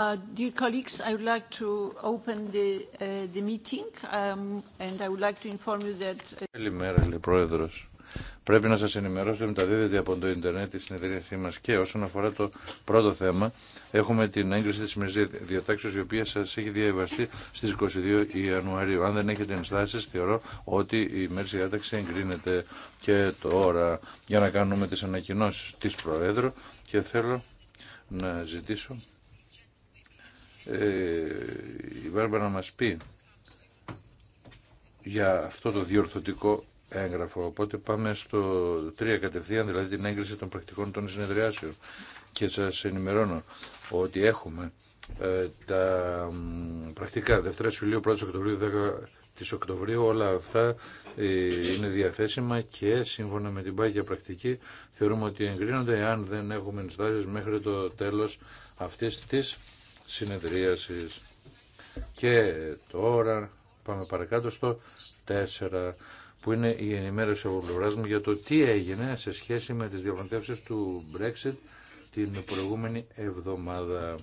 Uh, dear colleagues, I would like to open the, uh, the meeting um, and I would like to inform you that... Uh, Καλημέρα, λέει Πρόεδρος. Πρέπει να σας ενημερώσω ότι μεταδίδεται από το Ιντερνετ η συνεδρίασή μας και όσον αφορά το πρώτο θέμα έχουμε την έγκριση της σημερινής διατάξεως η οποία σας έχει διαβαστεί στις 22 Ιανουαρίου. Αν δεν έχετε ενστάσεις θεωρώ ότι η μέρη διάταξη εγκρίνεται και τώρα για να κάνουμε τις ανακοινώσεις της Προέδρου και θέλω να ζητήσω ε, η Βέρμπα να μας πει για αυτό το διορθωτικό έγγραφο. Οπότε πάμε στο 3 κατευθείαν, δηλαδή την έγκριση των πρακτικών των συνεδριάσεων. Και σας ενημερώνω ότι έχουμε ε, τα πρακτικά Δευτέρα Ιουλίου, 1 Οκτωβρίου, 10 της Οκτωβρίου, όλα αυτά ε, είναι διαθέσιμα και σύμφωνα με την πάγια πρακτική θεωρούμε ότι εγκρίνονται εάν δεν έχουμε ενστάσεις μέχρι το τέλος αυτής της συνεδρίασης. Και τώρα πάμε παρακάτω στο 4 που είναι η ενημέρωση από πλευρά μου για το τι έγινε σε σχέση με τις διαπραγματεύσεις του Brexit την προηγούμενη εβδομάδα.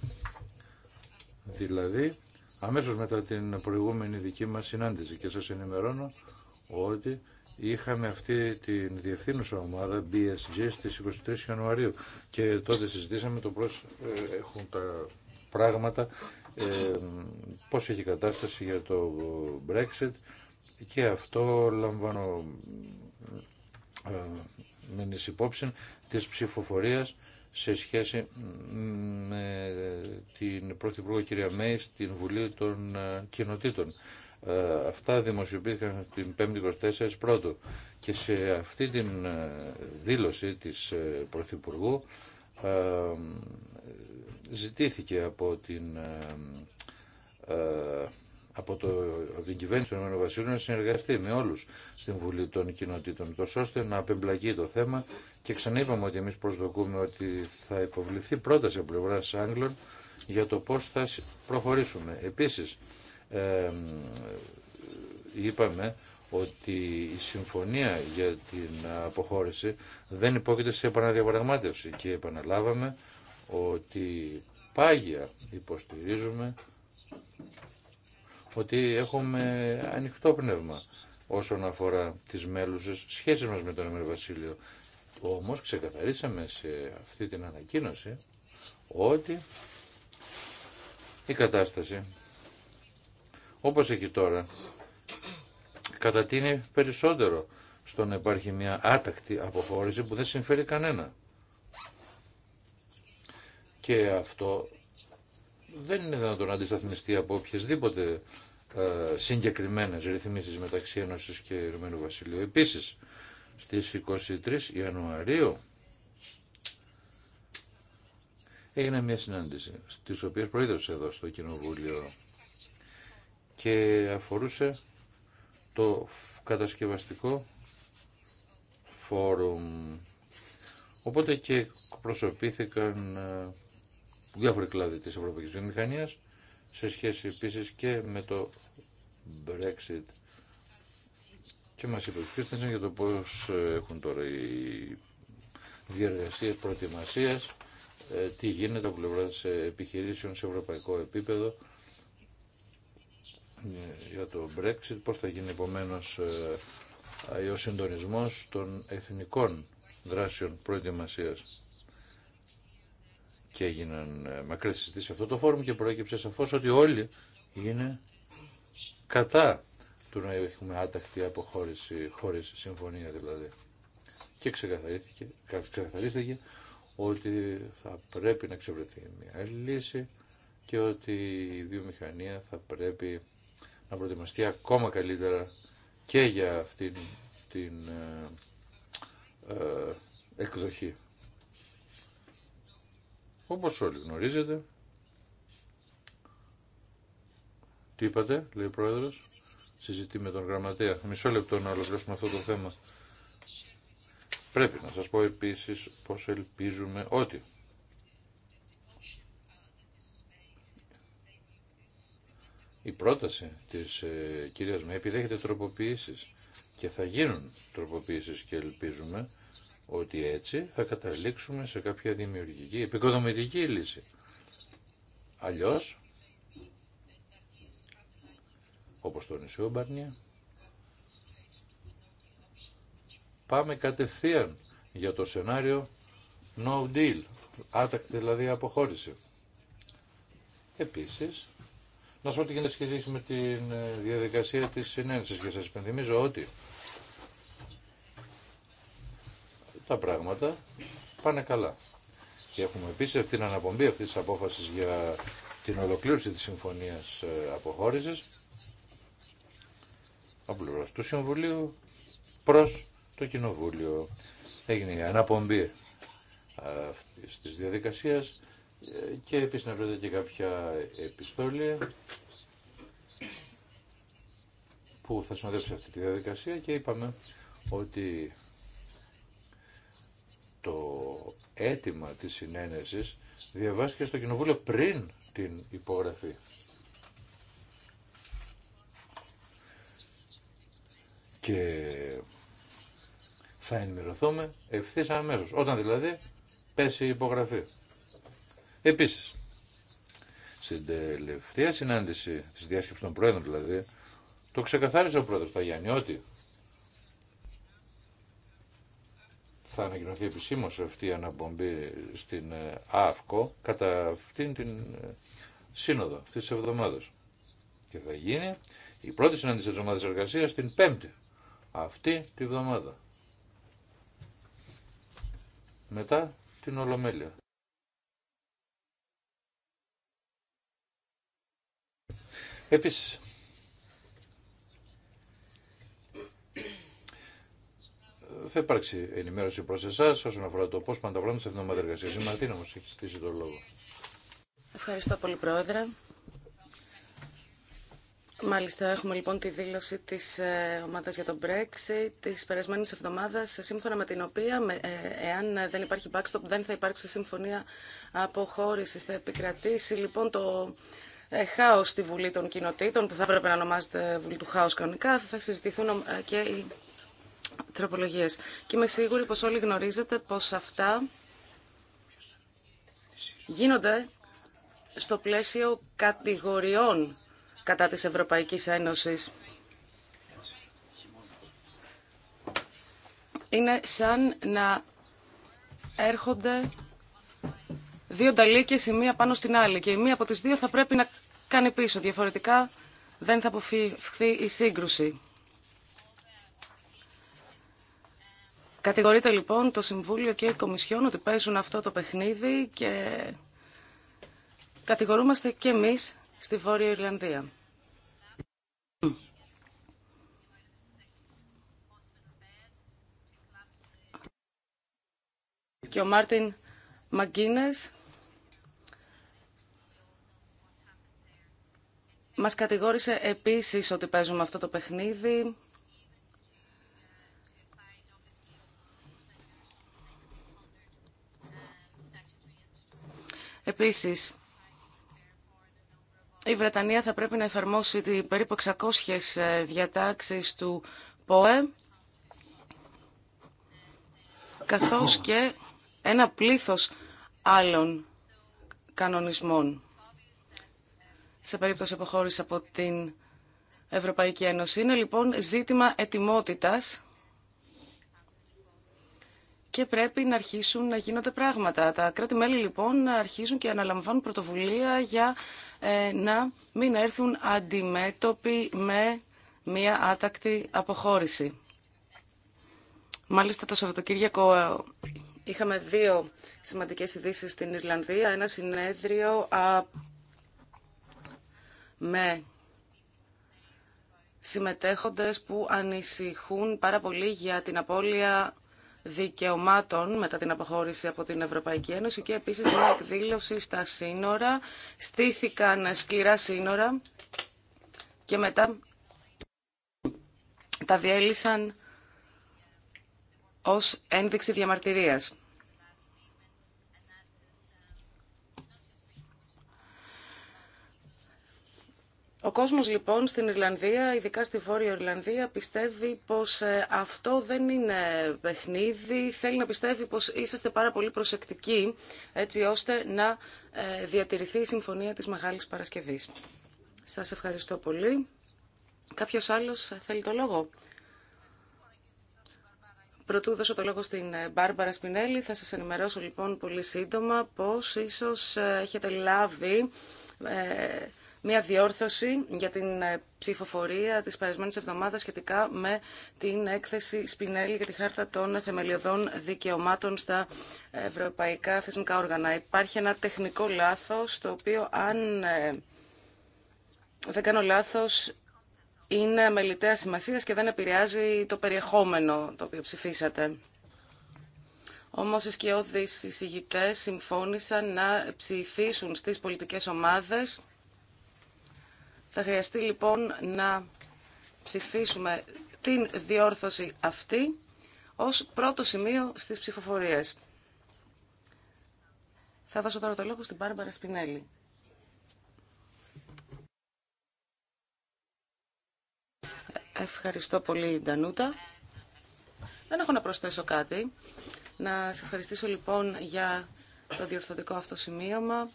Δηλαδή, αμέσως μετά την προηγούμενη δική μας συνάντηση και σας ενημερώνω ότι είχαμε αυτή την διευθύνουσα ομάδα BSG στις 23 Ιανουαρίου και τότε συζητήσαμε το πώς ε, έχουν τα πράγματα, ε, πώς έχει κατάσταση για το Brexit και αυτό λαμβάνω ε, με υπόψη της ψηφοφορίας σε σχέση με την Πρωθυπουργό κυρία Μέη στην Βουλή των ε, Κοινοτήτων. Ε, αυτά δημοσιοποιήθηκαν την 5η 24 πρώτο και σε αυτή την ε, δήλωση της Πρωθυπουργού ζητήθηκε από την, ε, από το, από την κυβέρνηση του ΕΒ να συνεργαστεί με όλους στην Βουλή των Κοινοτήτων, τόσο ώστε να απεμπλακεί το θέμα και ξανά ότι εμείς προσδοκούμε ότι θα υποβληθεί πρόταση από πλευρά Άγγλων για το πώς θα προχωρήσουμε. Επίσης, ε, είπαμε ότι η συμφωνία για την αποχώρηση δεν υπόκειται σε επαναδιαπραγμάτευση και επαναλάβαμε ότι πάγια υποστηρίζουμε ότι έχουμε ανοιχτό πνεύμα όσον αφορά τις μέλουσες σχέσεις μας με τον Εμμύριο Βασίλειο. Όμως ξεκαθαρίσαμε σε αυτή την ανακοίνωση ότι η κατάσταση όπως έχει τώρα κατατείνει περισσότερο στο να υπάρχει μια άτακτη αποχώρηση που δεν συμφέρει κανένα. Και αυτό δεν είναι δυνατόν να αντισταθμιστεί από οποιασδήποτε ε, συγκεκριμένες ρυθμίσεις μεταξύ Ένωσης και Ηνωμένου Βασιλείου. Επίσης, στις 23 Ιανουαρίου έγινε μια συνάντηση, στις οποίες προείδευσε εδώ στο Κοινοβούλιο και αφορούσε το κατασκευαστικό φόρουμ. Οπότε και προσωπήθηκαν ε, διάφοροι κλάδοι της Ευρωπαϊκής Βιομηχανίας σε σχέση επίσης και με το Brexit. Και μας είπε για το πώς έχουν τώρα οι διεργασίες προετοιμασίας, ε, τι γίνεται από πλευρά επιχειρήσεων σε ευρωπαϊκό επίπεδο ε, για το Brexit, πώς θα γίνει επομένως ε, ο συντονισμός των εθνικών δράσεων προετοιμασίας και έγιναν ε, μακρές συζητήσει σε αυτό το φόρουμ και προέκυψε σαφω ότι όλοι είναι κατά του να έχουμε άτακτη αποχώρηση χωρί συμφωνία δηλαδή. Και ξεκαθαρίστηκε, ότι θα πρέπει να ξεβρεθεί μια λύση και ότι η βιομηχανία θα πρέπει να προετοιμαστεί ακόμα καλύτερα και για αυτήν την ε, ε εκδοχή. Όπως όλοι γνωρίζετε, τι είπατε, λέει ο Πρόεδρος, συζητεί με τον Γραμματέα. Μισό λεπτό να ολοκληρώσουμε αυτό το θέμα. Πρέπει να σας πω επίσης πως ελπίζουμε ότι η πρόταση της ε, κυρίας Μέπη επιδέχεται τροποποιήσεις και θα γίνουν τροποποιήσεις και ελπίζουμε ότι έτσι θα καταλήξουμε σε κάποια δημιουργική, επικοδομητική λύση. Αλλιώς, όπως το νησιό Μπαρνία, πάμε κατευθείαν για το σενάριο no deal, άτακτη δηλαδή αποχώρηση. Επίσης, να σου ό,τι γίνεται σχετικά με τη ε, διαδικασία της συνένεσης και σας υπενθυμίζω ότι τα πράγματα πάνε καλά. Και έχουμε επίση αυτή την αναπομπή αυτή τη απόφαση για την ολοκλήρωση της συμφωνίας ε, αποχώρηση από πλευρά του Συμβουλίου προ το Κοινοβούλιο. Έγινε η αναπομπή αυτή τη διαδικασία ε, και βρείτε και κάποια επιστόλια που θα συνοδεύσει αυτή τη διαδικασία και είπαμε ότι το αίτημα της συνένεσης διαβάστηκε στο Κοινοβούλιο πριν την υπογραφή. Και θα ενημερωθούμε ευθύς αμέσω. Όταν δηλαδή πέσει η υπογραφή. Επίσης, στην τελευταία συνάντηση τη διάσκεψης των Πρόεδρων, δηλαδή, το ξεκαθάρισε ο Πρόεδρος Ταγιάννη ότι θα ανακοινωθεί επισήμως αυτή η αναπομπή στην ε, ΑΦΚΟ κατά αυτήν την ε, σύνοδο αυτής της εβδομάδας. Και θα γίνει η πρώτη συνάντηση της ομάδας εργασίας την Πέμπτη, αυτή τη εβδομάδα Μετά την Ολομέλεια. Επίσης, θα υπάρξει ενημέρωση προ εσά όσον αφορά το πώ πάντα τα σε αυτήν την Η Μαρτίνα όμως έχει στήσει τον λόγο. Ευχαριστώ πολύ Πρόεδρε. Μάλιστα, έχουμε λοιπόν τη δήλωση της ε, ομάδα για τον Brexit τη περασμένη εβδομάδα ε, σύμφωνα με την οποία ε, εάν δεν υπάρχει backstop δεν θα υπάρξει συμφωνία αποχώρηση. Θα επικρατήσει λοιπόν το χάος στη Βουλή των Κοινοτήτων, που θα έπρεπε να ονομάζεται Βουλή του Χάου κανονικά. Θα συζητηθούν και οι τροπολογίες. Και είμαι σίγουρη πως όλοι γνωρίζετε πως αυτά γίνονται στο πλαίσιο κατηγοριών κατά της Ευρωπαϊκής Ένωσης. Είναι σαν να έρχονται δύο ταλίκες η μία πάνω στην άλλη και η μία από τις δύο θα πρέπει να κάνει πίσω. Διαφορετικά δεν θα αποφευχθεί η σύγκρουση. Κατηγορείται λοιπόν το Συμβούλιο και η Κομισιόν ότι παίζουν αυτό το παιχνίδι και κατηγορούμαστε και εμείς στη Βόρεια Ιρλανδία. Και ο Μάρτιν Μαγκίνες μας κατηγόρησε επίσης ότι παίζουμε αυτό το παιχνίδι Επίσης, η Βρετανία θα πρέπει να εφαρμόσει περίπου 600 ε, διατάξεις του ΠΟΕ, καθώς και ένα πλήθος άλλων κανονισμών σε περίπτωση αποχώρηση από την Ευρωπαϊκή Ένωση. Είναι λοιπόν ζήτημα ετοιμότητας και πρέπει να αρχίσουν να γίνονται πράγματα. Τα κράτη-μέλη λοιπόν αρχίζουν και αναλαμβάνουν πρωτοβουλία για ε, να μην έρθουν αντιμέτωποι με μία άτακτη αποχώρηση. Μάλιστα το Σαββατοκύριακο ε, είχαμε δύο σημαντικές ειδήσει στην Ιρλανδία. Ένα συνέδριο με συμμετέχοντες που ανησυχούν πάρα πολύ για την απώλεια δικαιωμάτων μετά την αποχώρηση από την Ευρωπαϊκή Ένωση και επίσης μια εκδήλωση στα σύνορα. Στήθηκαν σκληρά σύνορα και μετά τα διέλυσαν ως ένδειξη διαμαρτυρίας. Ο κόσμος λοιπόν στην Ιρλανδία, ειδικά στη Βόρεια Ιρλανδία, πιστεύει πως ε, αυτό δεν είναι παιχνίδι. Θέλει να πιστεύει πως είσαστε πάρα πολύ προσεκτικοί έτσι ώστε να ε, διατηρηθεί η Συμφωνία της Μεγάλης Παρασκευής. Σας ευχαριστώ πολύ. Κάποιος άλλος θέλει το λόγο. Πρωτού δώσω το λόγο στην ε, Μπάρμπαρα Σπινέλη, θα σας ενημερώσω λοιπόν πολύ σύντομα πως ίσως έχετε λάβει μια διόρθωση για την ε, ψηφοφορία της παρεσμένης εβδομάδα σχετικά με την έκθεση Σπινέλη για τη Χάρτα των Θεμελιωδών Δικαιωμάτων στα Ευρωπαϊκά Θεσμικά Όργανα. Υπάρχει ένα τεχνικό λάθος, το οποίο αν ε, δεν κάνω λάθος είναι αμεληταία σημασία και δεν επηρεάζει το περιεχόμενο το οποίο ψηφίσατε. Όμως οι σκιώδεις συμφώνησαν να ψηφίσουν στις πολιτικές ομάδες θα χρειαστεί λοιπόν να ψηφίσουμε την διόρθωση αυτή ως πρώτο σημείο στις ψηφοφορίες. Θα δώσω τώρα το λόγο στην Μπάρμπαρα Σπινέλη. Ευχαριστώ πολύ, Ντανούτα. Δεν έχω να προσθέσω κάτι. Να σε ευχαριστήσω λοιπόν για το διορθωτικό αυτό σημείωμα.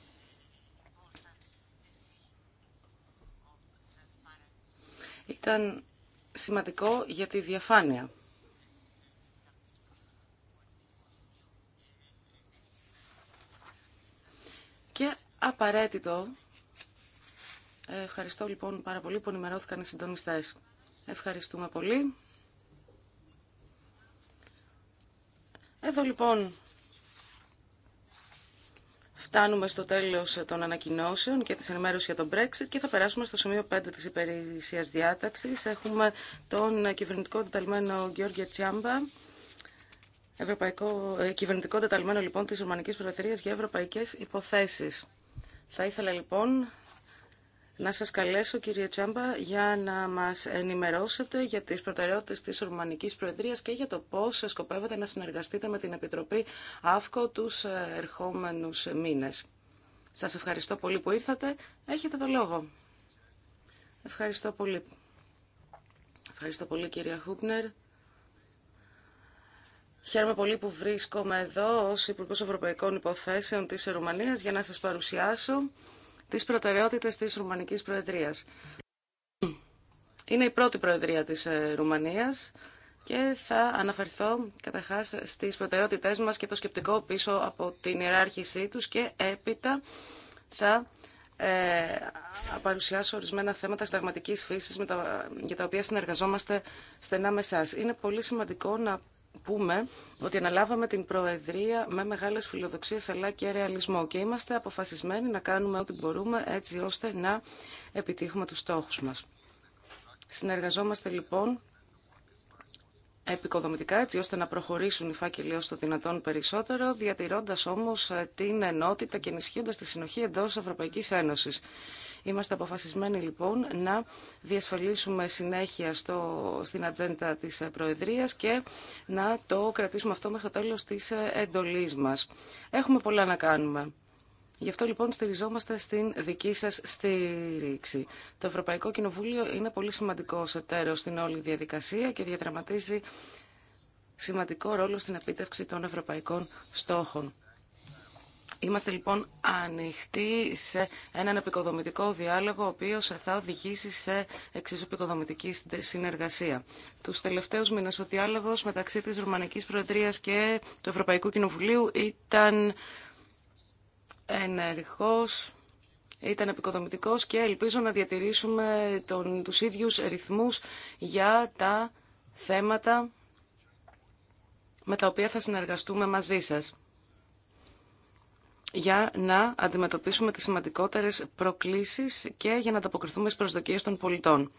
ήταν σημαντικό για τη διαφάνεια. Και απαραίτητο, ευχαριστώ λοιπόν πάρα πολύ που ενημερώθηκαν οι συντονιστές. Ευχαριστούμε πολύ. Εδώ λοιπόν Φτάνουμε στο τέλος των ανακοινώσεων και της ενημέρωσης για τον Brexit και θα περάσουμε στο σημείο 5 της υπηρεσίας διάταξης. Έχουμε τον κυβερνητικό τεταλμένο Γιώργια Τσιάμπα, Ευρωπαϊκό, ε, κυβερνητικό τεταλμένο λοιπόν της Ορμανικής Προεδρίας για Ευρωπαϊκές Υποθέσεις. Θα ήθελα λοιπόν να σας καλέσω κύριε Τσάμπα για να μας ενημερώσετε για τις προτεραιότητες της Ορμανικής Προεδρίας και για το πώς σκοπεύετε να συνεργαστείτε με την Επιτροπή ΑΦΚΟ τους ε, ερχόμενους μήνες. Σας ευχαριστώ πολύ που ήρθατε. Έχετε το λόγο. Ευχαριστώ πολύ. Ευχαριστώ πολύ κυρία Χούπνερ. Χαίρομαι πολύ που βρίσκομαι εδώ ως Υπουργός Ευρωπαϊκών Υποθέσεων της Ρουμανίας για να σας παρουσιάσω τις προτεραιότητες της Ρουμανικής Προεδρίας. Είναι η πρώτη Προεδρία της ε, Ρουμανίας και θα αναφερθώ καταρχάς στις προτεραιότητές μας και το σκεπτικό πίσω από την ιεράρχησή τους και έπειτα θα ε, παρουσιάσω ορισμένα θέματα συνταγματικής φύσης με τα, για τα οποία συνεργαζόμαστε στενά με εσά. Είναι πολύ σημαντικό να πούμε ότι αναλάβαμε την Προεδρία με μεγάλες φιλοδοξίες αλλά και ρεαλισμό και είμαστε αποφασισμένοι να κάνουμε ό,τι μπορούμε έτσι ώστε να επιτύχουμε τους στόχους μας. Συνεργαζόμαστε λοιπόν επικοδομητικά έτσι ώστε να προχωρήσουν οι φάκελοι όσο το δυνατόν περισσότερο, διατηρώντας όμως την ενότητα και ενισχύοντας τη συνοχή εντός Ευρωπαϊκής Ένωσης. Είμαστε αποφασισμένοι λοιπόν να διασφαλίσουμε συνέχεια στο, στην ατζέντα της Προεδρίας και να το κρατήσουμε αυτό μέχρι το τέλος της εντολής μας. Έχουμε πολλά να κάνουμε. Γι' αυτό λοιπόν στηριζόμαστε στην δική σας στήριξη. Το Ευρωπαϊκό Κοινοβούλιο είναι πολύ σημαντικό εταίρος στην όλη διαδικασία και διαδραματίζει σημαντικό ρόλο στην επίτευξη των ευρωπαϊκών στόχων. Είμαστε λοιπόν ανοιχτοί σε έναν επικοδομητικό διάλογο, ο οποίο θα οδηγήσει σε εξίσου επικοδομητική συνεργασία. Τους τελευταίους μήνες ο διάλογο μεταξύ της Ρουμανικής Προεδρία και του Ευρωπαϊκού Κοινοβουλίου ήταν ενεργός, ήταν επικοδομητικός και ελπίζω να διατηρήσουμε του τους ίδιους για τα θέματα με τα οποία θα συνεργαστούμε μαζί σας για να αντιμετωπίσουμε τις σημαντικότερες προκλήσεις και για να ανταποκριθούμε στις προσδοκίες των πολιτών.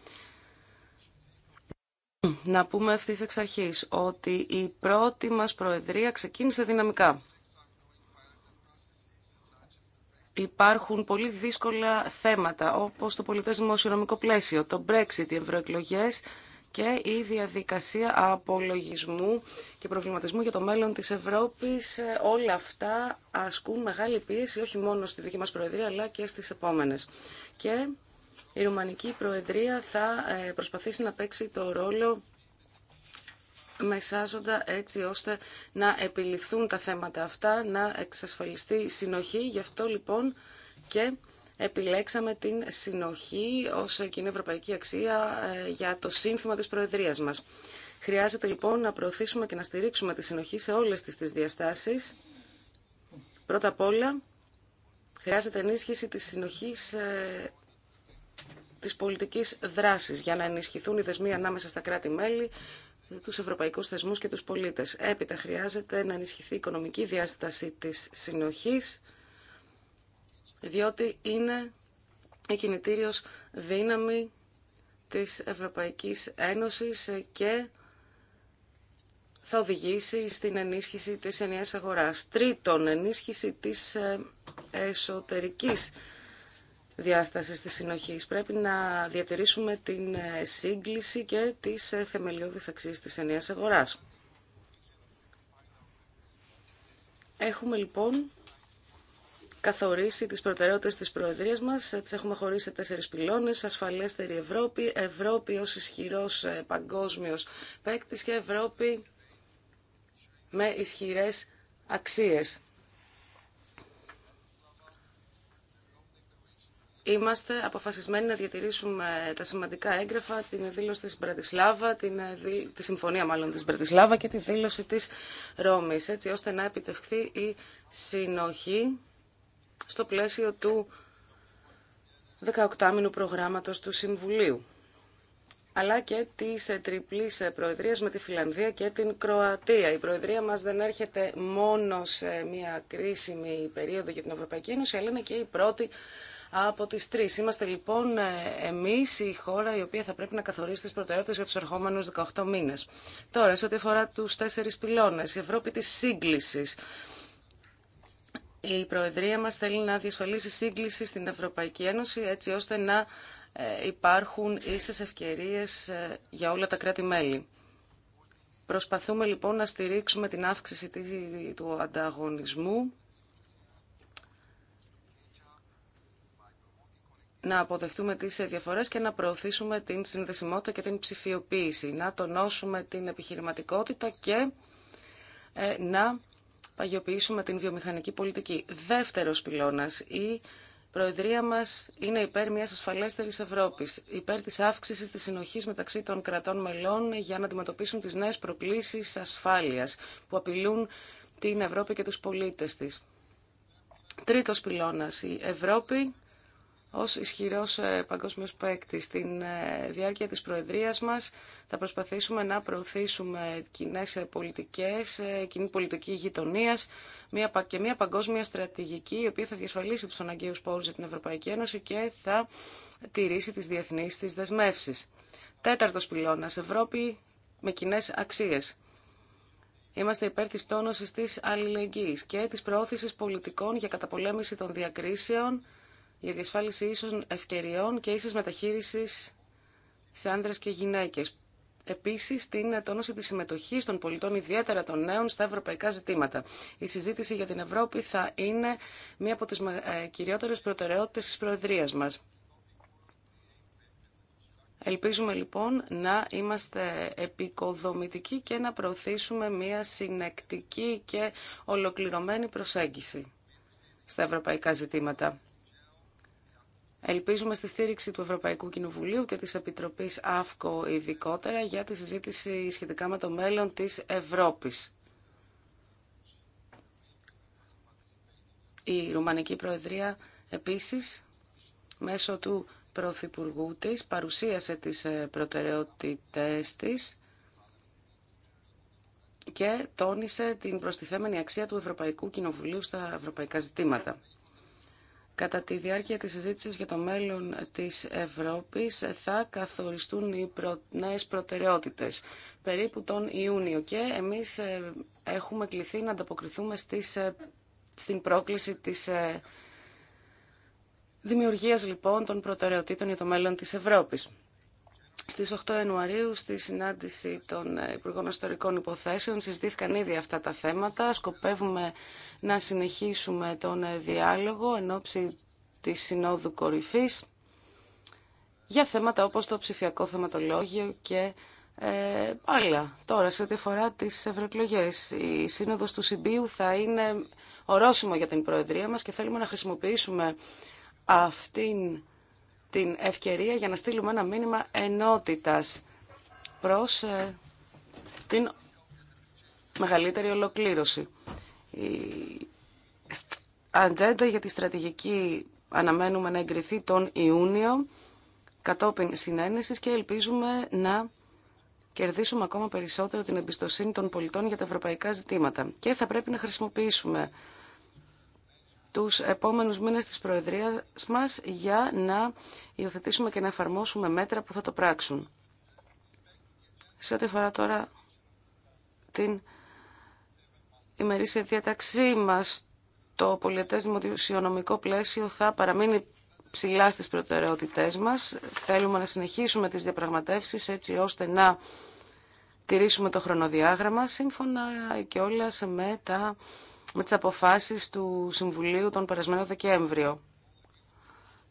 Να πούμε ευθύ εξ αρχή ότι η πρώτη μας Προεδρία ξεκίνησε δυναμικά. Υπάρχουν πολύ δύσκολα θέματα, όπως το πολιτές δημοσιονομικό πλαίσιο, το Brexit, οι ευρωεκλογές και η διαδικασία απολογισμού και προβληματισμού για το μέλλον της Ευρώπης. Ε, όλα αυτά ασκούν μεγάλη πίεση όχι μόνο στη δική μας Προεδρία αλλά και στις επόμενες. Και η Ρουμανική Προεδρία θα ε, προσπαθήσει να παίξει το ρόλο μεσάζοντα έτσι ώστε να επιληθούν τα θέματα αυτά, να εξασφαλιστεί συνοχή. Γι' αυτό λοιπόν και επιλέξαμε την συνοχή ως κοινή ευρωπαϊκή αξία ε, για το σύνθημα της Προεδρίας μας. Χρειάζεται λοιπόν να προωθήσουμε και να στηρίξουμε τη συνοχή σε όλες τις, τις διαστάσεις. Πρώτα απ' όλα, χρειάζεται ενίσχυση της συνοχής ε, της πολιτικής δράσης για να ενισχυθούν οι δεσμοί ανάμεσα στα κράτη-μέλη, τους ευρωπαϊκούς θεσμούς και τους πολίτες. Έπειτα χρειάζεται να ενισχυθεί η οικονομική διάσταση της συνοχής, διότι είναι η κινητήριος δύναμη της Ευρωπαϊκής Ένωσης και θα οδηγήσει στην ενίσχυση της ενιαίας αγοράς. Τρίτον, ενίσχυση της ε, εσωτερικής διάστασης της συνοχής. Πρέπει να διατηρήσουμε την ε, σύγκληση και τις ε, θεμελιώδεις αξίες της ενιαίας αγοράς. Έχουμε λοιπόν καθορίσει τις προτεραιότητες της Προεδρίας μας. Ε, τις έχουμε χωρίσει σε τέσσερις πυλώνες. Ασφαλέστερη Ευρώπη, Ευρώπη ως ισχυρός ε, παγκόσμιος παίκτης και Ευρώπη με ισχυρές αξίες. Είμαστε αποφασισμένοι να διατηρήσουμε ε, τα σημαντικά έγγραφα, την δήλωση της Μπρατισλάβα, την, τη συμφωνία μάλλον της Μπρατισλάβα και τη δήλωση της Ρώμης, έτσι ώστε να επιτευχθεί η συνοχή στο πλαίσιο του 18μηνου προγράμματος του Συμβουλίου, αλλά και της ε, τριπλής ε, προεδρίας με τη Φιλανδία και την Κροατία. Η προεδρία μας δεν έρχεται μόνο σε μια κρίσιμη περίοδο για την Ευρωπαϊκή Ένωση, αλλά είναι και η πρώτη από τις τρεις. Είμαστε λοιπόν ε, εμείς η χώρα η οποία θα πρέπει να καθορίσει τις προτεραιότητες για τους ερχόμενους 18 μήνες. Τώρα, σε ό,τι αφορά τους τέσσερις πυλώνες, η Ευρώπη της σύγκλησης, η Προεδρία μας θέλει να διασφαλίσει σύγκληση στην Ευρωπαϊκή Ένωση έτσι ώστε να ε, υπάρχουν ίσες ευκαιρίες ε, για όλα τα κράτη-μέλη. Προσπαθούμε λοιπόν να στηρίξουμε την αύξηση του ανταγωνισμού, να αποδεχτούμε τις διαφορές και να προωθήσουμε την συνδεσιμότητα και την ψηφιοποίηση, να τονώσουμε την επιχειρηματικότητα και ε, να παγιοποιήσουμε την βιομηχανική πολιτική. Δεύτερος πυλώνας, η Προεδρία μας είναι υπέρ μια ασφαλέστερη Ευρώπης, υπέρ τη αύξηση της συνοχής μεταξύ των κρατών μελών για να αντιμετωπίσουν τις νέες προκλήσεις ασφάλειας που απειλούν την Ευρώπη και τους πολίτες της. Τρίτος πυλώνας, η Ευρώπη ως ισχυρός ε, παγκόσμιος παίκτη. Στην ε, διάρκεια της Προεδρίας μας θα προσπαθήσουμε να προωθήσουμε κοινέ ε, πολιτικές, κοινή πολιτική γειτονίας και μια παγκόσμια στρατηγική η οποία θα διασφαλίσει τους αναγκαίους πόρους για την Ευρωπαϊκή Ένωση και θα τηρήσει τις διεθνείς της δεσμεύσεις. Τέταρτος πυλώνας, Ευρώπη με κοινέ αξίες. Είμαστε υπέρ της τόνωσης της αλληλεγγύης και της προώθησης πολιτικών για καταπολέμηση των διακρίσεων, για διασφάλιση ίσων ευκαιριών και ίσης μεταχείρισης σε άνδρες και γυναίκες. Επίση, την τόνωση τη συμμετοχή των πολιτών, ιδιαίτερα των νέων, στα ευρωπαϊκά ζητήματα. Η συζήτηση για την Ευρώπη θα είναι μία από τι ε, κυριότερε προτεραιότητε τη Προεδρία μα. Ελπίζουμε λοιπόν να είμαστε επικοδομητικοί και να προωθήσουμε μία συνεκτική και ολοκληρωμένη προσέγγιση στα ευρωπαϊκά ζητήματα. Ελπίζουμε στη στήριξη του Ευρωπαϊκού Κοινοβουλίου και της Επιτροπής ΑΦΚΟ ειδικότερα για τη συζήτηση σχετικά με το μέλλον της Ευρώπης. Η Ρουμανική Προεδρία επίσης μέσω του Πρωθυπουργού της παρουσίασε τις ε, προτεραιότητές της και τόνισε την προστιθέμενη αξία του Ευρωπαϊκού Κοινοβουλίου στα ευρωπαϊκά ζητήματα. Κατά τη διάρκεια της συζήτησης για το μέλλον της Ευρώπης θα καθοριστούν οι προ... νέες προτεραιότητες περίπου τον Ιούνιο και εμείς ε, έχουμε κληθεί να ανταποκριθούμε στις... Ε, στην πρόκληση της ε, δημιουργίας λοιπόν των προτεραιοτήτων για το μέλλον της Ευρώπης. Στις 8 Ιανουαρίου, στη συνάντηση των Υπουργών Ιστορικών Υποθέσεων, συζητήθηκαν ήδη αυτά τα θέματα. Σκοπεύουμε να συνεχίσουμε τον ε, διάλογο εν ώψη της Συνόδου Κορυφής για θέματα όπως το ψηφιακό θεματολόγιο και ε, άλλα. Τώρα, σε ό,τι αφορά τις ευρωεκλογέ, η Σύνοδος του Συμπίου θα είναι ορόσημο για την Προεδρία μας και θέλουμε να χρησιμοποιήσουμε αυτήν την ευκαιρία για να στείλουμε ένα μήνυμα ενότητας προς ε, την μεγαλύτερη ολοκλήρωση. Η ατζέντα για τη στρατηγική αναμένουμε να εγκριθεί τον Ιούνιο κατόπιν συνένεσης και ελπίζουμε να κερδίσουμε ακόμα περισσότερο την εμπιστοσύνη των πολιτών για τα ευρωπαϊκά ζητήματα. Και θα πρέπει να χρησιμοποιήσουμε τους επόμενους μήνες της Προεδρίας μας για να υιοθετήσουμε και να εφαρμόσουμε μέτρα που θα το πράξουν. Σε ό,τι αφορά τώρα την η ημερήσια διαταξή μα το πολιετές δημοσιονομικό πλαίσιο θα παραμείνει ψηλά στις προτεραιότητές μας. Θέλουμε να συνεχίσουμε τις διαπραγματεύσεις έτσι ώστε να τηρήσουμε το χρονοδιάγραμμα σύμφωνα και όλα με, μετά με τις αποφάσεις του Συμβουλίου τον περασμένο Δεκέμβριο.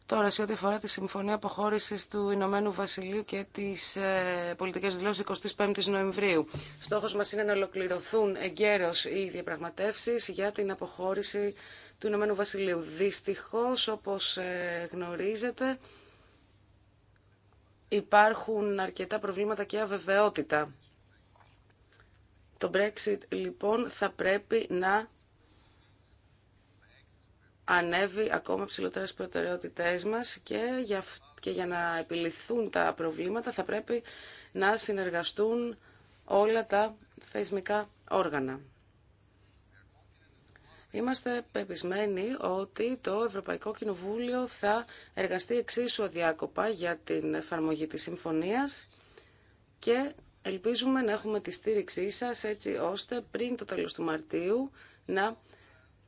Τώρα, σε ό,τι αφορά τη συμφωνία αποχώρηση του Ηνωμένου Βασιλείου και τι ε, πολιτικέ δηλώσει 25η Νοεμβρίου, στόχο μα είναι να ολοκληρωθούν εγκαίρω οι διαπραγματεύσει για την αποχώρηση του Ηνωμένου Βασιλείου. Δυστυχώ, όπω ε, γνωρίζετε, υπάρχουν αρκετά προβλήματα και αβεβαιότητα. Το Brexit, λοιπόν, θα πρέπει να ανέβει ακόμα ψηλότερες προτεραιότητές μας και για, και για να επιληθούν τα προβλήματα θα πρέπει να συνεργαστούν όλα τα θεσμικά όργανα. Είμαστε πεπισμένοι ότι το Ευρωπαϊκό Κοινοβούλιο θα εργαστεί εξίσου αδιάκοπα για την εφαρμογή της συμφωνίας και ελπίζουμε να έχουμε τη στήριξή σας έτσι ώστε πριν το τέλος του Μαρτίου να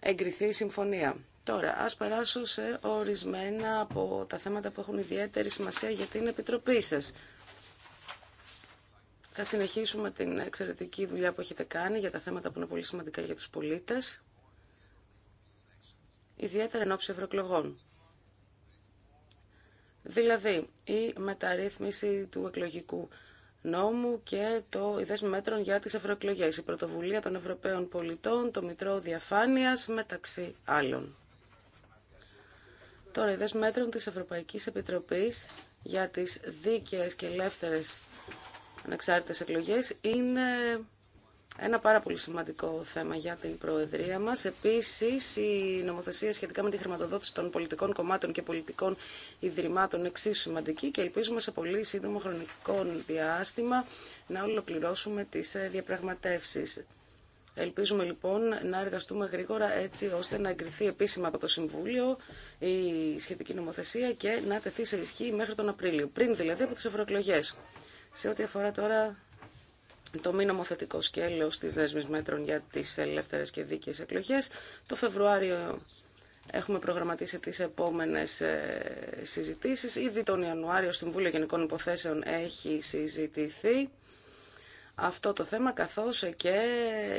εγκριθεί η συμφωνία. Τώρα, ας περάσω σε ορισμένα από τα θέματα που έχουν ιδιαίτερη σημασία για την Επιτροπή σας. Θα συνεχίσουμε την εξαιρετική δουλειά που έχετε κάνει για τα θέματα που είναι πολύ σημαντικά για τους πολίτες, ιδιαίτερα εν ώψη ευρωεκλογών. Δηλαδή, η μεταρρύθμιση του εκλογικού νόμου και το ιδέσμι μέτρων για τις ευρωεκλογές. η πρωτοβουλία των Ευρωπαίων πολιτών, το Μητρό Διαφάνειας, μεταξύ άλλων. Τώρα, οι μέτρων της Ευρωπαϊκής Επιτροπής για τις δίκαιες και ελεύθερες ανεξάρτητες εκλογές είναι ένα πάρα πολύ σημαντικό θέμα για την Προεδρία μας. Επίσης, η νομοθεσία σχετικά με τη χρηματοδότηση των πολιτικών κομμάτων και πολιτικών ιδρυμάτων είναι εξίσου σημαντική και ελπίζουμε σε πολύ σύντομο χρονικό διάστημα να ολοκληρώσουμε τις ε, διαπραγματεύσεις. Ελπίζουμε λοιπόν να εργαστούμε γρήγορα έτσι ώστε να εγκριθεί επίσημα από το Συμβούλιο η σχετική νομοθεσία και να τεθεί σε ισχύ μέχρι τον Απρίλιο, πριν δηλαδή από τι ευρωεκλογέ. Σε ό,τι αφορά τώρα το μη νομοθετικό σκέλο τη δέσμη μέτρων για τι ελεύθερε και δίκαιε εκλογέ, το Φεβρουάριο Έχουμε προγραμματίσει τις επόμενες ε, συζητήσεις. Ήδη τον Ιανουάριο στην Συμβούλιο Γενικών Υποθέσεων έχει συζητηθεί αυτό το θέμα καθώς και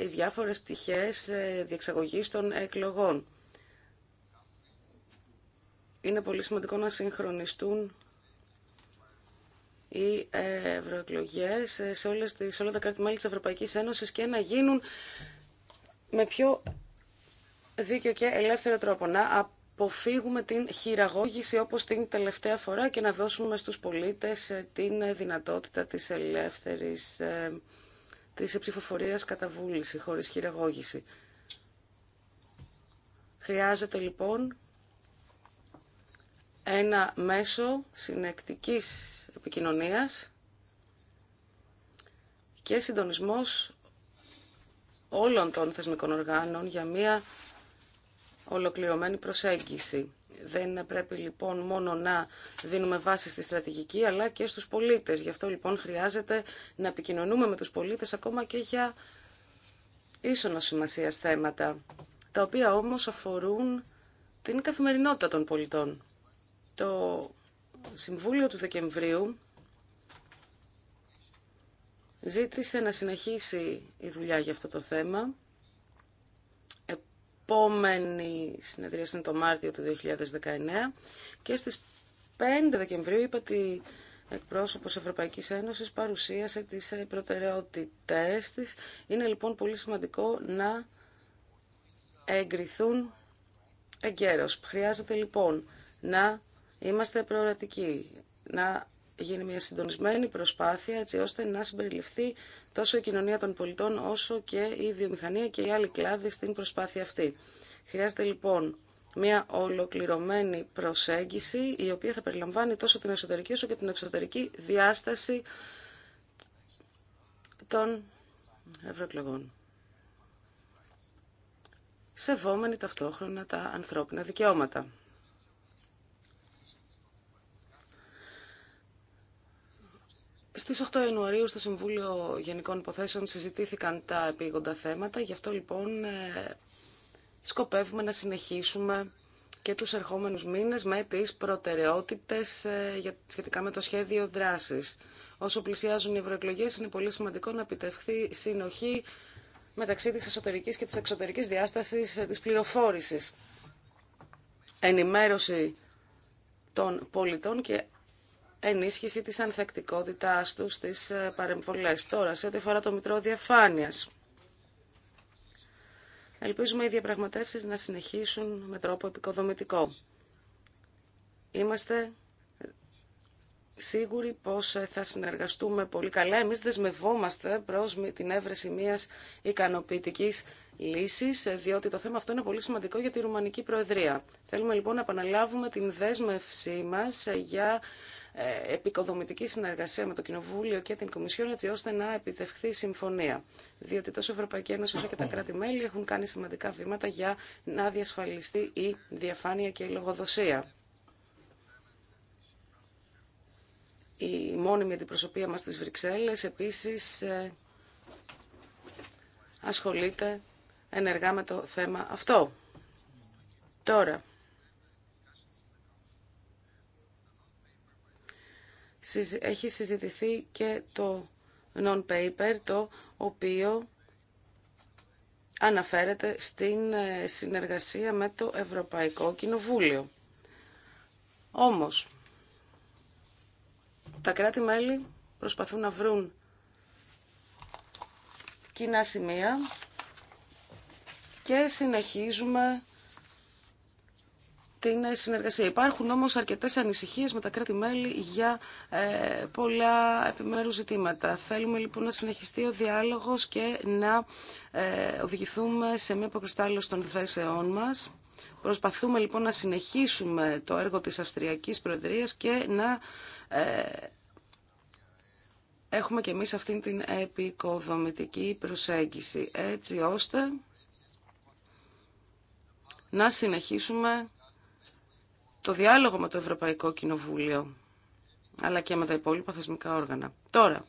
οι διάφορες πτυχές ε, διεξαγωγής των εκλογών. Είναι πολύ σημαντικό να συγχρονιστούν οι ε, ευρωεκλογέ ε, σε, όλες σε όλα τα κράτη-μέλη της Ευρωπαϊκής Ένωσης και να γίνουν με πιο δίκαιο και ελεύθερο τρόπο. Να αποφύγουμε την χειραγώγηση όπως την τελευταία φορά και να δώσουμε στους πολίτες ε, την ε, δυνατότητα της ελεύθερης ε, της ψηφοφορίας κατά βούληση, χωρίς χειραγώγηση. Χρειάζεται λοιπόν ένα μέσο συνεκτικής επικοινωνίας και συντονισμός όλων των θεσμικών οργάνων για μια ολοκληρωμένη προσέγγιση. Δεν πρέπει λοιπόν μόνο να δίνουμε βάση στη στρατηγική αλλά και στους πολίτες. Γι' αυτό λοιπόν χρειάζεται να επικοινωνούμε με τους πολίτες ακόμα και για ίσονο σημασία θέματα, τα οποία όμως αφορούν την καθημερινότητα των πολιτών. Το Συμβούλιο του Δεκεμβρίου ζήτησε να συνεχίσει η δουλειά για αυτό το θέμα ε, επόμενη συνεδρία είναι το Μάρτιο του 2019 και στις 5 Δεκεμβρίου είπα ότι εκπρόσωπος Ευρωπαϊκής Ένωσης παρουσίασε τις προτεραιότητές της. Είναι λοιπόν πολύ σημαντικό να εγκριθούν εγκαίρως. Χρειάζεται λοιπόν να είμαστε προορατικοί, να γίνει μια συντονισμένη προσπάθεια έτσι ώστε να συμπεριληφθεί τόσο η κοινωνία των πολιτών όσο και η βιομηχανία και οι άλλοι κλάδοι στην προσπάθεια αυτή. Χρειάζεται λοιπόν μια ολοκληρωμένη προσέγγιση η οποία θα περιλαμβάνει τόσο την εσωτερική όσο και την εξωτερική διάσταση των ευρωεκλογών. Σεβόμενοι ταυτόχρονα τα ανθρώπινα δικαιώματα. Στις 8 Ιανουαρίου στο Συμβούλιο Γενικών Υποθέσεων συζητήθηκαν τα επίγοντα θέματα, γι' αυτό λοιπόν ε, σκοπεύουμε να συνεχίσουμε και τους ερχόμενους μήνες με τις προτεραιότητες ε, σχετικά με το σχέδιο δράσης. Όσο πλησιάζουν οι ευρωεκλογέ, είναι πολύ σημαντικό να επιτευχθεί συνοχή μεταξύ της εσωτερικής και της εξωτερικής διάστασης ε, της πληροφόρησης. Ενημέρωση των πολιτών και ενίσχυση της ανθεκτικότητάς τους στις ε, παρεμβολές. Τώρα, σε ό,τι αφορά το Μητρό Διαφάνειας, ελπίζουμε οι διαπραγματεύσεις να συνεχίσουν με τρόπο επικοδομητικό. Είμαστε σίγουροι πως ε, θα συνεργαστούμε πολύ καλά. Εμείς δεσμευόμαστε προς την έβρεση μιας ικανοποιητικής λύσης, ε, διότι το θέμα αυτό είναι πολύ σημαντικό για τη Ρουμανική Προεδρία. Θέλουμε λοιπόν να επαναλάβουμε την δέσμευσή μας για ε, επικοδομητική συνεργασία με το Κοινοβούλιο και την Κομισιόν έτσι ώστε να επιτευχθεί συμφωνία. Διότι τόσο η Ευρωπαϊκή Ένωση όσο και τα κράτη-μέλη έχουν κάνει σημαντικά βήματα για να διασφαλιστεί η διαφάνεια και η λογοδοσία. Η μόνιμη αντιπροσωπεία μας στις Βρυξέλλες επίσης ε, ασχολείται ενεργά με το θέμα αυτό. Τώρα, έχει συζητηθεί και το non-paper, το οποίο αναφέρεται στην ε, συνεργασία με το Ευρωπαϊκό Κοινοβούλιο. Όμως, τα κράτη-μέλη προσπαθούν να βρουν κοινά σημεία και συνεχίζουμε την συνεργασία. Υπάρχουν όμως αρκετές ανησυχίες με τα κράτη-μέλη για ε, πολλά επιμέρους ζητήματα. Θέλουμε λοιπόν να συνεχιστεί ο διάλογος και να ε, οδηγηθούμε σε μια αποκριστάλλωση των θέσεών μας. Προσπαθούμε λοιπόν να συνεχίσουμε το έργο της Αυστριακής Προεδρίας και να ε, έχουμε και εμείς αυτήν την επικοδομητική προσέγγιση, έτσι ώστε να συνεχίσουμε το διάλογο με το Ευρωπαϊκό Κοινοβούλιο, αλλά και με τα υπόλοιπα θεσμικά όργανα. Τώρα,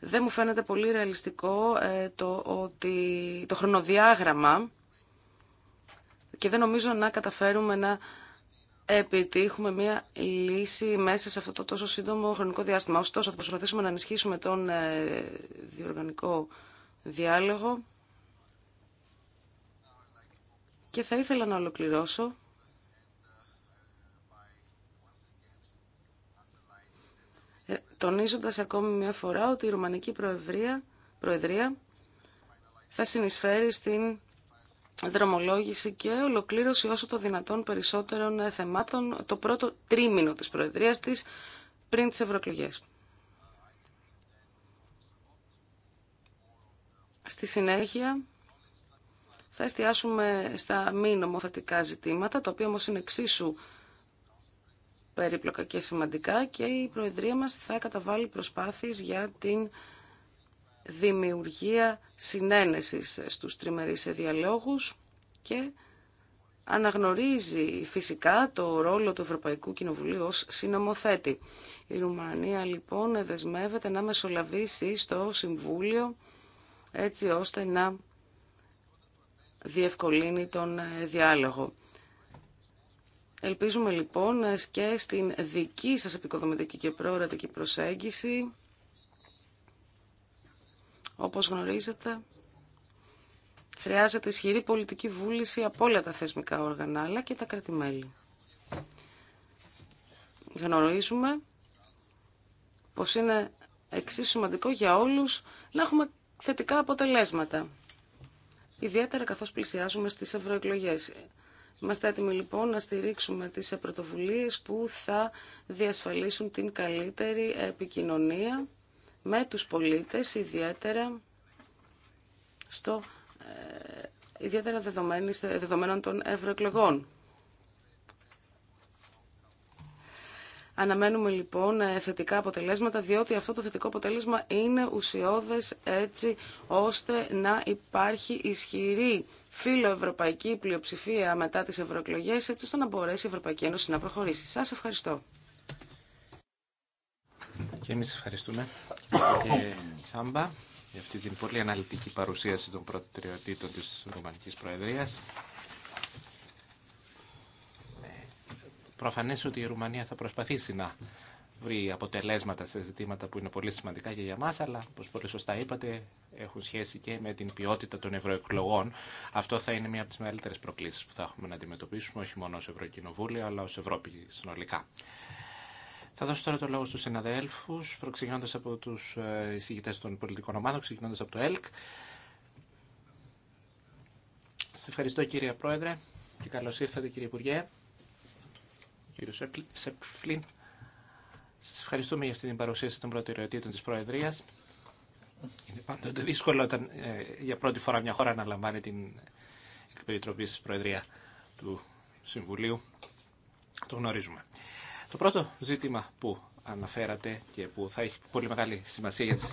δεν μου φαίνεται πολύ ρεαλιστικό ε, το, ότι, το χρονοδιάγραμμα και δεν νομίζω να καταφέρουμε να επιτύχουμε μια λύση μέσα σε αυτό το τόσο σύντομο χρονικό διάστημα. Ωστόσο, θα προσπαθήσουμε να ενισχύσουμε τον ε, διοργανικό διάλογο και θα ήθελα να ολοκληρώσω ε, τονίζοντας ακόμη μια φορά ότι η Ρουμανική Προεδρία, Προεδρία θα συνεισφέρει στην δρομολόγηση και ολοκλήρωση όσο το δυνατόν περισσότερων ε, θεμάτων το πρώτο τρίμηνο της Προεδρίας της πριν τις ευρωεκλογές. Στη συνέχεια θα εστιάσουμε στα μη νομοθετικά ζητήματα, τα οποία όμως είναι εξίσου περίπλοκα και σημαντικά και η Προεδρία μας θα καταβάλει προσπάθειες για την δημιουργία συνένεσης στους τριμερείς διαλόγους και αναγνωρίζει φυσικά το ρόλο του Ευρωπαϊκού Κοινοβουλίου ως συνομοθέτη. Η Ρουμανία λοιπόν δεσμεύεται να μεσολαβήσει στο Συμβούλιο έτσι ώστε να διευκολύνει τον ε, διάλογο. Ελπίζουμε λοιπόν ε, και στην δική σας επικοδομητική και προορατική προσέγγιση, όπως γνωρίζετε, χρειάζεται ισχυρή πολιτική βούληση από όλα τα θεσμικά όργανα, αλλά και τα κρατημέλη. Γνωρίζουμε πως είναι εξίσου σημαντικό για όλους να έχουμε θετικά αποτελέσματα ιδιαίτερα καθώς πλησιάζουμε στις ευρωεκλογέ. Είμαστε έτοιμοι λοιπόν να στηρίξουμε τις πρωτοβουλίες που θα διασφαλίσουν την καλύτερη επικοινωνία με τους πολίτες, ιδιαίτερα στο ε, ιδιαίτερα δεδομένων των ευρωεκλογών. Αναμένουμε λοιπόν ε, θετικά αποτελέσματα, διότι αυτό το θετικό αποτέλεσμα είναι ουσιώδες έτσι ώστε να υπάρχει ισχυρή φιλοευρωπαϊκή πλειοψηφία μετά τις ευρωεκλογέ, έτσι ώστε να μπορέσει η Ευρωπαϊκή Ένωση να προχωρήσει. Σας ευχαριστώ. Και εμείς ευχαριστούμε και Σάμπα για αυτή την πολύ αναλυτική παρουσίαση των προτεραιοτήτων της Ρουμανικής Προεδρίας. Προφανέ ότι η Ρουμανία θα προσπαθήσει να βρει αποτελέσματα σε ζητήματα που είναι πολύ σημαντικά και για μα, αλλά όπω πολύ σωστά είπατε έχουν σχέση και με την ποιότητα των ευρωεκλογών. Αυτό θα είναι μία από τι μεγαλύτερε προκλήσει που θα έχουμε να αντιμετωπίσουμε, όχι μόνο ω Ευρωκοινοβούλιο, αλλά ω Ευρώπη συνολικά. Θα δώσω τώρα το λόγο στους συναδέλφους, ξεκινώντας από τους ε, εισηγητές των πολιτικών ομάδων, ξεκινώντας από το ΕΛΚ. Σα ευχαριστώ κύριε Πρόεδρε και καλώς ήρθατε κύριε Υπουργέ κύριο Σεπφλίν. σα ευχαριστούμε για αυτή την παρουσίαση των προτεραιοτήτων της Προεδρίας. Είναι πάντοτε δύσκολο όταν ε, για πρώτη φορά μια χώρα αναλαμβάνει την εκπαιδευτική της Προεδρία του Συμβουλίου. Το γνωρίζουμε. Το πρώτο ζήτημα που αναφέρατε και που θα έχει πολύ μεγάλη σημασία για τις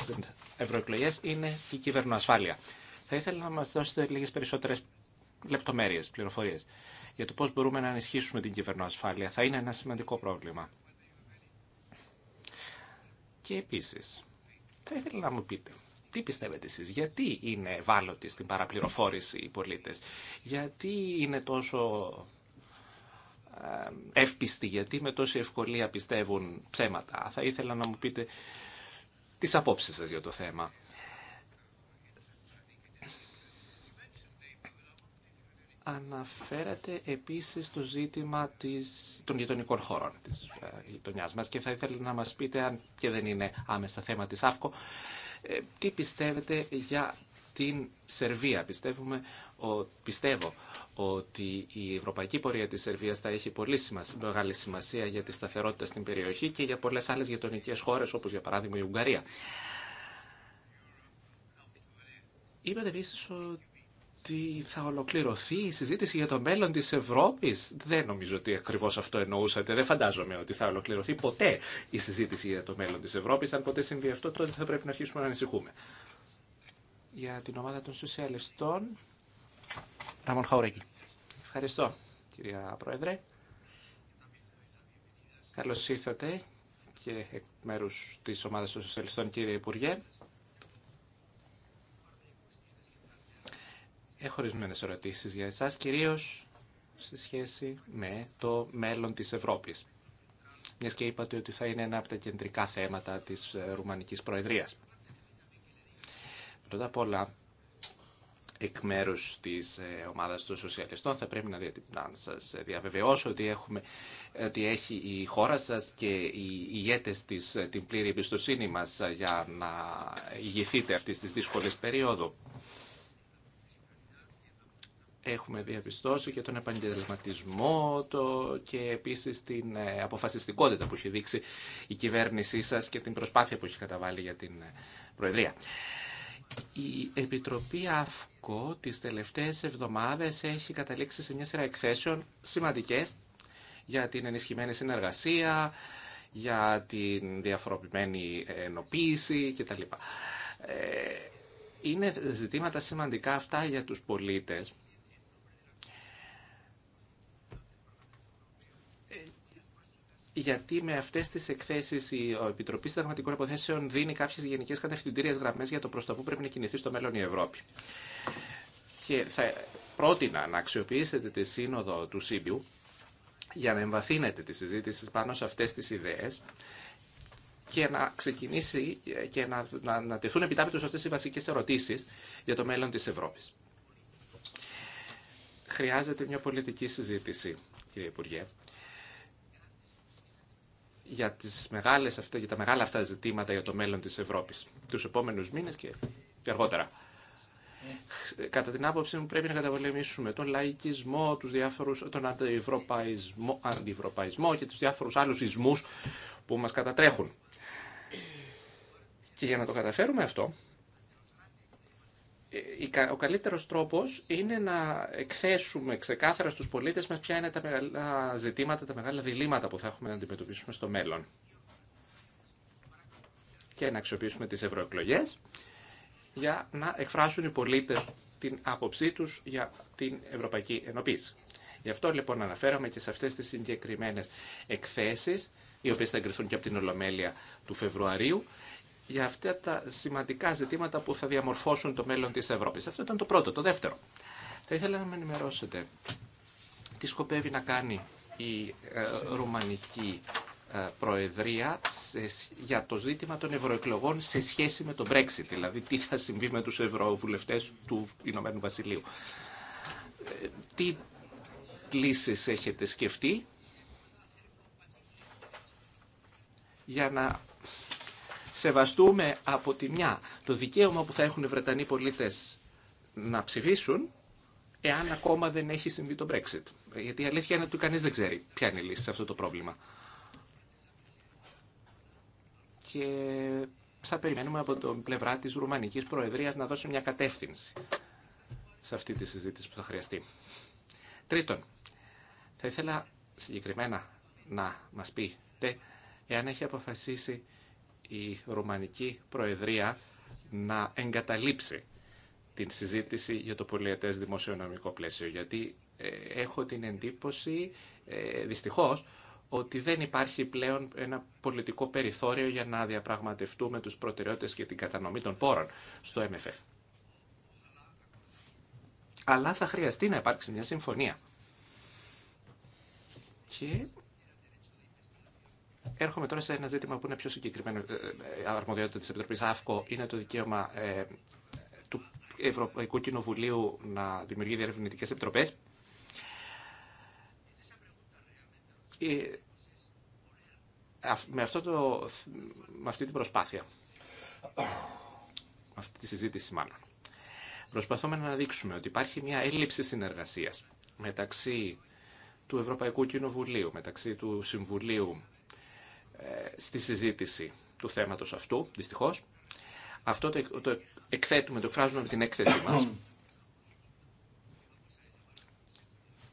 ευρωεκλογέ είναι η κυβερνοασφάλεια. Θα ήθελα να μα δώσετε λίγε περισσότερε λεπτομέρειε πληροφορίε για το πώς μπορούμε να ενισχύσουμε την κυβερνοασφάλεια. Θα είναι ένα σημαντικό πρόβλημα. Και επίσης, θα ήθελα να μου πείτε, τι πιστεύετε εσείς, γιατί είναι ευάλωτοι στην παραπληροφόρηση οι πολίτες, γιατί είναι τόσο εύπιστοι, γιατί με τόση ευκολία πιστεύουν ψέματα. Θα ήθελα να μου πείτε τις απόψεις σας για το θέμα. Αναφέρατε επίσης το ζήτημα της, των γειτονικών χωρών της ε, γειτονιά μας και θα ήθελα να μας πείτε, αν και δεν είναι άμεσα θέμα της ΑΦΚΟ, ε, τι πιστεύετε για την Σερβία. Πιστεύουμε, ο, πιστεύω ότι η ευρωπαϊκή πορεία της Σερβίας θα έχει πολύ σημασία, μεγάλη σημασία για τη σταθερότητα στην περιοχή και για πολλές άλλες γειτονικέ χώρες, όπως για παράδειγμα η Ουγγαρία. Είπατε επίση ότι ότι θα ολοκληρωθεί η συζήτηση για το μέλλον της Ευρώπης. Δεν νομίζω ότι ακριβώς αυτό εννοούσατε. Δεν φαντάζομαι ότι θα ολοκληρωθεί ποτέ η συζήτηση για το μέλλον της Ευρώπης. Αν ποτέ συμβεί αυτό, τότε θα πρέπει να αρχίσουμε να ανησυχούμε. Για την ομάδα των σοσιαλιστών, Ραμόν Χαουρέκη. Ευχαριστώ, κυρία Πρόεδρε. Καλώς ήρθατε και εκ μέρους της ομάδας των σοσιαλιστών, κύριε Υπουργέ. Έχω ορισμένε ερωτήσει για εσά κυρίω σε σχέση με το μέλλον της Ευρώπης. Μια και είπατε ότι θα είναι ένα από τα κεντρικά θέματα της ε, Ρουμανικής Προεδρίας. Πρώτα απ' όλα, εκ μέρου τη ε, ομάδα των Σοσιαλιστών. Θα πρέπει να, να σα διαβεβαιώσω ότι, έχουμε, ότι έχει η χώρα σα και οι ηγέτε τη ε, την πλήρη εμπιστοσύνη μα για να ηγηθείτε αυτή τη δύσκολη περίοδου έχουμε διαπιστώσει και τον επαγγελματισμό το, και επίσης την ε, αποφασιστικότητα που έχει δείξει η κυβέρνησή σας και την προσπάθεια που έχει καταβάλει για την ε, Προεδρία. Η Επιτροπή ΑΦΚΟ τις τελευταίες εβδομάδες έχει καταλήξει σε μια σειρά εκθέσεων σημαντικές για την ενισχυμένη συνεργασία, για την διαφοροποιημένη ενοποίηση κτλ. Ε, είναι ζητήματα σημαντικά αυτά για τους πολίτες γιατί με αυτέ τι εκθέσει η Επιτροπή Συνταγματικών Υποθέσεων δίνει κάποιε γενικέ κατευθυντήριε γραμμέ για το προ το που πρέπει να κινηθεί στο μέλλον η Ευρώπη. Και θα πρότεινα να αξιοποιήσετε τη σύνοδο του Σύμπιου για να εμβαθύνετε τη συζήτηση πάνω σε αυτέ τι ιδέε, και να ξεκινήσει και να, να, να τεθούν επιτάπητος αυτές οι βασικές ερωτήσεις για το μέλλον της Ευρώπης. Χρειάζεται μια πολιτική συζήτηση, κύριε Υπουργέ, για, τις μεγάλες, για τα μεγάλα αυτά ζητήματα για το μέλλον της Ευρώπης τους επόμενους μήνες και, αργότερα. Ε, κατά την άποψή μου πρέπει να καταπολεμήσουμε τον λαϊκισμό, τους διάφορους, τον αντιευρωπαϊσμό, αντιευρωπαϊσμό και τους διάφορους άλλους ισμούς που μας κατατρέχουν. Και για να το καταφέρουμε αυτό, ε, ο καλύτερος τρόπος είναι να εκθέσουμε ξεκάθαρα στους πολίτες μας ποια είναι τα μεγάλα ζητήματα, τα μεγάλα διλήμματα που θα έχουμε να αντιμετωπίσουμε στο μέλλον. Και να αξιοποιήσουμε τις ευρωεκλογέ για να εκφράσουν οι πολίτες την άποψή τους για την Ευρωπαϊκή Ενωπήση. Γι' αυτό λοιπόν αναφέρομαι και σε αυτές τις συγκεκριμένες εκθέσεις, οι οποίες θα εγκριθούν και από την Ολομέλεια του Φεβρουαρίου, για αυτά τα σημαντικά ζητήματα που θα διαμορφώσουν το μέλλον της Ευρώπης. Αυτό ήταν το πρώτο. Το δεύτερο. Θα ήθελα να με ενημερώσετε τι σκοπεύει να κάνει η ε, Ρουμανική ε, Προεδρία για το ζήτημα των ευρωεκλογών σε σχέση με το Brexit, δηλαδή τι θα συμβεί με τους ευρωβουλευτές του Ηνωμένου Βασιλείου. Ε, τι λύσεις έχετε σκεφτεί για να σεβαστούμε από τη μια το δικαίωμα που θα έχουν οι Βρετανοί πολίτες να ψηφίσουν εάν ακόμα δεν έχει συμβεί το Brexit. Γιατί η αλήθεια είναι ότι κανείς δεν ξέρει ποια είναι η λύση σε αυτό το πρόβλημα. Και θα περιμένουμε από την πλευρά της Ρουμανικής Προεδρίας να δώσει μια κατεύθυνση σε αυτή τη συζήτηση που θα χρειαστεί. Τρίτον, θα ήθελα συγκεκριμένα να μας πείτε εάν έχει αποφασίσει η Ρουμανική Προεδρία να εγκαταλείψει την συζήτηση για το πολιετές δημοσιονομικό πλαίσιο, γιατί ε, έχω την εντύπωση, ε, δυστυχώς, ότι δεν υπάρχει πλέον ένα πολιτικό περιθώριο για να διαπραγματευτούμε τους προτεραιότητες και την κατανομή των πόρων στο MFF. Αλλά θα χρειαστεί να υπάρξει μια συμφωνία. Και Έρχομαι τώρα σε ένα ζήτημα που είναι πιο συγκεκριμένο ε, ε, αρμοδιότητα της Επιτροπής ΑΦΚΟ. Είναι το δικαίωμα ε, του Ευρωπαϊκού Κοινοβουλίου να δημιουργεί διερευνητικέ επιτροπές. με, αυτό το, με αυτή την προσπάθεια, με αυτή τη συζήτηση μάλλον, προσπαθούμε να δείξουμε ότι υπάρχει μια έλλειψη συνεργασίας μεταξύ του Ευρωπαϊκού Κοινοβουλίου, μεταξύ του Συμβουλίου ε, στη συζήτηση του θέματος αυτού, δυστυχώς. Αυτό το, το εκθέτουμε, το εκφράζουμε με την έκθεσή μας.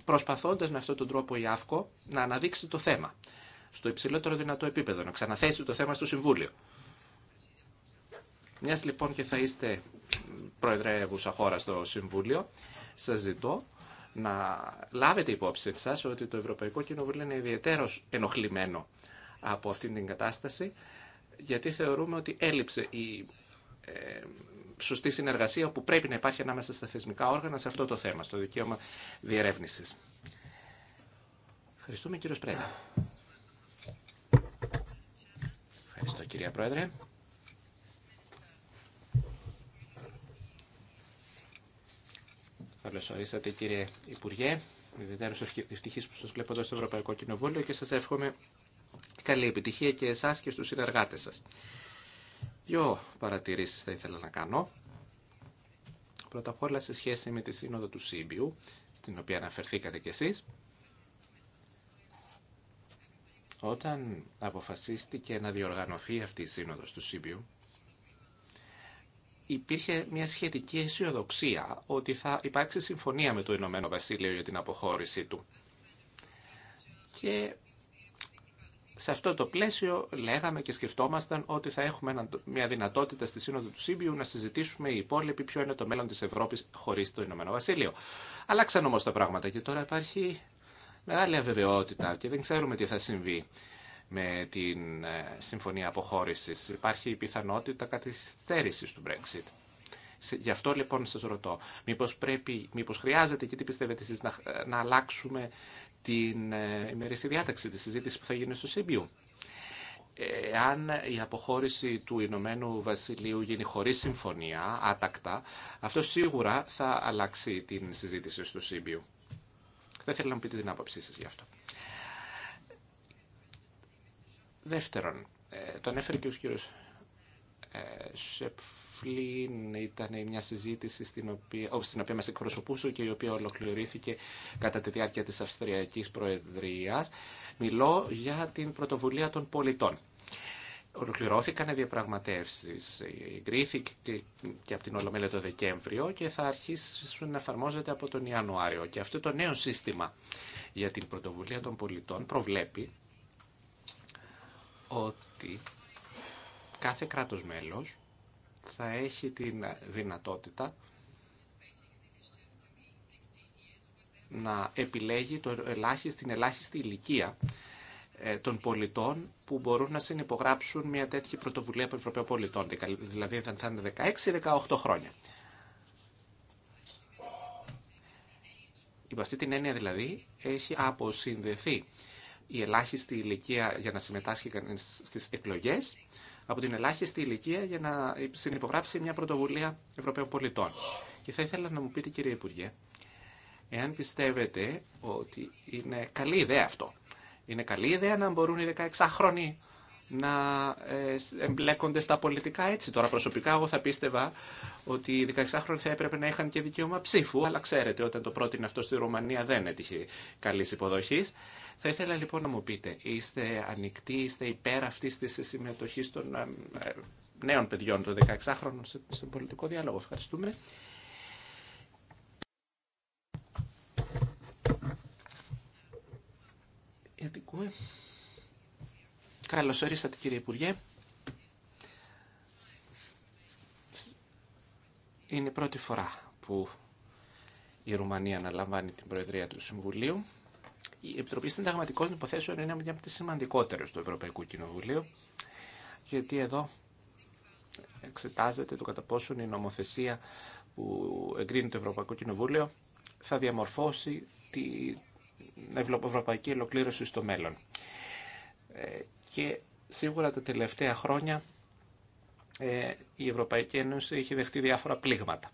Προσπαθώντας με αυτόν τον τρόπο η ΑΦΚΟ να αναδείξει το θέμα στο υψηλότερο δυνατό επίπεδο, να ξαναθέσει το θέμα στο Συμβούλιο. Μιας λοιπόν και θα είστε προεδρεύουσα χώρα στο Συμβούλιο, σας ζητώ να λάβετε υπόψη σας ότι το Ευρωπαϊκό Κοινοβούλιο είναι ιδιαίτερο ενοχλημένο από αυτήν την κατάσταση, γιατί θεωρούμε ότι έλειψε η ε, σωστή συνεργασία που πρέπει να υπάρχει ανάμεσα στα θεσμικά όργανα σε αυτό το θέμα, στο δικαίωμα διερεύνησης. Ευχαριστούμε κύριο Σπρέντα. Ευχαριστώ κυρία Πρόεδρε. Καλώ ορίσατε κύριε Υπουργέ. Ιδιαίτερα ευτυχή που σας βλέπω εδώ στο Ευρωπαϊκό Κοινοβούλιο και σα εύχομαι καλή επιτυχία και εσάς και στους συνεργάτες σας. Δυο παρατηρήσεις θα ήθελα να κάνω. Πρώτα απ' όλα σε σχέση με τη σύνοδο του Σύμπιου, στην οποία αναφερθήκατε κι εσείς. Όταν αποφασίστηκε να διοργανωθεί αυτή η σύνοδος του Σύμπιου, υπήρχε μια σχετική αισιοδοξία ότι θα υπάρξει συμφωνία με το Ηνωμένο Βασίλειο για την αποχώρησή του. Και σε αυτό το πλαίσιο λέγαμε και σκεφτόμασταν ότι θα έχουμε μια δυνατότητα στη Σύνοδο του Σύμπιου να συζητήσουμε οι υπόλοιποι ποιο είναι το μέλλον της Ευρώπης χωρίς το Ηνωμένο Βασίλειο. Αλλάξαν όμως τα πράγματα και τώρα υπάρχει μεγάλη αβεβαιότητα και δεν ξέρουμε τι θα συμβεί με την ε, Συμφωνία Αποχώρησης. Υπάρχει η πιθανότητα καθυστέρησης του Brexit. Γι' αυτό λοιπόν σας ρωτώ, μήπως, πρέπει, μήπως χρειάζεται και τι πιστεύετε εσείς να, να αλλάξουμε την ε, ημερήσια διάταξη της συζήτησης που θα γίνει στο ΣΥΠΙΟΥ. Αν η αποχώρηση του Ηνωμένου Βασιλείου γίνει χωρί συμφωνία, άτακτα, αυτό σίγουρα θα αλλάξει την συζήτηση στο ΣΥΠΙΟΥ. Δεν θέλω να μου πείτε την άποψή σας γι' αυτό. Δεύτερον, ε, το ανέφερε και ο κύριος πλήν ήταν μια συζήτηση στην οποία, oh, στην οποία μας εκπροσωπούσε και η οποία ολοκληρώθηκε κατά τη διάρκεια της Αυστριακής Προεδρίας. Μιλώ για την πρωτοβουλία των πολιτών. Ολοκληρώθηκαν οι εγκρίθηκε και από την Ολομέλεια το Δεκέμβριο και θα αρχίσουν να εφαρμόζεται από τον Ιανουάριο. Και αυτό το νέο σύστημα για την πρωτοβουλία των πολιτών προβλέπει ότι κάθε κράτος μέλος θα έχει την δυνατότητα να επιλέγει το ελάχιστη, την ελάχιστη ηλικία ε, των πολιτών που μπορούν να συνυπογράψουν μια τέτοια πρωτοβουλία από Ευρωπαίων πολιτών, δηλαδή όταν θα είναι 16-18 χρόνια. Υπό αυτή την έννοια δηλαδή έχει αποσυνδεθεί η ελάχιστη ηλικία για να συμμετάσχει στις εκλογές από την ελάχιστη ηλικία για να συνυπογράψει μια πρωτοβουλία Ευρωπαίων πολιτών. Και θα ήθελα να μου πείτε κύριε Υπουργέ, εάν πιστεύετε ότι είναι καλή ιδέα αυτό. Είναι καλή ιδέα να μπορούν οι 16χρονοι να ε, εμπλέκονται στα πολιτικά έτσι. Τώρα προσωπικά εγώ θα πίστευα ότι οι 16χρονοι θα έπρεπε να είχαν και δικαίωμα ψήφου, αλλά ξέρετε όταν το πρότεινε αυτό στη Ρουμανία δεν έτυχε καλή υποδοχή. Θα ήθελα λοιπόν να μου πείτε, είστε ανοιχτοί, είστε υπέρ αυτή τη συμμετοχή των ε, νέων παιδιών των 16χρονων στον πολιτικό διάλογο. Ευχαριστούμε. Γιατί Καλώς ορίσατε κύριε Υπουργέ. Είναι η πρώτη φορά που η Ρουμανία αναλαμβάνει την Προεδρία του Συμβουλίου. Η Επιτροπή Συνταγματικών Υποθέσεων είναι μια από τις σημαντικότερες του Ευρωπαϊκού Κοινοβουλίου, γιατί εδώ εξετάζεται το κατά πόσον η νομοθεσία που εγκρίνει το Ευρωπαϊκό Κοινοβούλιο θα διαμορφώσει την ευρωπαϊκή ολοκλήρωση στο μέλλον. Ε, και σίγουρα τα τελευταία χρόνια ε, η Ευρωπαϊκή Ένωση έχει δεχτεί διάφορα πλήγματα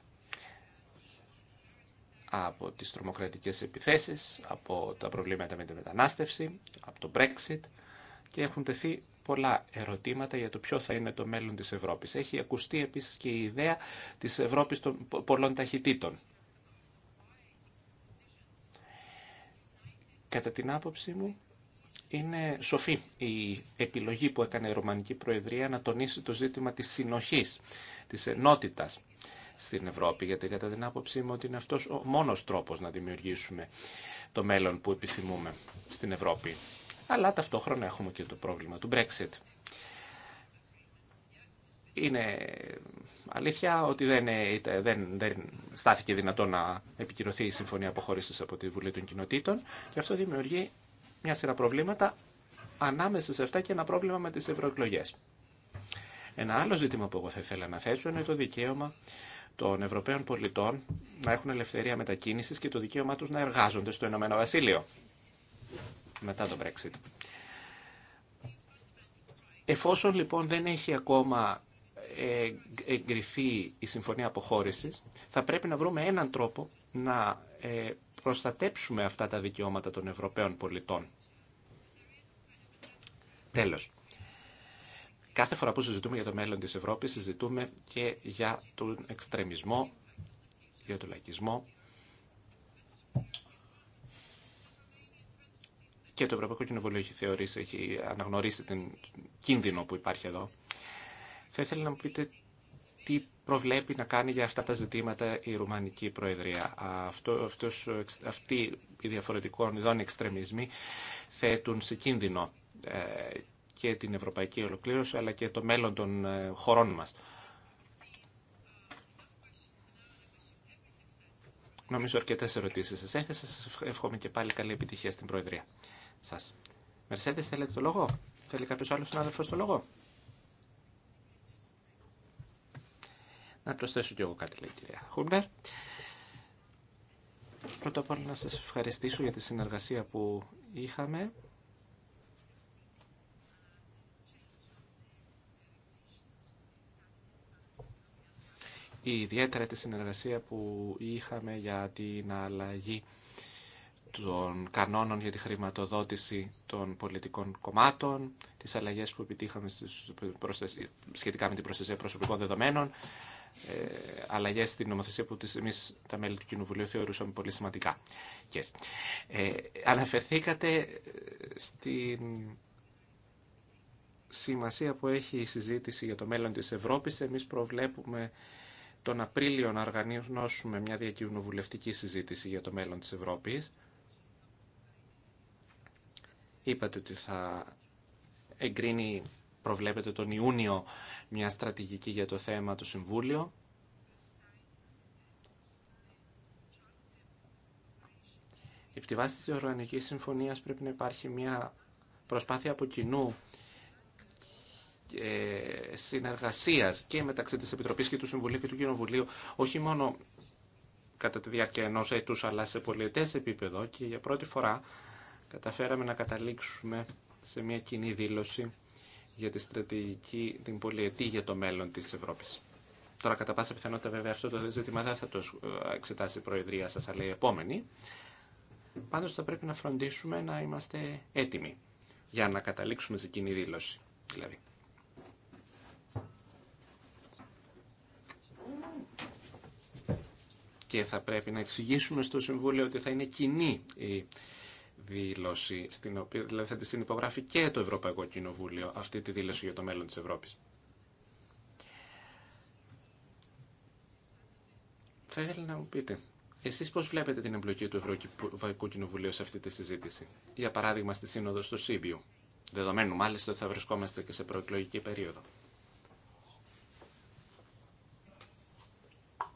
από τις τρομοκρατικές επιθέσεις, από τα προβλήματα με τη μετανάστευση, από το Brexit και έχουν τεθεί πολλά ερωτήματα για το ποιο θα είναι το μέλλον της Ευρώπης. Έχει ακουστεί επίσης και η ιδέα της Ευρώπης των πολλών ταχυτήτων. Κατά την άποψή μου, είναι σοφή η επιλογή που έκανε η Ρωμανική Προεδρία να τονίσει το ζήτημα της συνοχής, της ενότητας στην Ευρώπη, γιατί κατά την άποψή μου ότι είναι αυτός ο μόνος τρόπος να δημιουργήσουμε το μέλλον που επιθυμούμε στην Ευρώπη. Αλλά ταυτόχρονα έχουμε και το πρόβλημα του Brexit. Είναι αλήθεια ότι δεν, δεν, δεν στάθηκε δυνατό να επικυρωθεί η Συμφωνία Αποχωρήσης από τη Βουλή των Κοινοτήτων και αυτό δημιουργεί μια σειρά προβλήματα ανάμεσα σε αυτά και ένα πρόβλημα με τις ευρωεκλογέ. Ένα άλλο ζήτημα που εγώ θα ήθελα να θέσω είναι το δικαίωμα των Ευρωπαίων πολιτών να έχουν ελευθερία μετακίνησης και το δικαίωμά τους να εργάζονται στο Ηνωμένο Βασίλειο μετά το Brexit. Εφόσον λοιπόν δεν έχει ακόμα εγκριθεί η συμφωνία αποχώρησης, θα πρέπει να βρούμε έναν τρόπο να ε, προστατέψουμε αυτά τα δικαιώματα των Ευρωπαίων πολιτών. Τέλος. Κάθε φορά που συζητούμε για το μέλλον της Ευρώπης, συζητούμε και για τον εξτρεμισμό, για τον λαϊκισμό. Και το Ευρωπαϊκό Κοινοβούλιο έχει θεωρήσει, έχει αναγνωρίσει την κίνδυνο που υπάρχει εδώ. Θα ήθελα να μου πείτε τι προβλέπει να κάνει για αυτά τα ζητήματα η Ρουμανική Προεδρία. Αυτό, αυτός, αυτοί οι διαφορετικών ειδών εξτρεμισμοί θέτουν σε κίνδυνο ε, και την ευρωπαϊκή ολοκλήρωση αλλά και το μέλλον των ε, χωρών μας. Νομίζω αρκετέ ερωτήσει σα έθεσα. Σα εύχομαι και πάλι καλή επιτυχία στην Προεδρία σα. Μερσέντε, θέλετε το λόγο. Θέλει κάποιο άλλο συνάδελφο το λόγο. Να προσθέσω κι εγώ κάτι, λέει η κυρία Χούμπλερ. Πρώτα απ' όλα να σας ευχαριστήσω για τη συνεργασία που είχαμε. Ιδιαίτερα τη συνεργασία που είχαμε για την αλλαγή των κανόνων για τη χρηματοδότηση των πολιτικών κομμάτων, τις αλλαγές που επιτύχαμε σχετικά με την προστασία προσωπικών δεδομένων, ε, αλλαγές στην νομοθεσία που τις, εμείς τα μέλη του Κοινοβουλίου θεωρούσαμε πολύ σημαντικά. Ε, αναφερθήκατε ε, στην σημασία που έχει η συζήτηση για το μέλλον της Ευρώπης. Εμείς προβλέπουμε τον Απρίλιο να οργανώσουμε μια διακοινοβουλευτική συζήτηση για το μέλλον της Ευρώπης. Είπατε ότι θα εγκρίνει Προβλέπετε τον Ιούνιο μια στρατηγική για το θέμα του Συμβούλιο. Επί τη βάση της Οργανικής Συμφωνίας πρέπει να υπάρχει μια προσπάθεια από κοινού συνεργασίας και μεταξύ της Επιτροπής και του Συμβουλίου και του Κοινοβουλίου, όχι μόνο κατά τη διάρκεια ενός έτους, αλλά σε πολιετές επίπεδο και για πρώτη φορά καταφέραμε να καταλήξουμε σε μια κοινή δήλωση για τη στρατηγική, την πολιετή για το μέλλον της Ευρώπης. Τώρα, κατά πάσα πιθανότητα, βέβαια, αυτό το ζήτημα δεν θα το ε, εξετάσει η Προεδρία σας, αλλά η επόμενη. Πάντως, θα πρέπει να φροντίσουμε να είμαστε έτοιμοι για να καταλήξουμε σε κοινή δήλωση, δηλαδή. Και θα πρέπει να εξηγήσουμε στο Συμβούλιο ότι θα είναι κοινή η δήλωση, στην οποία δηλαδή θα τη συνυπογράφει και το Ευρωπαϊκό Κοινοβούλιο, αυτή τη δήλωση για το μέλλον της Ευρώπης. Θα ήθελα να μου πείτε, εσείς πώς βλέπετε την εμπλοκή του Ευρωπαϊκού Κοινοβουλίου σε αυτή τη συζήτηση, για παράδειγμα στη Σύνοδο στο ΣΥΠΙΟΥ, δεδομένου μάλιστα ότι θα βρισκόμαστε και σε προεκλογική περίοδο.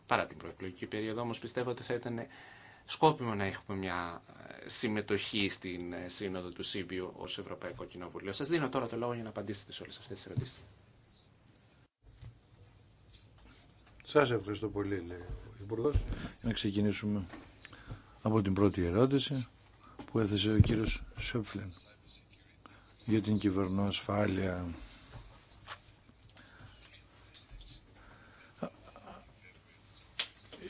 Παρά την προεκλογική περίοδο όμως πιστεύω ότι θα ήταν σκόπιμο να έχουμε μια ε, συμμετοχή στην ε, Σύνοδο του ΣΥΠΙΟ ως Ευρωπαϊκό Κοινοβουλίο. Σας δίνω τώρα το λόγο για να απαντήσετε σε όλες αυτές τις ερωτήσεις. Σας ευχαριστώ πολύ, λέει ο Υπουργός. Να ξεκινήσουμε από την πρώτη ερώτηση που έθεσε ο κύριος Σόπφλεν για την κυβερνό ασφάλεια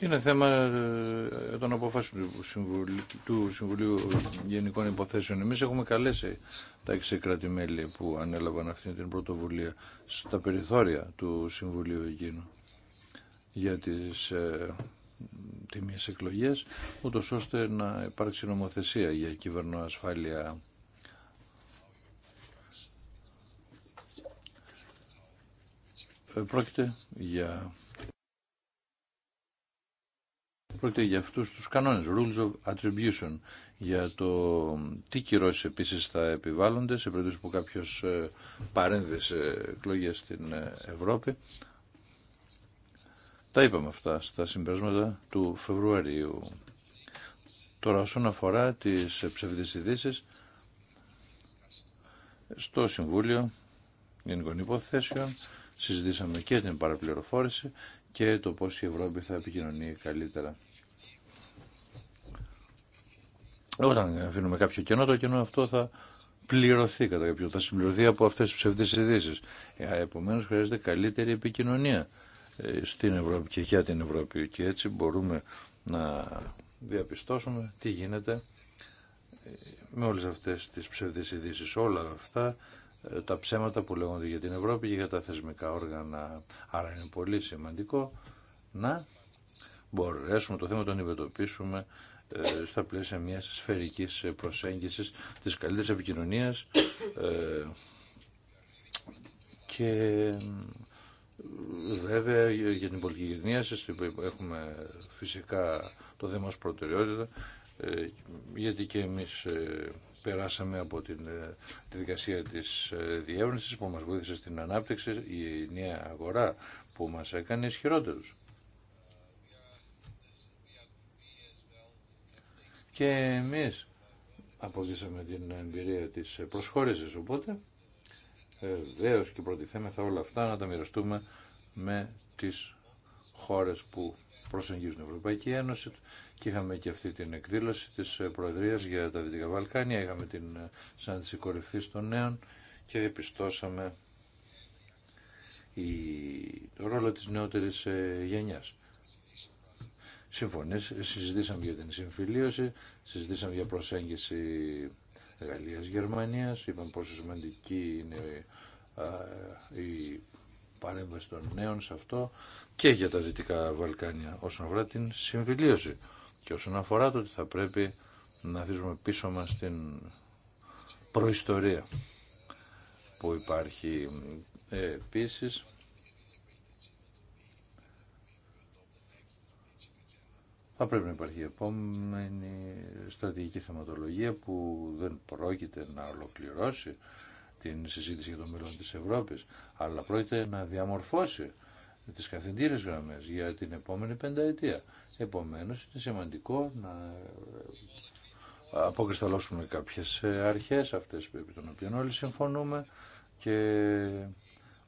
Είναι θέμα ε, των αποφάσεων του Συμβουλίου, του Συμβουλίου Γενικών Υποθέσεων. Εμείς έχουμε καλέσει τα εξεκράτη που ανέλαβαν αυτή την πρωτοβουλία στα περιθώρια του Συμβουλίου εκείνου για τις ε, τιμίες εκλογές, ούτως ώστε να υπάρξει νομοθεσία για κυβερνοασφάλεια. Ε, πρόκειται για Πρόκειται για αυτούς τους κανόνες, rules of attribution, για το τι κυρώσεις επίσης θα επιβάλλονται σε περίπτωση που κάποιος ε, παρένδε εκλογέ στην ε, Ευρώπη. Τα είπαμε αυτά στα συμπεράσματα του Φεβρουαρίου. Τώρα όσον αφορά τις ψευδείς ειδήσει στο Συμβούλιο Γενικών Υποθέσεων συζητήσαμε και την παραπληροφόρηση και το πώς η Ευρώπη θα επικοινωνεί καλύτερα. Όταν αφήνουμε κάποιο κενό, το κενό αυτό θα πληρωθεί κατά κάποιο, θα συμπληρωθεί από αυτές τις ψευδείς ειδήσει. Ε, Επομένω χρειάζεται καλύτερη επικοινωνία ε, στην Ευρώπη και για την Ευρώπη και έτσι μπορούμε να διαπιστώσουμε τι γίνεται ε, με όλες αυτές τις ψευδείς ειδήσει, όλα αυτά τα ψέματα που λέγονται για την Ευρώπη και για τα θεσμικά όργανα. Άρα είναι πολύ σημαντικό να μπορέσουμε το θέμα να το αντιμετωπίσουμε ε, στα πλαίσια μιας σφαιρικής προσέγγισης της καλύτερης επικοινωνίας ε, και ε, βέβαια για την πολιτική γυρνίαση έχουμε φυσικά το θέμα ως προτεραιότητα γιατί και εμείς περάσαμε από την διαδικασία της διεύρυνσης που μας βοήθησε στην ανάπτυξη η νέα αγορά που μας έκανε ισχυρότερους. Και εμείς αποκτήσαμε την εμπειρία της προσχώρησης, οπότε ε, βεβαίω και προτιθέμεθα όλα αυτά να τα μοιραστούμε με τις χώρες που προσεγγίζουν την Ευρωπαϊκή Ένωση και είχαμε και αυτή την εκδήλωση της Προεδρίας για τα Δυτικά Βαλκάνια, είχαμε την συνάντηση κορυφής των νέων και επιστώσαμε η... το ρόλο της νεότερης ε, γενιάς συμφωνίες, συζητήσαμε για την συμφιλίωση, συζητήσαμε για προσέγγιση Γαλλίας-Γερμανίας, είπαμε πόσο σημαντική είναι η παρέμβαση των νέων σε αυτό και για τα Δυτικά Βαλκάνια όσον αφορά την συμφιλίωση και όσον αφορά το ότι θα πρέπει να αφήσουμε πίσω μας την προϊστορία που υπάρχει. Ε, επίσης, Θα πρέπει να υπάρχει η επόμενη στρατηγική θεματολογία που δεν πρόκειται να ολοκληρώσει την συζήτηση για το μέλλον της Ευρώπης, αλλά πρόκειται να διαμορφώσει τις καθεντήρες γραμμές για την επόμενη πενταετία. Επομένως, είναι σημαντικό να αποκρισταλώσουμε κάποιες αρχές, αυτές επί των οποίων όλοι συμφωνούμε και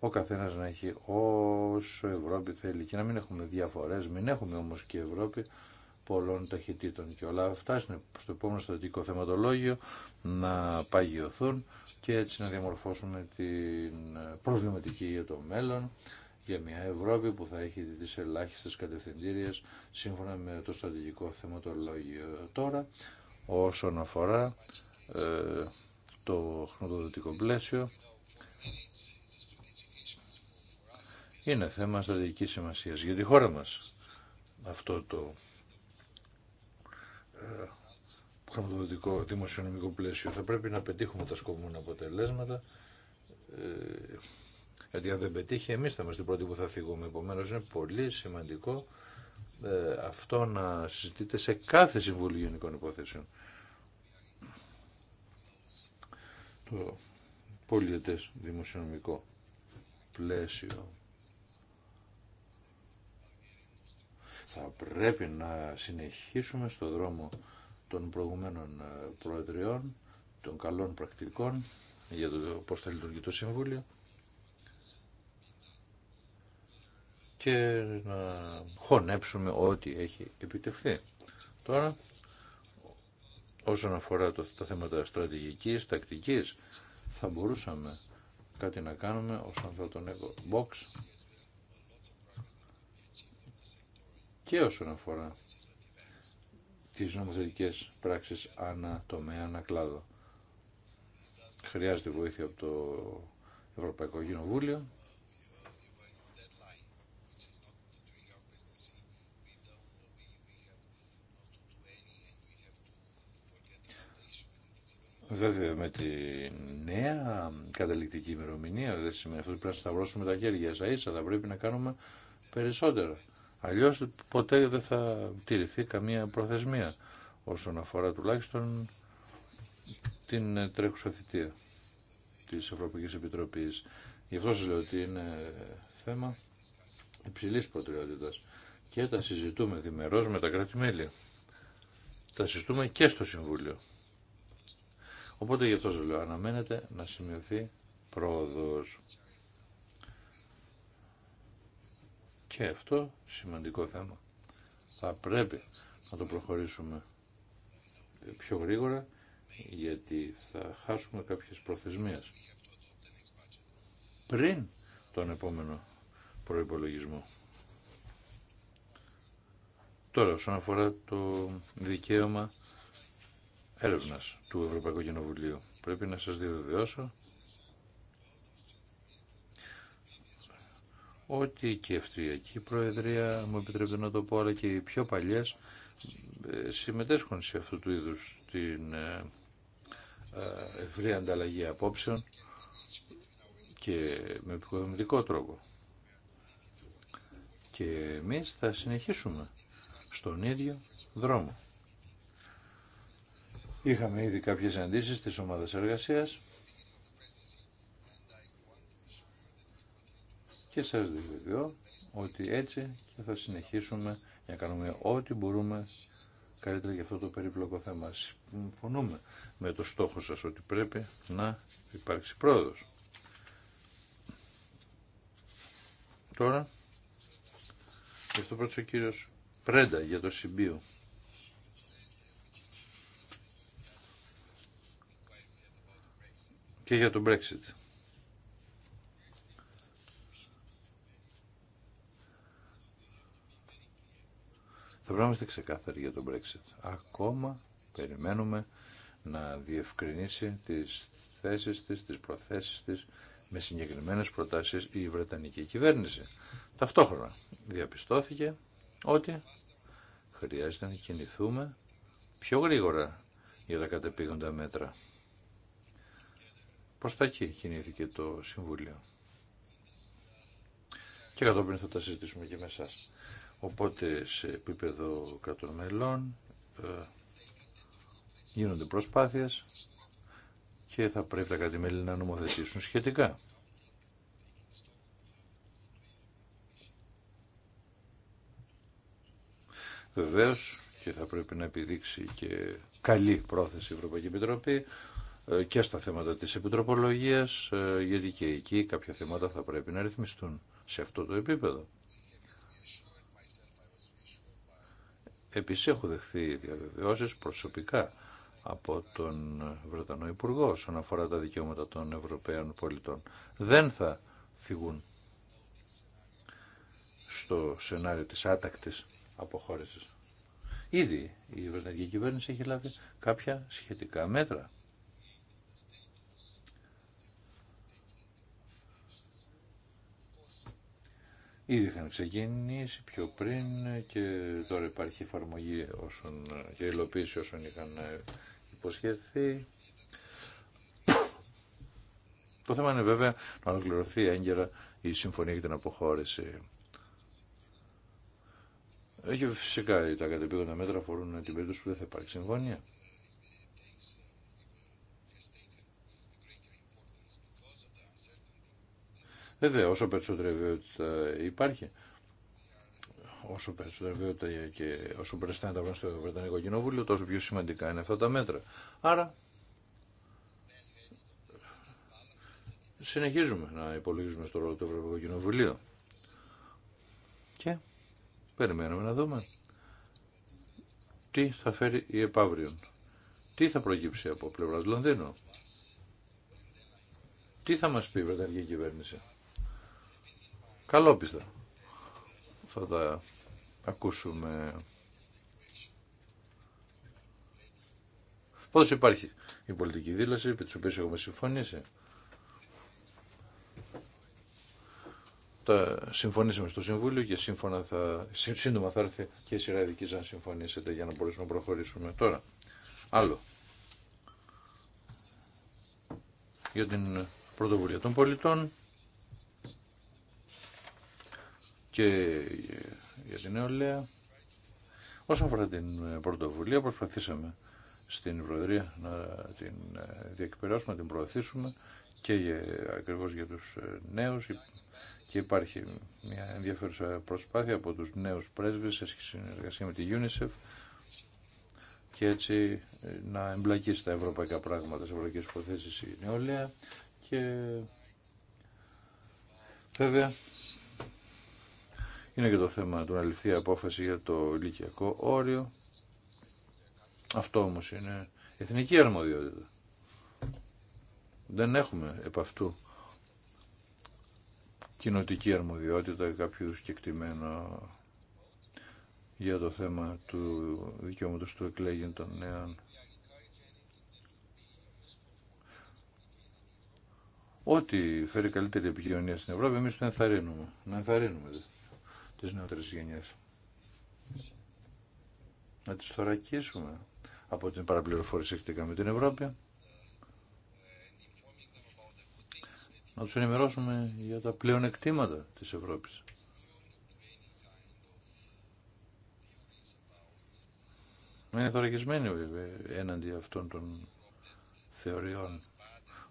ο καθένας να έχει όσο Ευρώπη θέλει και να μην έχουμε διαφορές, μην έχουμε όμως και Ευρώπη πολλών ταχυτήτων. Και όλα αυτά στο επόμενο στρατηγικό θεματολόγιο να παγιωθούν και έτσι να διαμορφώσουμε την ε, προβληματική για το μέλλον για μια Ευρώπη που θα έχει τις ελάχιστες κατευθυντήριες σύμφωνα με το στρατηγικό θεματολόγιο τώρα όσον αφορά ε, το χρονοδοτικό πλαίσιο είναι θέμα στρατηγικής σημασίας για τη χώρα μας αυτό το ε, χρηματοδοτικό δημοσιονομικό πλαίσιο. Θα πρέπει να πετύχουμε τα σκοπούμενα αποτελέσματα. Ε, γιατί αν δεν πετύχει, εμείς θα είμαστε οι πρώτοι που θα φύγουμε. Επομένω, είναι πολύ σημαντικό ε, αυτό να συζητείται σε κάθε Συμβούλιο Γενικών Υποθέσεων. Το πολιετές δημοσιονομικό πλαίσιο Θα πρέπει να συνεχίσουμε στο δρόμο των προηγουμένων ε, προεδριών, των καλών πρακτικών για το πώς θα λειτουργεί το Συμβούλιο και να χωνέψουμε ό,τι έχει επιτευχθεί. Τώρα, όσον αφορά το, τα θέματα στρατηγικής, τακτικής, θα μπορούσαμε κάτι να κάνουμε όσον αφορά τον Box και όσον αφορά τις νομοθετικές πράξεις ανά τομέα, ανά κλάδο. Χρειάζεται βοήθεια από το Ευρωπαϊκό Κοινοβούλιο. Βέβαια με τη νέα καταληκτική ημερομηνία δεν σημαίνει αυτό ότι πρέπει να σταυρώσουμε τα χέρια σα ίσα, θα πρέπει να κάνουμε περισσότερα. Αλλιώς ποτέ δεν θα τηρηθεί καμία προθεσμία όσον αφορά τουλάχιστον την τρέχουσα θητεία της Ευρωπαϊκής Επιτροπής. Γι' αυτό σας λέω ότι είναι θέμα υψηλής προτεραιότητας και τα συζητούμε διμερώς με τα κράτη-μέλη. Τα συζητούμε και στο Συμβούλιο. Οπότε γι' αυτό σας λέω, αναμένεται να σημειωθεί πρόοδος. Και αυτό σημαντικό θέμα. Θα πρέπει να το προχωρήσουμε πιο γρήγορα γιατί θα χάσουμε κάποιες προθεσμίες πριν τον επόμενο προϋπολογισμό. Τώρα, όσον αφορά το δικαίωμα έρευνας του Ευρωπαϊκού Κοινοβουλίου, πρέπει να σας διαβεβαιώσω ότι και η Αυστριακή Προεδρία, μου επιτρέπετε να το πω, αλλά και οι πιο παλιέ ε, συμμετέσχουν σε αυτού του είδους την ε, ε, ευρία ανταλλαγή απόψεων και με επικοδομητικό τρόπο. Και εμείς θα συνεχίσουμε στον ίδιο δρόμο. Είχαμε ήδη κάποιες αντίσεις της ομάδας εργασίας και σας ότι έτσι και θα συνεχίσουμε να κάνουμε ό,τι μπορούμε καλύτερα για αυτό το περίπλοκο θέμα. Συμφωνούμε με το στόχο σας ότι πρέπει να υπάρξει πρόοδος. Τώρα, γι' αυτό πρώτος ο κύριος Πρέντα για το Συμπίου. Και για το Brexit. πρέπει να είμαστε ξεκάθαροι για τον Brexit. Ακόμα περιμένουμε να διευκρινίσει τις θέσεις της, τις προθέσεις της με συγκεκριμένες προτάσεις η Βρετανική κυβέρνηση. Ταυτόχρονα διαπιστώθηκε ότι χρειάζεται να κινηθούμε πιο γρήγορα για τα κατεπήγοντα μέτρα. Προς τα εκεί κινήθηκε το Συμβούλιο. Και κατόπιν θα τα συζητήσουμε και με εσάς. Οπότε σε επίπεδο κρατών μελών ε, γίνονται προσπάθειες και θα πρέπει τα κρατημέλη να νομοθετήσουν σχετικά. Βεβαίω και θα πρέπει να επιδείξει και καλή πρόθεση η Ευρωπαϊκή Επιτροπή ε, και στα θέματα της επιτροπολογίας, ε, γιατί και εκεί κάποια θέματα θα πρέπει να ρυθμιστούν σε αυτό το επίπεδο. Επίση έχω δεχθεί διαβεβαιώσεις προσωπικά από τον Βρετανό Υπουργό όσον αφορά τα δικαιώματα των Ευρωπαίων πολιτών. Δεν θα φυγούν στο σενάριο της άτακτης αποχώρησης. Ήδη η Βρετανική κυβέρνηση έχει λάβει κάποια σχετικά μέτρα. Ήδη είχαν ξεκινήσει πιο πριν και τώρα υπάρχει εφαρμογή όσων, και υλοποίηση όσων είχαν ε, υποσχεθεί. Το θέμα είναι βέβαια να ολοκληρωθεί έγκαιρα η συμφωνία για την αποχώρηση. Ε, και φυσικά τα κατεπίγοντα μέτρα αφορούν την περίπτωση που δεν θα υπάρχει συμφωνία. Βέβαια, όσο περισσότερη βιότητα υπάρχει, όσο περισσότερη βιότητα και όσο περισσότερα τα πράγματα στο Βρετανικό Κοινοβούλιο, τόσο πιο σημαντικά είναι αυτά τα μέτρα. Άρα, συνεχίζουμε να υπολογίζουμε στο ρόλο του Ευρωπαϊκού Κοινοβουλίου. Και περιμένουμε να δούμε τι θα φέρει η επαύριον. Τι θα προκύψει από πλευράς Λονδίνου. Τι θα μας πει η Βρετανική κυβέρνηση. Καλόπιστα. Θα τα ακούσουμε. Πώ υπάρχει η πολιτική δήλωση, επί τη οποία έχουμε συμφωνήσει. Τα συμφωνήσαμε στο Συμβούλιο και σύμφωνα θα, σύντομα θα έρθει και η σειρά ειδική να συμφωνήσετε για να μπορέσουμε να προχωρήσουμε τώρα. Άλλο. Για την πρωτοβουλία των πολιτών και για την νεολαία. Όσον αφορά την πρωτοβουλία, προσπαθήσαμε στην Προεδρία να την διεκπαιρεώσουμε, να την προωθήσουμε και για, ακριβώς για τους νέους και υπάρχει μια ενδιαφέρουσα προσπάθεια από τους νέους πρέσβες σε συνεργασία με τη UNICEF και έτσι ε, να εμπλακεί στα ευρωπαϊκά πράγματα, σε ευρωπαϊκές υποθέσεις η νεολαία και βέβαια είναι και το θέμα του να ληφθεί απόφαση για το ηλικιακό όριο. Αυτό όμως είναι εθνική αρμοδιότητα. Δεν έχουμε επ' αυτού κοινοτική αρμοδιότητα κάποιου συγκεκριμένο για το θέμα του δικαιώματος του εκλέγην των νέων. Ό,τι φέρει καλύτερη επικοινωνία στην Ευρώπη, εμείς το ενθαρρύνουμε. Να ενθαρρύνουμε. Δηλαδή τις νεότερες γενιές. Να τις θωρακίσουμε από την παραπληροφόρηση σχετικά με την Ευρώπη. Να τους ενημερώσουμε για τα πλέον εκτήματα της Ευρώπης. Είναι θωρακισμένοι βέβαια έναντι αυτών των θεωριών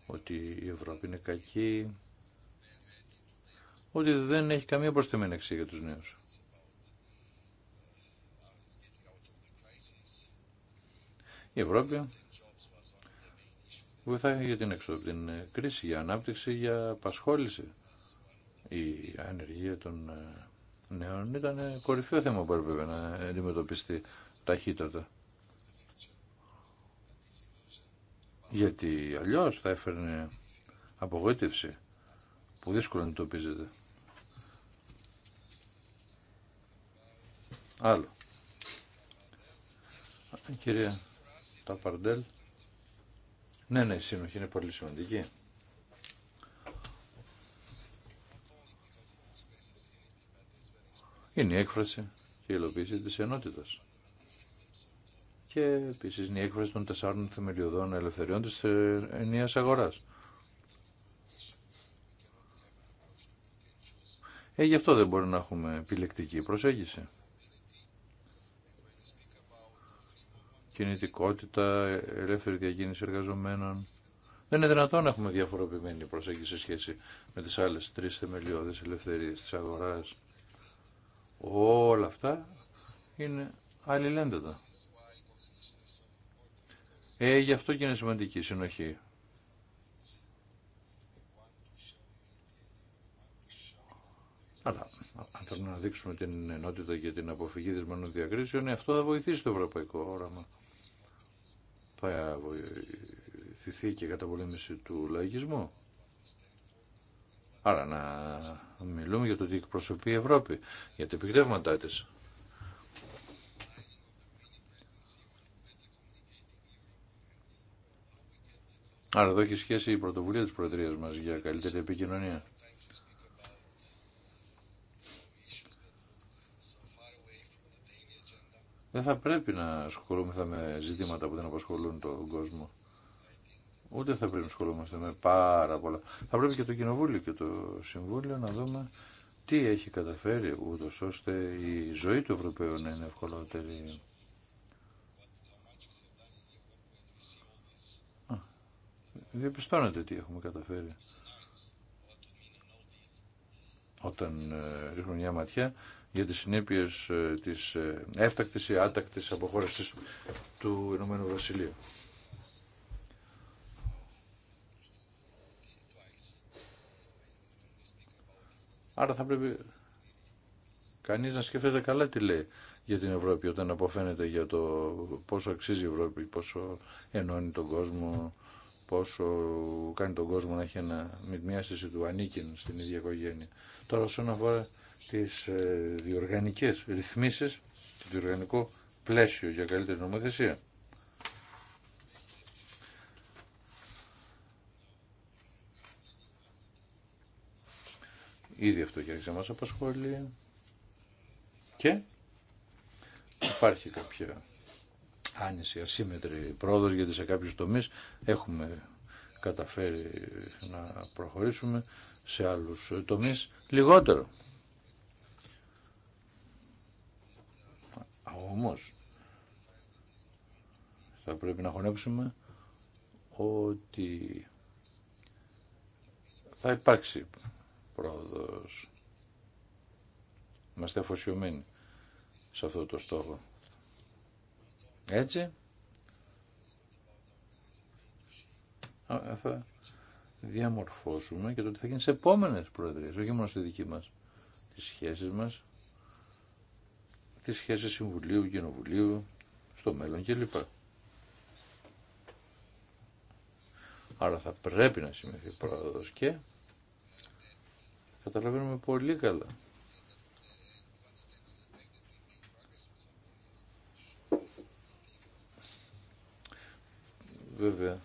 ότι η Ευρώπη είναι κακή, ότι δεν έχει καμία προσθέμενή αξία για τους νέους. Η Ευρώπη βοηθάει για την έξοδο, την κρίση, για ανάπτυξη, για απασχόληση. Η ανεργία των ε, νέων ήταν ε, κορυφαίο θέμα που έπρεπε να αντιμετωπιστεί ταχύτατα. Γιατί αλλιώς θα έφερνε απογοήτευση που δύσκολα αντιμετωπίζεται. Άλλο. Κυρία Ταπαρντέλ. Ναι, ναι, η σύνοχη είναι πολύ σημαντική. Είναι η έκφραση και η υλοποίηση της ενότητας. Και επίσης είναι η έκφραση των τεσσάρων θεμελιωδών ελευθεριών της ε, ενίας αγοράς. Ε, γι' αυτό δεν μπορεί να έχουμε επιλεκτική προσέγγιση. κινητικότητα, ελεύθερη διακίνηση εργαζομένων. Δεν είναι δυνατόν να έχουμε διαφοροποιημένη προσέγγιση σε σχέση με τις άλλες τρεις θεμελιώδες ελευθερίες της αγοράς. Όλα αυτά είναι αλληλένδετα. Ε, γι' αυτό και είναι σημαντική συνοχή. Αλλά αν θέλουμε να δείξουμε την ενότητα και την αποφυγή της διακρίσεων, ναι, αυτό θα βοηθήσει το ευρωπαϊκό όραμα θα βοηθηθεί και η καταπολέμηση του λαϊκισμού. Άρα να μιλούμε για το τι εκπροσωπεί η Ευρώπη, για τα επιχειρηματά της. Άρα εδώ έχει σχέση η πρωτοβουλία της Προεδρίας μας για καλύτερη επικοινωνία. Δεν θα πρέπει να ασχολούμεθα με ζητήματα που δεν απασχολούν τον κόσμο. Ούτε θα πρέπει να ασχολούμαστε με πάρα πολλά. Θα πρέπει και το Κοινοβούλιο και το Συμβούλιο να δούμε τι έχει καταφέρει ούτω ώστε η ζωή του Ευρωπαίου να είναι ευκολότερη. Διαπιστώνετε τι έχουμε καταφέρει. Όταν ε, ρίχνουμε μια ματιά για τις συνέπειες ε, της ε, έφτακτης ή άτακτης αποχώρησης του Ηνωμένου Βασιλείου. Άρα θα πρέπει κανείς να σκεφτείτε καλά τι λέει για την Ευρώπη όταν αποφαίνεται για το πόσο αξίζει η Ευρώπη, πόσο ενώνει τον κόσμο, πόσο κάνει τον κόσμο να έχει μια αίσθηση του ανήκειν στην ίδια οικογένεια. Τώρα όσον αφορά τις ε, διοργανικές ρυθμίσεις, το διοργανικό πλαίσιο για καλύτερη νομοθεσία. Ήδη αυτό και άρχισε μας απασχολεί. Και υπάρχει κάποια άνηση, ασύμετρη πρόοδος, γιατί σε κάποιους τομείς έχουμε καταφέρει να προχωρήσουμε σε άλλους τομείς λιγότερο. Όμως, θα πρέπει να χωνέψουμε ότι θα υπάρξει πρόοδος. Είμαστε αφοσιωμένοι σε αυτό το στόχο. Έτσι, θα διαμορφώσουμε και το τι θα γίνει σε επόμενες προεδρίες, όχι μόνο στη δική μας, τι σχέσεις μας τις σχέσεις Συμβουλίου, Κοινοβουλίου, στο μέλλον κλπ. Άρα θα πρέπει να σημειωθεί πρόοδο και καταλαβαίνουμε πολύ καλά βέβαια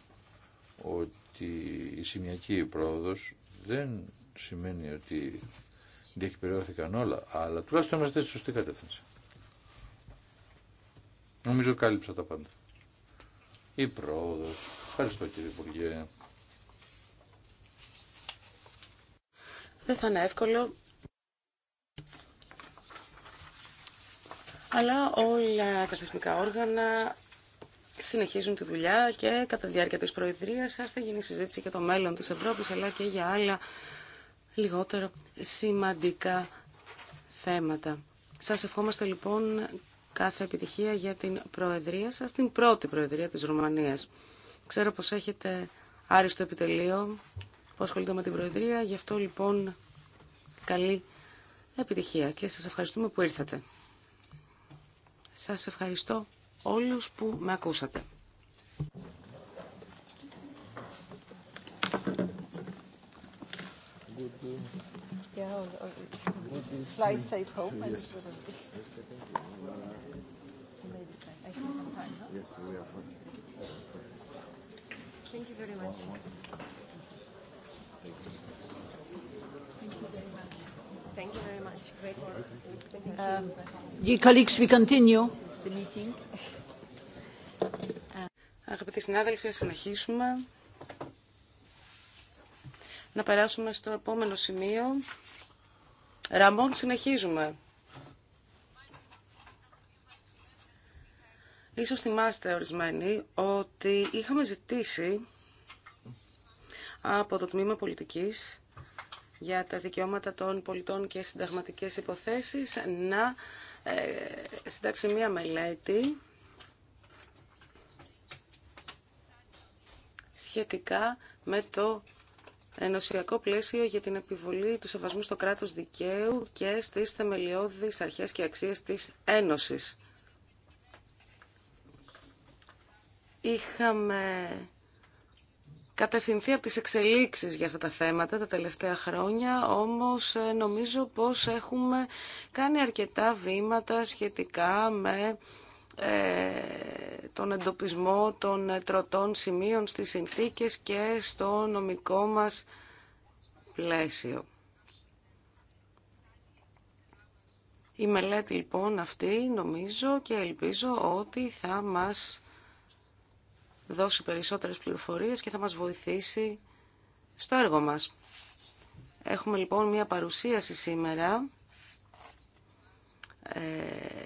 ότι η σημειακή πρόοδος δεν σημαίνει ότι διεκπαιρεώθηκαν όλα, αλλά τουλάχιστον είμαστε στη σωστή κατεύθυνση. Νομίζω κάλυψα τα πάντα. Η πρόοδο. Ευχαριστώ κύριε Υπουργέ. Δεν θα είναι εύκολο. Αλλά όλα τα θεσμικά όργανα συνεχίζουν τη δουλειά και κατά τη διάρκεια της Προεδρίας σας θα γίνει συζήτηση για το μέλλον της Ευρώπης αλλά και για άλλα λιγότερο σημαντικά θέματα. Σας ευχόμαστε λοιπόν κάθε επιτυχία για την Προεδρία σας, την πρώτη Προεδρία της Ρουμανίας. Ξέρω πως έχετε άριστο επιτελείο, που ασχολείται με την Προεδρία, γι' αυτό λοιπόν καλή επιτυχία και σας ευχαριστούμε που ήρθατε. Σας ευχαριστώ όλους που με ακούσατε. Yeah, Yes, we are Thank you very much. Thank you very much. Great work. Um, dear colleagues, we continue the meeting. Αγαπητοί συνάδελφοι, ας συνεχίσουμε. Να περάσουμε στο επόμενο σημείο. Ραμόν, συνεχίζουμε. Ίσως θυμάστε ορισμένοι ότι είχαμε ζητήσει από το Τμήμα Πολιτικής για τα δικαιώματα των πολιτών και συνταγματικές υποθέσεις να ε, συντάξει μία μελέτη σχετικά με το ενωσιακό πλαίσιο για την επιβολή του σεβασμού στο κράτος δικαίου και στις θεμελιώδεις αρχές και αξίες της Ένωσης. είχαμε κατευθυνθεί από τις εξελίξεις για αυτά τα θέματα τα τελευταία χρόνια, όμως ε, νομίζω πως έχουμε κάνει αρκετά βήματα σχετικά με ε, τον εντοπισμό των τροτών σημείων στις συνθήκες και στο νομικό μας πλαίσιο. Η μελέτη λοιπόν αυτή νομίζω και ελπίζω ότι θα μας δώσει περισσότερες πληροφορίες και θα μας βοηθήσει στο έργο μας. Έχουμε λοιπόν μία παρουσίαση σήμερα, ε,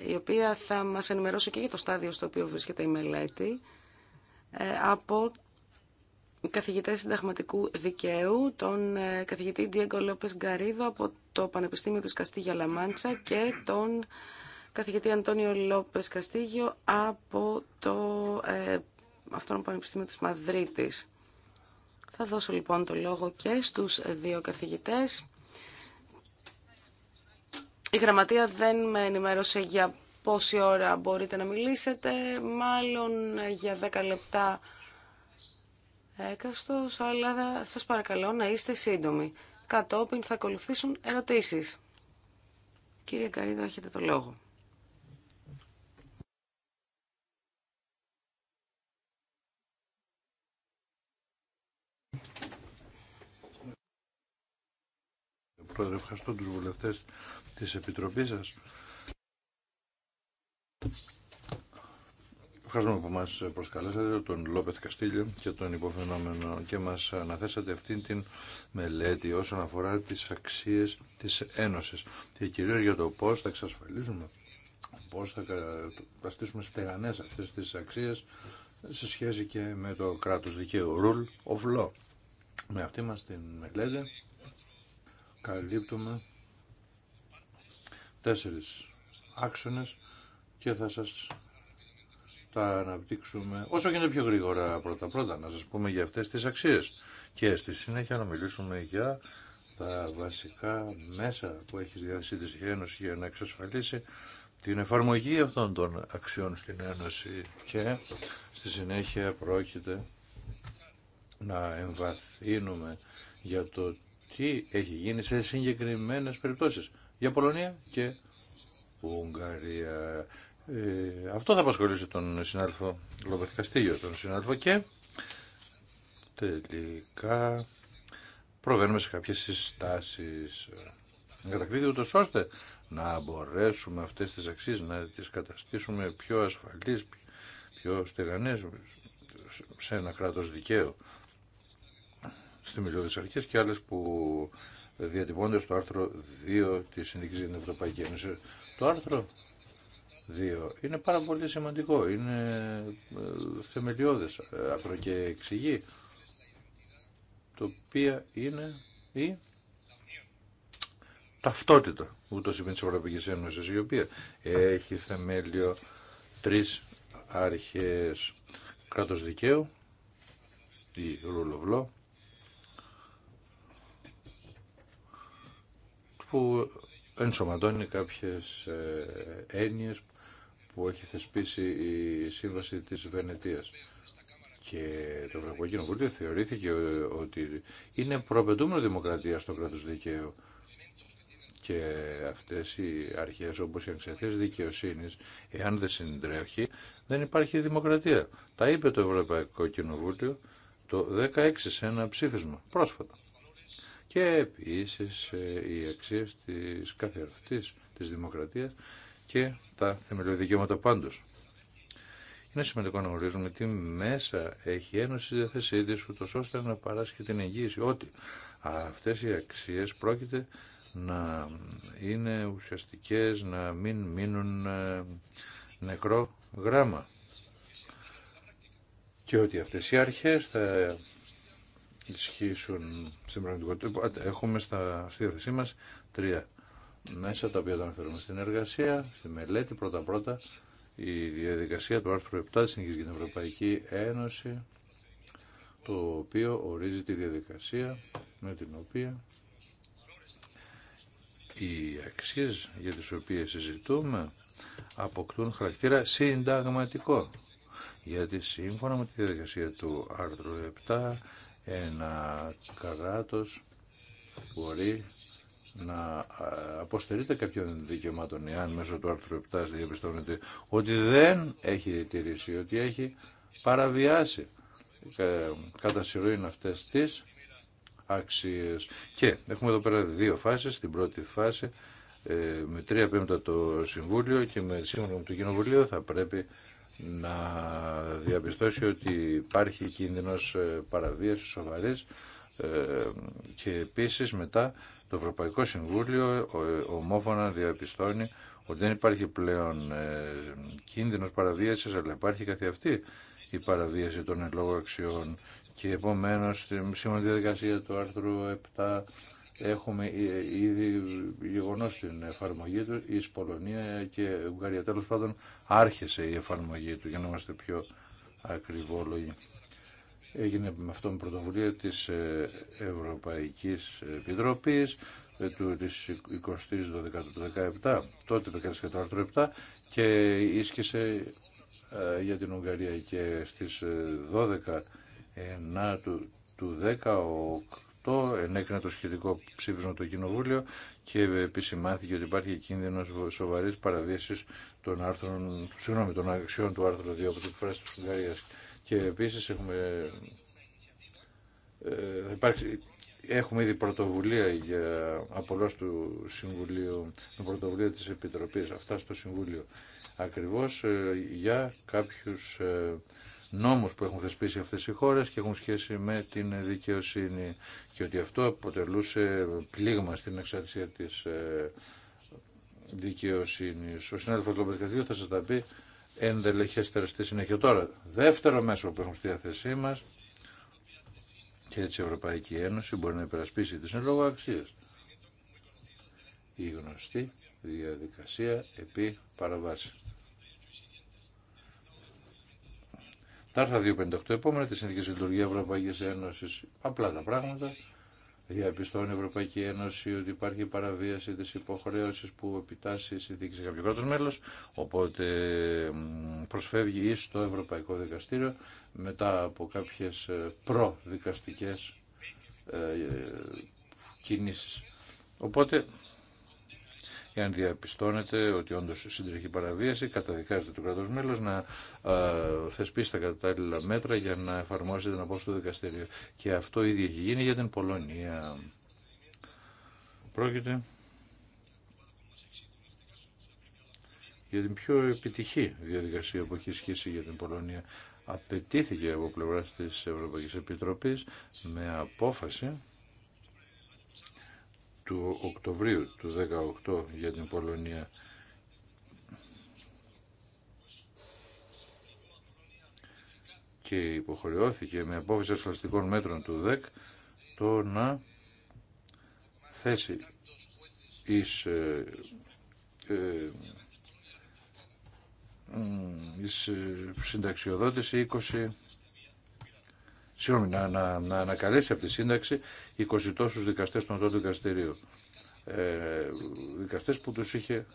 η οποία θα μας ενημερώσει και για το στάδιο στο οποίο βρίσκεται η μελέτη, ε, από καθηγητές συνταγματικού δικαίου, τον ε, καθηγητή Diego Λόπες Γκαρίδο από το Πανεπιστήμιο της Καστίγια Λαμάντσα και τον καθηγητή Αντώνιο Λόπες Καστίγιο από το Αυτόν Πανεπιστήμιο της Μαδρίτης. Θα δώσω λοιπόν το λόγο και στους δύο καθηγητές. Η γραμματεία δεν με ενημέρωσε για πόση ώρα μπορείτε να μιλήσετε, μάλλον για 10 λεπτά έκαστος, αλλά σας παρακαλώ να είστε σύντομοι. Κατόπιν θα ακολουθήσουν ερωτήσεις. Κύριε Καρίδο, έχετε το λόγο. Πρόεδρε, ευχαριστώ τους βουλευτές της Επιτροπής σας. Ευχαριστούμε που μας προσκαλέσατε, τον Λόπεθ Καστήλιο και τον υποφαινόμενο και μας αναθέσατε αυτήν την μελέτη όσον αφορά τις αξίες της Ένωσης και κυρίως για το πώς θα εξασφαλίσουμε, πώς θα καταστήσουμε στεγανές αυτές τις αξίες σε σχέση και με το κράτος δικαίου, rule of law. Με αυτή μας την μελέτη καλύπτουμε τέσσερις άξονες και θα σας τα αναπτύξουμε όσο γίνεται πιο γρήγορα πρώτα πρώτα να σας πούμε για αυτές τις αξίες και στη συνέχεια να μιλήσουμε για τα βασικά μέσα που έχει διάθεση της Ένωση για να εξασφαλίσει την εφαρμογή αυτών των αξιών στην Ένωση και στη συνέχεια πρόκειται να εμβαθύνουμε για το τι έχει γίνει σε συγκεκριμένε περιπτώσει για Πολωνία και Ουγγαρία. Ε, αυτό θα απασχολήσει τον συνάδελφο Λογοθηκαστήγιο, τον συνάδελφο και τελικά προβαίνουμε σε κάποιες συστάσεις κατακλείδη ούτως ώστε να μπορέσουμε αυτές τις αξίες να τις καταστήσουμε πιο ασφαλείς, πιο στεγανές σε ένα κράτος δικαίου θεμελιώδεις αρχές και άλλες που διατυπώνται στο άρθρο 2 της Συνδικής για την Ευρωπαϊκή Ένωση. Το άρθρο 2 είναι πάρα πολύ σημαντικό, είναι ε, θεμελιώδες, ε, άρθρο και εξηγεί, το οποίο είναι η ταυτότητα ούτω ή τη Ευρωπαϊκή Ένωση, η οποία έχει θεμέλιο τρει άρχε κράτο δικαίου, η rule που ενσωματώνει κάποιες ε, έννοιες που έχει θεσπίσει η Σύμβαση της Βενετίας. Και το Ευρωπαϊκό Κοινοβούλιο θεωρήθηκε ότι είναι προαπαιτούμενο δημοκρατία στο κράτος δικαίου και αυτές οι αρχές όπως οι αξιαθές δικαιοσύνης, εάν δεν συντρέχει, δεν υπάρχει δημοκρατία. Τα είπε το Ευρωπαϊκό Κοινοβούλιο το 16 σε ένα ψήφισμα πρόσφατα και επίσης ε, οι αξίες της κάθε της δημοκρατίας και τα θεμελιώδη δικαιώματα πάντως. Είναι σημαντικό να γνωρίζουμε τι μέσα έχει ένωση στη διαθέσή τη, ούτω ώστε να παράσχει την εγγύηση ότι αυτέ οι αξίε πρόκειται να είναι ουσιαστικέ, να μην μείνουν ε, νεκρό γράμμα. Και ότι αυτές οι αρχές θα ισχύσουν στην πραγματικότητα. Ε, έχουμε στα, στη διάθεσή μας τρία μέσα τα οποία τα αναφέρουμε στην εργασία, στη μελέτη πρώτα-πρώτα, η διαδικασία του άρθρου 7 της για την Ευρωπαϊκή Ένωση, το οποίο ορίζει τη διαδικασία με την οποία οι αξίες για τις οποίες συζητούμε αποκτούν χαρακτήρα συνταγματικό. Γιατί σύμφωνα με τη διαδικασία του άρθρου 7 ένα κράτος μπορεί να ε, αποστερείται κάποιων δικαιωμάτων εάν μέσω του άρθρου 7 διαπιστώνεται ότι δεν έχει τηρήσει, ότι έχει παραβιάσει ε, κατά συρροήν αυτές τις αξίες. Και έχουμε εδώ πέρα δύο φάσεις. Στην πρώτη φάση ε, με τρία πέμπτα το Συμβούλιο και με σύμφωνα με το Κοινοβουλίο θα πρέπει να διαπιστώσει ότι υπάρχει κίνδυνος ε, παραβίασης σοβαρής ε, και επίσης μετά το Ευρωπαϊκό Συμβούλιο ομόφωνα διαπιστώνει ότι δεν υπάρχει πλέον ε, κίνδυνος παραβίασης αλλά υπάρχει καθ' αυτή η παραβίαση των λόγω αξιών και επομένως σήμερα τη διαδικασία του άρθρου 7 Έχουμε ε, ήδη γεγονό την εφαρμογή του. Η Πολωνία και η Ουγγαρία τέλο πάντων άρχισε η εφαρμογή του για να είμαστε πιο ακριβόλογοι. Έγινε με αυτόν με πρωτοβουλία της ε, Ευρωπαϊκής Επιτροπή ε, του, 20 17, τότε το άρθρο 7 και ίσχυσε για την Ουγγαρία και στις 12 του, του 18 ενέκρινα το σχετικό ψήφισμα το Κοινοβούλιο και επισημάθηκε ότι υπάρχει κίνδυνο σοβαρή παραβίαση των, άρθρων, των αξιών του άρθρου 2 από την φράση τη Ουγγαρία. Και επίση έχουμε. Ε, έχουμε ήδη πρωτοβουλία για απολός του Συμβουλίου, πρωτοβουλία της Επιτροπής, αυτά στο Συμβούλιο, ακριβώς ε, για κάποιους ε, νόμους που έχουν θεσπίσει αυτές οι χώρες και έχουν σχέση με την δικαιοσύνη και ότι αυτό αποτελούσε πλήγμα στην εξαρτησία της ε, δικαιοσύνης. Ο συνάδελφος θα σας τα πει ενδελεχέστερα στη συνέχεια. Τώρα, δεύτερο μέσο που έχουμε στη διάθεσή μας και έτσι η Ευρωπαϊκή Ένωση μπορεί να υπερασπίσει τις λόγω Η γνωστή διαδικασία επί παραβάση. Τα άρθρα 258 επόμενα τη Συνθήκη Λειτουργία Ευρωπαϊκή Ένωση. Απλά τα πράγματα. Διαπιστώνει η Ευρωπαϊκή Ένωση ότι υπάρχει παραβίαση τη υποχρέωση που επιτάσσει η συνθήκη σε κάποιο κράτο μέλο. Οπότε προσφεύγει ή στο Ευρωπαϊκό Δικαστήριο μετά από κάποιε προδικαστικέ ε, κινήσει. Οπότε Εάν διαπιστώνεται ότι όντω συντριχεί παραβίαση, καταδικάζεται το κράτο μέλο να θεσπίσει τα κατάλληλα μέτρα για να εφαρμόσει την απόφαση του δικαστηρίου. Και αυτό ήδη έχει γίνει για την Πολωνία. Πρόκειται για την πιο επιτυχή διαδικασία που έχει ισχύσει για την Πολωνία. Απαιτήθηκε από πλευρά τη Ευρωπαϊκή Επιτροπή με απόφαση του Οκτωβρίου του 18 για την Πολωνία. Και υποχρεώθηκε με απόφαση ασφαλιστικών μέτρων του ΔΕΚ το να θέσει εις, ε, ε, εις ε, συνταξιοδότηση 20 συγγνώμη, να, να, να ανακαλέσει από τη σύνταξη 20 τόσους δικαστές των τότε δικαστηρίου. Ε, δικαστές που τους είχε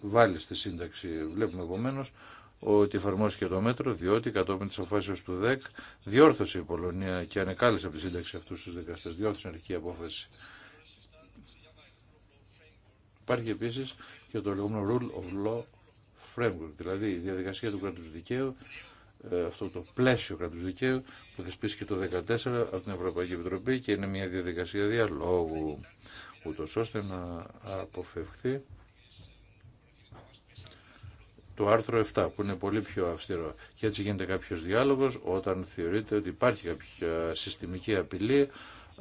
βάλει στη σύνταξη. Βλέπουμε επομένω ότι εφαρμόστηκε το μέτρο, διότι κατόπιν τη αποφάσεω του ΔΕΚ διόρθωσε η Πολωνία και ανεκάλεσε από τη σύνταξη αυτού του δικαστέ. Διόρθωσε αρχική απόφαση. Υπάρχει επίση και το λεγόμενο rule of law framework, δηλαδή η διαδικασία του κράτου δικαίου ε, αυτό το πλαίσιο κράτου δικαίου που θεσπίστηκε το 2014 από την Ευρωπαϊκή Επιτροπή και είναι μια διαδικασία διαλόγου ούτω ώστε να αποφευχθεί το άρθρο 7 που είναι πολύ πιο αυστηρό και έτσι γίνεται κάποιος διάλογος όταν θεωρείται ότι υπάρχει κάποια συστημική απειλή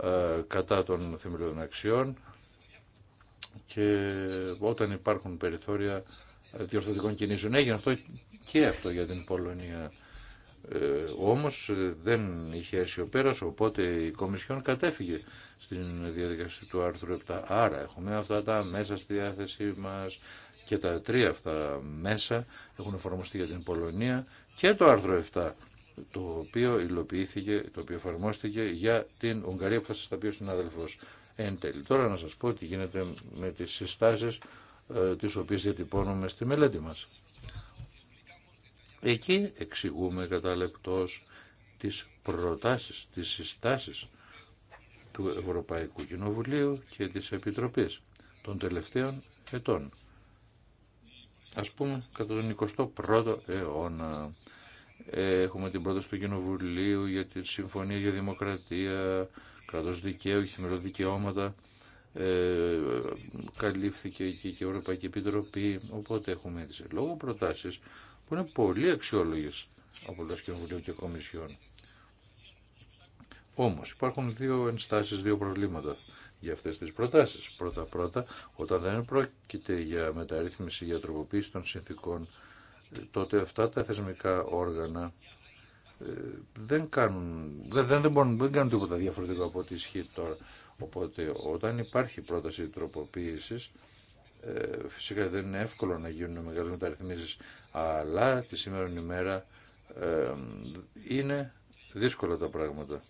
ε, κατά των θεμελιωδών αξιών και όταν υπάρχουν περιθώρια διορθωτικών κινήσεων. Έγινε αυτό και αυτό για την Πολωνία. Ε, όμως ε, δεν είχε έρθει ο πέρας, οπότε η Κομισιόν κατέφυγε στην διαδικασία του άρθρου 7. Άρα έχουμε αυτά τα μέσα στη διάθεσή μας και τα τρία αυτά μέσα έχουν εφαρμοστεί για την Πολωνία και το άρθρο 7 το οποίο υλοποιήθηκε, το οποίο εφαρμόστηκε για την Ουγγαρία που θα σας τα πει ο συνάδελφος εν τέλει. Τώρα να σας πω τι γίνεται με τις συστάσεις ε, τις οποίες διατυπώνουμε στη μελέτη μας. Εκεί εξηγούμε κατά λεπτός τις προτάσεις, τις συστάσεις του Ευρωπαϊκού Κοινοβουλίου και της Επιτροπής των τελευταίων ετών. Ας πούμε, κατά τον 21ο αιώνα ε, έχουμε την πρόταση του Κοινοβουλίου για τη Συμφωνία για Δημοκρατία, κράτος δικαίου, χειμεροδικαιώματα, ε, καλύφθηκε εκεί και η Ευρωπαϊκή Επιτροπή, οπότε έχουμε λόγω προτάσεις που είναι πολύ αξιόλογες από το Κοινοβουλίο και Κομισιόν. Όμως υπάρχουν δύο ενστάσεις, δύο προβλήματα για αυτές τις προτάσεις. Πρώτα-πρώτα, όταν δεν πρόκειται για μεταρρύθμιση για τροποποίηση των συνθήκων, τότε αυτά τα θεσμικά όργανα ε, δεν κάνουν, δεν, δεν, μπορούν, δεν κάνουν τίποτα διαφορετικό από ό,τι ισχύει τώρα. Οπότε όταν υπάρχει πρόταση τροποποίησης, ε, φυσικά δεν είναι εύκολο να γίνουν μεγάλες μεταρρυθμίσεις, αλλά τη σήμερα ημέρα ε, είναι δύσκολα τα πράγματα.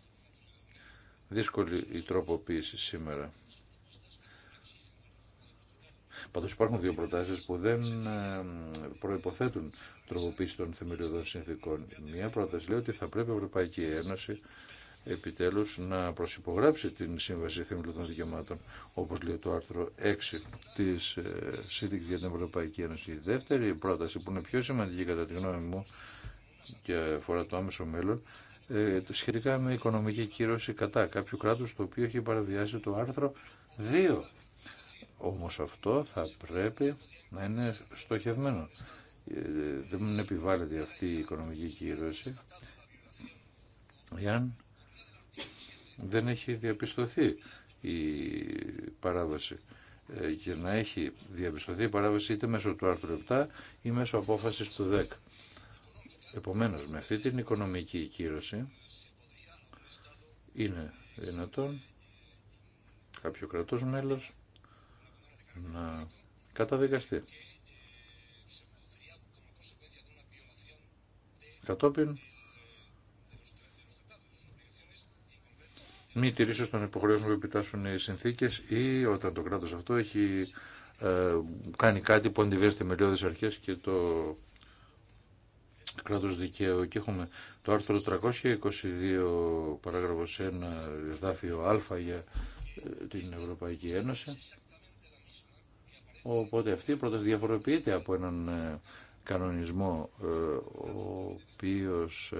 Δύσκολη η τροποποίηση σήμερα. Πάντω υπάρχουν δύο προτάσει που δεν ε, προποθέτουν τροποποίηση των θεμελιωδών συνθήκων. Μία πρόταση λέει ότι θα πρέπει η Ευρωπαϊκή Ένωση επιτέλους να προσυπογράψει την Σύμβαση των Δικαιωμάτων όπως λέει το άρθρο 6 της ε, Σύνδεξης για την Ευρωπαϊκή Ένωση. Η δεύτερη πρόταση που είναι πιο σημαντική κατά τη γνώμη μου και αφορά το άμεσο μέλλον ε, σχετικά με οικονομική κύρωση κατά κάποιου κράτους το οποίο έχει παραβιάσει το άρθρο 2. Όμως αυτό θα πρέπει να είναι στοχευμένο. Ε, δεν επιβάλλεται αυτή η οικονομική κύρωση εάν δεν έχει διαπιστωθεί η παράβαση ε, και να έχει διαπιστωθεί η παράβαση είτε μέσω του άρθρου 7 ή μέσω απόφασης του 10. Επομένως, με αυτή την οικονομική κύρωση είναι δυνατόν κάποιο κρατός μέλος να καταδικαστεί. Κατόπιν μη τηρήσεις των υποχρεώσεων που επιτάσσουν οι συνθήκες ή όταν το κράτος αυτό έχει ε, κάνει κάτι που αντιβαίνει θεμελιώδεις αρχές και το κράτος δικαίου. Και έχουμε το άρθρο 322 παράγραφος 1 εδάφιο α για ε, την Ευρωπαϊκή Ένωση. Οπότε αυτή η πρόταση διαφοροποιείται από έναν ε, κανονισμό ο οποίος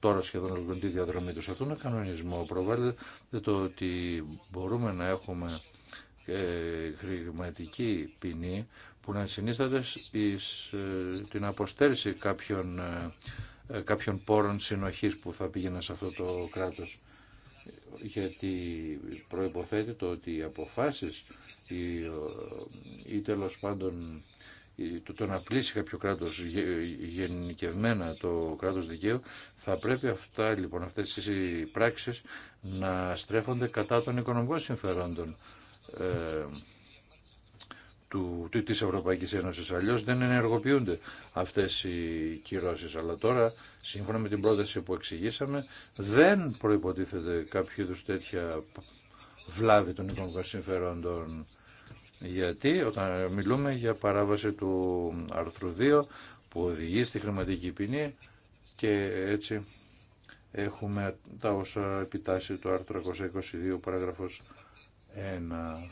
τώρα σχεδόν ολοκληρώνει τη διαδρομή τους. Αυτόν τον κανονισμό προβάλλεται το ότι μπορούμε να έχουμε ε, χρηματική ποινή που να συνίσταται ε, την αποστέρηση κάποιων, ε, ε, κάποιων πόρων συνοχής που θα πήγαιναν σε αυτό το κράτος. Γιατί προϋποθέτει το ότι οι αποφάσεις ή, ή τέλος πάντων το, το να πλήσει κάποιο κράτος γενικευμένα το κράτος δικαίου, θα πρέπει αυτά λοιπόν αυτές οι πράξεις να στρέφονται κατά των οικονομικών συμφερόντων ε, του, της Ευρωπαϊκής Ένωσης. Αλλιώς δεν ενεργοποιούνται αυτές οι κυρώσεις. Αλλά τώρα, σύμφωνα με την πρόταση που εξηγήσαμε, δεν προϋποτίθεται κάποιο είδους τέτοια βλάβη των οικονομικών συμφερόντων γιατί όταν μιλούμε για παράβαση του άρθρου 2 που οδηγεί στη χρηματική ποινή και έτσι έχουμε τα όσα επιτάσσει το άρθρο 222 παράγραφος 1.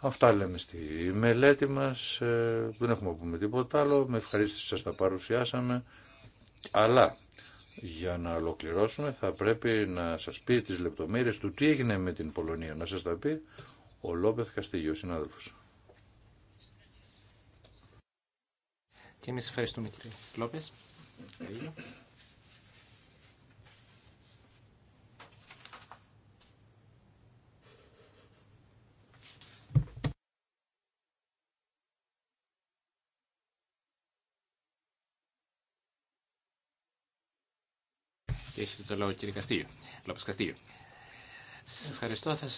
Αυτά λέμε στη μελέτη μας, ε, δεν έχουμε πούμε τίποτα άλλο, με ευχαρίστηση σας τα παρουσιάσαμε, αλλά για να ολοκληρώσουμε θα πρέπει να σας πει τις λεπτομέρειες του τι έγινε με την Πολωνία. Να σας τα πει ο Λόπεθ Καστίγιο, συνάδελφος. Και εμείς ευχαριστούμε κύριε Λόπες. Έχετε το λόγο κύριε Καστίλιο. ευχαριστώ. Θα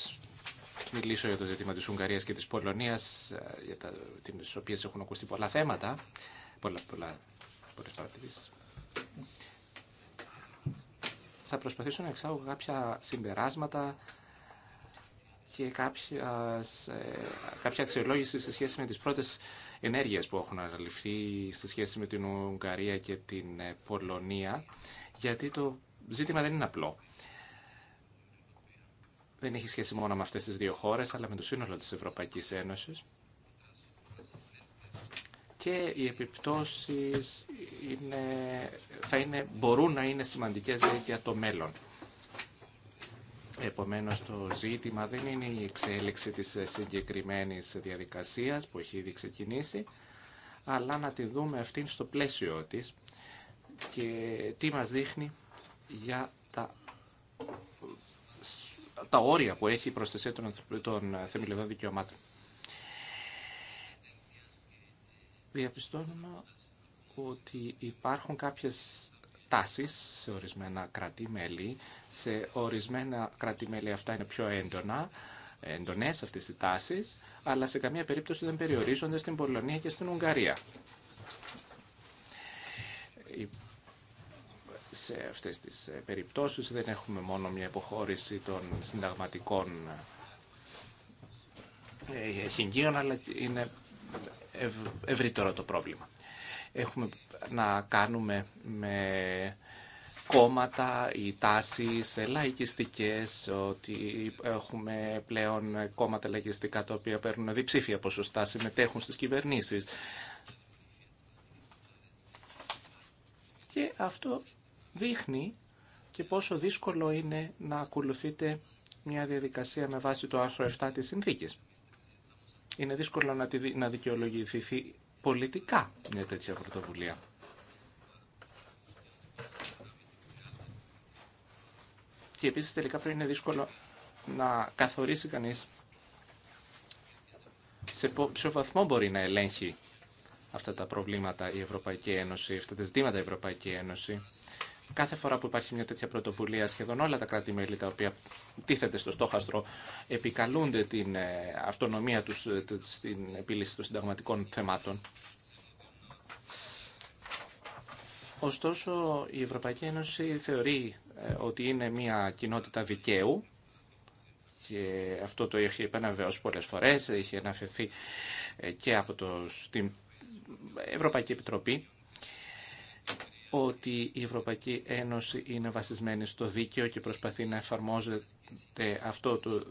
μιλήσω για το ζήτημα τη Ουγγαρία και τη Πολωνία ε, για τα, τις οποίες έχουν ακουστεί πολλά θέματα, πολλά, πολλά, πολλές παρατηρήσεις. Θα προσπαθήσω να εξάγω κάποια συμπεράσματα και κάποια, ε, κάποια αξιολόγηση σε σχέση με τις πρώτες ενέργειες που έχουν αναλυφθεί σε σχέση με την Ουγγαρία και την ε, Πολωνία, γιατί το ζήτημα δεν είναι απλό. Δεν έχει σχέση μόνο με αυτές τις δύο χώρες, αλλά με το σύνολο της Ευρωπαϊκής Ένωσης. Και οι επιπτώσεις είναι, θα είναι, μπορούν να είναι σημαντικές για το μέλλον. Επομένως το ζήτημα δεν είναι η εξέλιξη της συγκεκριμένης διαδικασίας που έχει ήδη ξεκινήσει, αλλά να τη δούμε αυτήν στο πλαίσιο της και τι μας δείχνει για τα, τα όρια που έχει η προστασία των, των θεμελιωδών δικαιωμάτων. Διαπιστώνουμε ότι υπάρχουν κάποιες τάσεις σε ορισμένα κρατή-μέλη. Σε ορισμένα κρατή-μέλη αυτά είναι πιο έντονα, έντονες αυτές οι τάσεις, αλλά σε καμία περίπτωση δεν περιορίζονται στην Πολωνία και στην Ουγγαρία σε αυτές τις ε, περιπτώσεις. Δεν έχουμε μόνο μια υποχώρηση των συνταγματικών ε, χιγγείων, αλλά είναι ευρύτερο το πρόβλημα. Έχουμε να κάνουμε με κόμματα ή τάσεις λαϊκιστικές, ότι έχουμε πλέον κόμματα λαϊκιστικά τα οποία παίρνουν διψήφια ποσοστά, συμμετέχουν στις κυβερνήσεις. Και αυτό δείχνει και πόσο δύσκολο είναι να ακολουθείτε μια διαδικασία με βάση το άρθρο 7 της συνθήκης. Είναι δύσκολο να, να δικαιολογηθεί πολιτικά μια τέτοια πρωτοβουλία. Και επίσης τελικά πρέπει να είναι δύσκολο να καθορίσει κανείς σε ποιο βαθμό μπορεί να ελέγχει αυτά τα προβλήματα η Ευρωπαϊκή Ένωση, αυτά τα ζητήματα η Ευρωπαϊκή Ένωση κάθε φορά που υπάρχει μια τέτοια πρωτοβουλία, σχεδόν όλα τα κράτη-μέλη τα οποία τίθεται στο στόχαστρο επικαλούνται την ε, αυτονομία τους ε, στην επίλυση των συνταγματικών θεμάτων. Ωστόσο, η Ευρωπαϊκή Ένωση θεωρεί ε, ότι είναι μια κοινότητα δικαίου και αυτό το έχει επαναβεβαιώσει πολλές φορές, έχει αναφερθεί και από το, στην Ευρωπαϊκή Επιτροπή ότι η Ευρωπαϊκή Ένωση είναι βασισμένη στο δίκαιο και προσπαθεί να εφαρμόζεται αυτό το,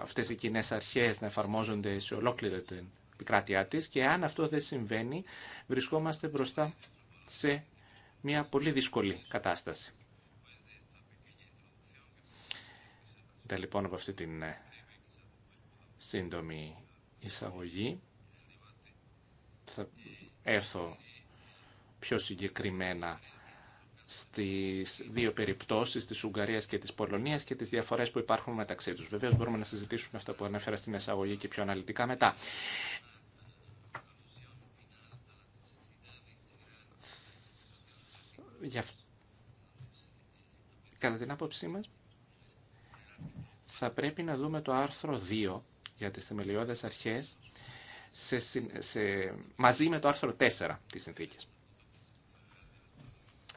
αυτές οι κοινέ αρχές να εφαρμόζονται σε ολόκληρη την επικράτειά της και αν αυτό δεν συμβαίνει βρισκόμαστε μπροστά σε μια πολύ δύσκολη κατάσταση. Ήταν λοιπόν από αυτή την ε, σύντομη εισαγωγή. Θα έρθω πιο συγκεκριμένα στις δύο περιπτώσεις της Ουγγαρίας και της Πολωνίας και τις διαφορές που υπάρχουν μεταξύ τους. Βεβαίως μπορούμε να συζητήσουμε αυτά που ανέφερα στην εισαγωγή και πιο αναλυτικά μετά. Για... Κατά την άποψή μας, θα πρέπει να δούμε το άρθρο 2 για τις θεμελιώδες αρχές σε, σε, μαζί με το άρθρο 4 της συνθήκης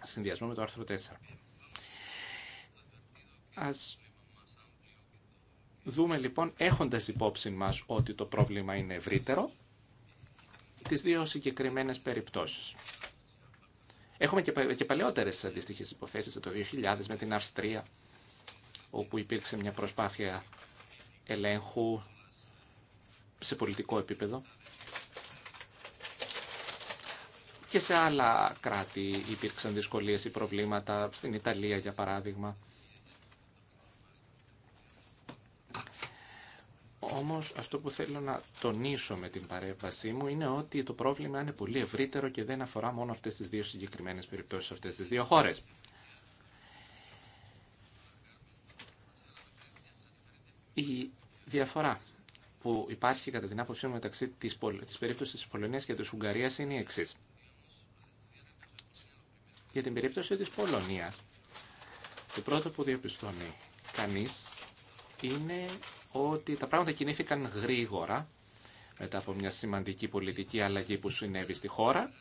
συνδυασμό με το άρθρο 4. Ας δούμε λοιπόν έχοντας υπόψη μας ότι το πρόβλημα είναι ευρύτερο τις δύο συγκεκριμένες περιπτώσεις. Έχουμε και παλαιότερες αντίστοιχες υποθέσεις το 2000 με την Αυστρία όπου υπήρξε μια προσπάθεια ελέγχου σε πολιτικό επίπεδο Και σε άλλα κράτη υπήρξαν δυσκολίες ή προβλήματα, στην Ιταλία για παράδειγμα. Όμως αυτό που θέλω να τονίσω με την παρέμβασή μου είναι ότι το πρόβλημα είναι πολύ ευρύτερο και δεν αφορά μόνο αυτές τις δύο συγκεκριμένες περιπτώσεις, αυτές τις δύο χώρες. Η διαφορά που υπάρχει κατά την άποψή μου μεταξύ της, της περίπτωσης της Πολωνίας και της Ουγγαρίας είναι η εξής για την περίπτωση της Πολωνίας. Το πρώτο που διαπιστώνει κανείς είναι ότι τα πράγματα κινήθηκαν γρήγορα μετά από μια σημαντική πολιτική αλλαγή που συνέβη στη χώρα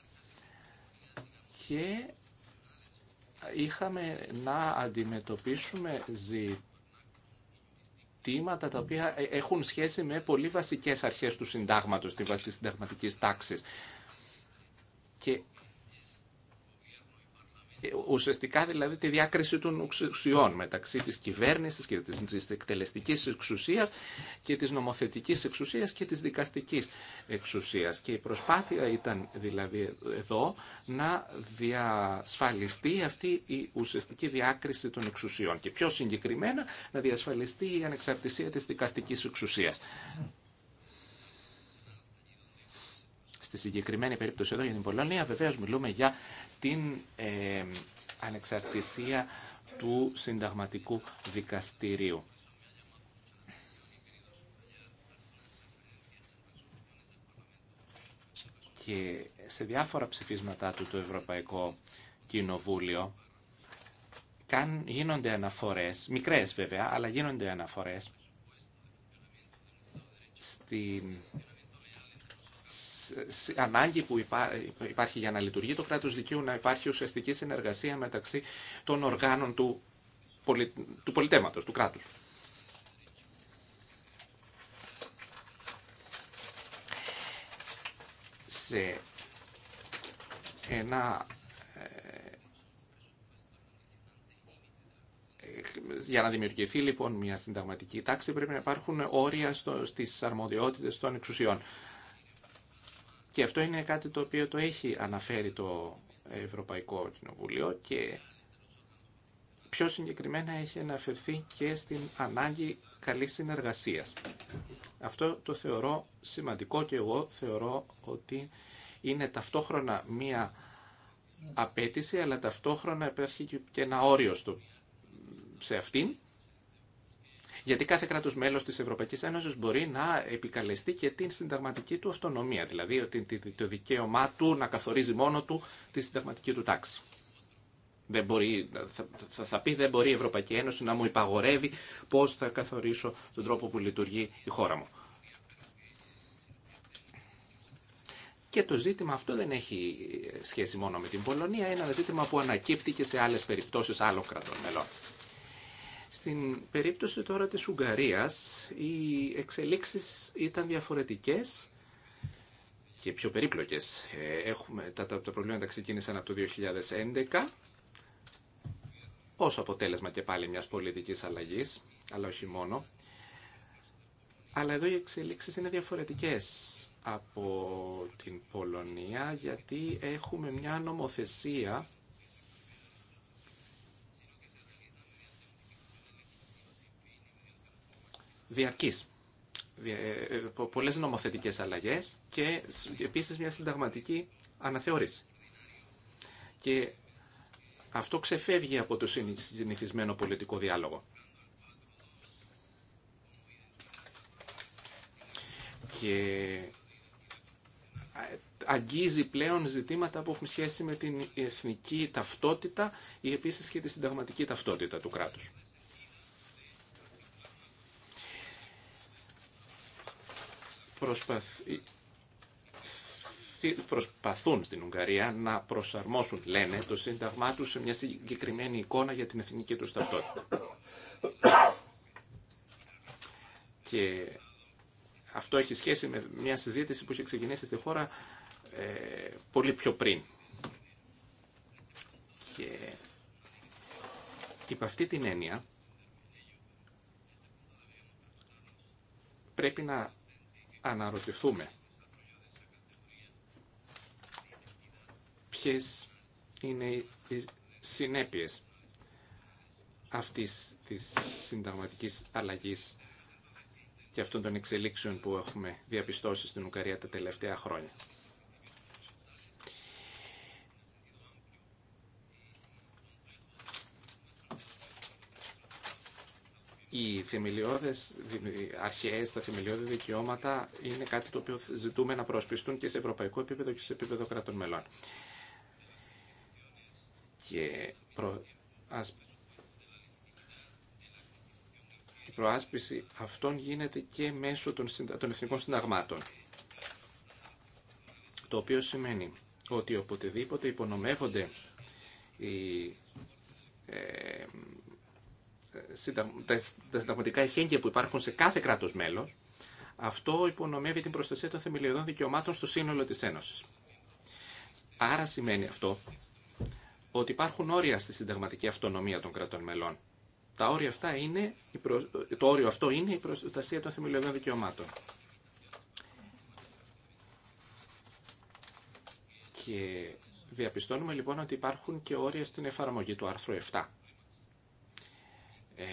και είχαμε να αντιμετωπίσουμε ζητήματα τα οποία έχουν σχέση με πολύ βασικές αρχές του συντάγματος, τη συνταγματικής τάξης. Και ουσιαστικά δηλαδή τη διάκριση των εξουσιών μεταξύ της κυβέρνησης και της εκτελεστικής εξουσίας και της νομοθετικής εξουσίας και της δικαστικής εξουσίας. Και η προσπάθεια ήταν δηλαδή εδώ να διασφαλιστεί αυτή η ουσιαστική διάκριση των εξουσιών και πιο συγκεκριμένα να διασφαλιστεί η ανεξαρτησία της δικαστικής εξουσίας. Στη συγκεκριμένη περίπτωση εδώ για την Πολωνία βεβαίω μιλούμε για την ε, ανεξαρτησία του συνταγματικού δικαστηρίου. Και σε διάφορα ψηφίσματά του το Ευρωπαϊκό Κοινοβούλιο καν, γίνονται αναφορές, μικρές βέβαια, αλλά γίνονται αναφορές στην ανάγκη που υπάρχει για να λειτουργεί το κράτος δικαίου να υπάρχει ουσιαστική συνεργασία μεταξύ των οργάνων του, πολι... του πολιτέματος, του κράτους. Σε ένα ε, για να δημιουργηθεί λοιπόν μια συνταγματική τάξη πρέπει να υπάρχουν όρια στις αρμοδιότητες των εξουσιών. Και αυτό είναι κάτι το οποίο το έχει αναφέρει το Ευρωπαϊκό Κοινοβούλιο και πιο συγκεκριμένα έχει αναφερθεί και στην ανάγκη καλής συνεργασίας. Αυτό το θεωρώ σημαντικό και εγώ θεωρώ ότι είναι ταυτόχρονα μία απέτηση αλλά ταυτόχρονα υπάρχει και ένα όριο στο, σε αυτήν γιατί κάθε κράτο μέλο τη Ευρωπαϊκή Ένωση μπορεί να επικαλεστεί και την συνταγματική του αυτονομία, δηλαδή το δικαίωμά του να καθορίζει μόνο του τη συνταγματική του τάξη. Δεν μπορεί, θα, θα πει δεν μπορεί η Ευρωπαϊκή Ένωση να μου υπαγορεύει πώς θα καθορίσω τον τρόπο που λειτουργεί η χώρα μου. Και το ζήτημα αυτό δεν έχει σχέση μόνο με την Πολωνία, είναι ένα ζήτημα που ανακύπτει και σε άλλες περιπτώσεις άλλων κρατών μελών. Στην περίπτωση τώρα της Ουγγαρίας, οι εξελίξεις ήταν διαφορετικές και πιο περίπλοκες. Ε, έχουμε, τα, τα προβλήματα ξεκίνησαν από το 2011, ως αποτέλεσμα και πάλι μιας πολιτικής αλλαγής, αλλά όχι μόνο. Αλλά εδώ οι εξελίξεις είναι διαφορετικές από την Πολωνία, γιατί έχουμε μια νομοθεσία διαρκής. Ε, ε, πολλές νομοθετικές αλλαγές και επίσης μια συνταγματική αναθεώρηση. Και αυτό ξεφεύγει από το συνηθισμένο πολιτικό διάλογο. Και αγγίζει πλέον ζητήματα που έχουν σχέση με την εθνική ταυτότητα ή επίσης και τη συνταγματική ταυτότητα του κράτους. προσπαθούν στην Ουγγαρία να προσαρμόσουν, λένε, το σύνταγμά τους σε μια συγκεκριμένη εικόνα για την εθνική τους ταυτότητα. Και αυτό έχει σχέση με μια συζήτηση που είχε ξεκινήσει στη χώρα ε, πολύ πιο πριν. Και υπ' αυτή την έννοια πρέπει να αναρωτηθούμε ποιες είναι οι συνέπειες αυτής της συνταγματικής αλλαγής και αυτών των εξελίξεων που έχουμε διαπιστώσει στην Ουγγαρία τα τελευταία χρόνια. οι θεμελιώδες αρχές, τα θεμελιώδη δικαιώματα είναι κάτι το οποίο ζητούμε να προσπιστούν και σε ευρωπαϊκό επίπεδο και σε επίπεδο κρατών μελών. Και προ... η προάσπιση αυτών γίνεται και μέσω των, συντα... των εθνικών συνταγμάτων. Το οποίο σημαίνει ότι οποτεδήποτε υπονομεύονται οι ε, τα συνταγματικά εχέγγυα που υπάρχουν σε κάθε κράτο μέλο. αυτό υπονομεύει την προστασία των θεμελιωδών δικαιωμάτων στο σύνολο τη Ένωση. Άρα σημαίνει αυτό ότι υπάρχουν όρια στη συνταγματική αυτονομία των κρατών μελών. Τα όρια αυτά είναι, το όριο αυτό είναι η προστασία των θεμελιωδών δικαιωμάτων. Και διαπιστώνουμε λοιπόν ότι υπάρχουν και όρια στην εφαρμογή του άρθρου 7 ε,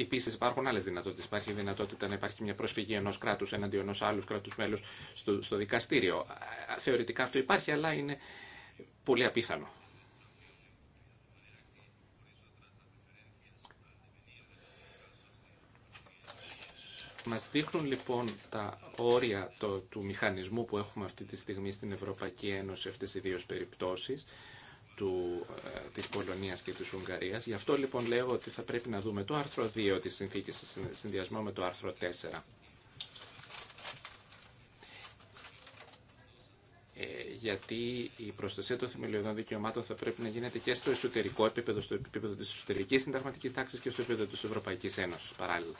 Επίση, υπάρχουν άλλε δυνατότητε. Υπάρχει η δυνατότητα να υπάρχει μια προσφυγή ενό κράτου εναντίον ενό άλλου κράτου μέλου στο, στο δικαστήριο. Θεωρητικά αυτό υπάρχει, αλλά είναι πολύ απίθανο. Μας δείχνουν λοιπόν τα όρια το, του μηχανισμού που έχουμε αυτή τη στιγμή στην Ευρωπαϊκή Ένωση αυτές οι δύο περιπτώσεις του, ε, της Πολωνίας και της Ουγγαρίας. Γι' αυτό λοιπόν λέω ότι θα πρέπει να δούμε το άρθρο 2 της συνθήκης σε συνδυασμό με το άρθρο 4. Ε, γιατί η προστασία των θεμελιωδών δικαιωμάτων θα πρέπει να γίνεται και στο εσωτερικό επίπεδο, στο επίπεδο της εσωτερικής συνταγματικής τάξης και στο επίπεδο της Ευρωπαϊκής Ένωσης παράλληλα.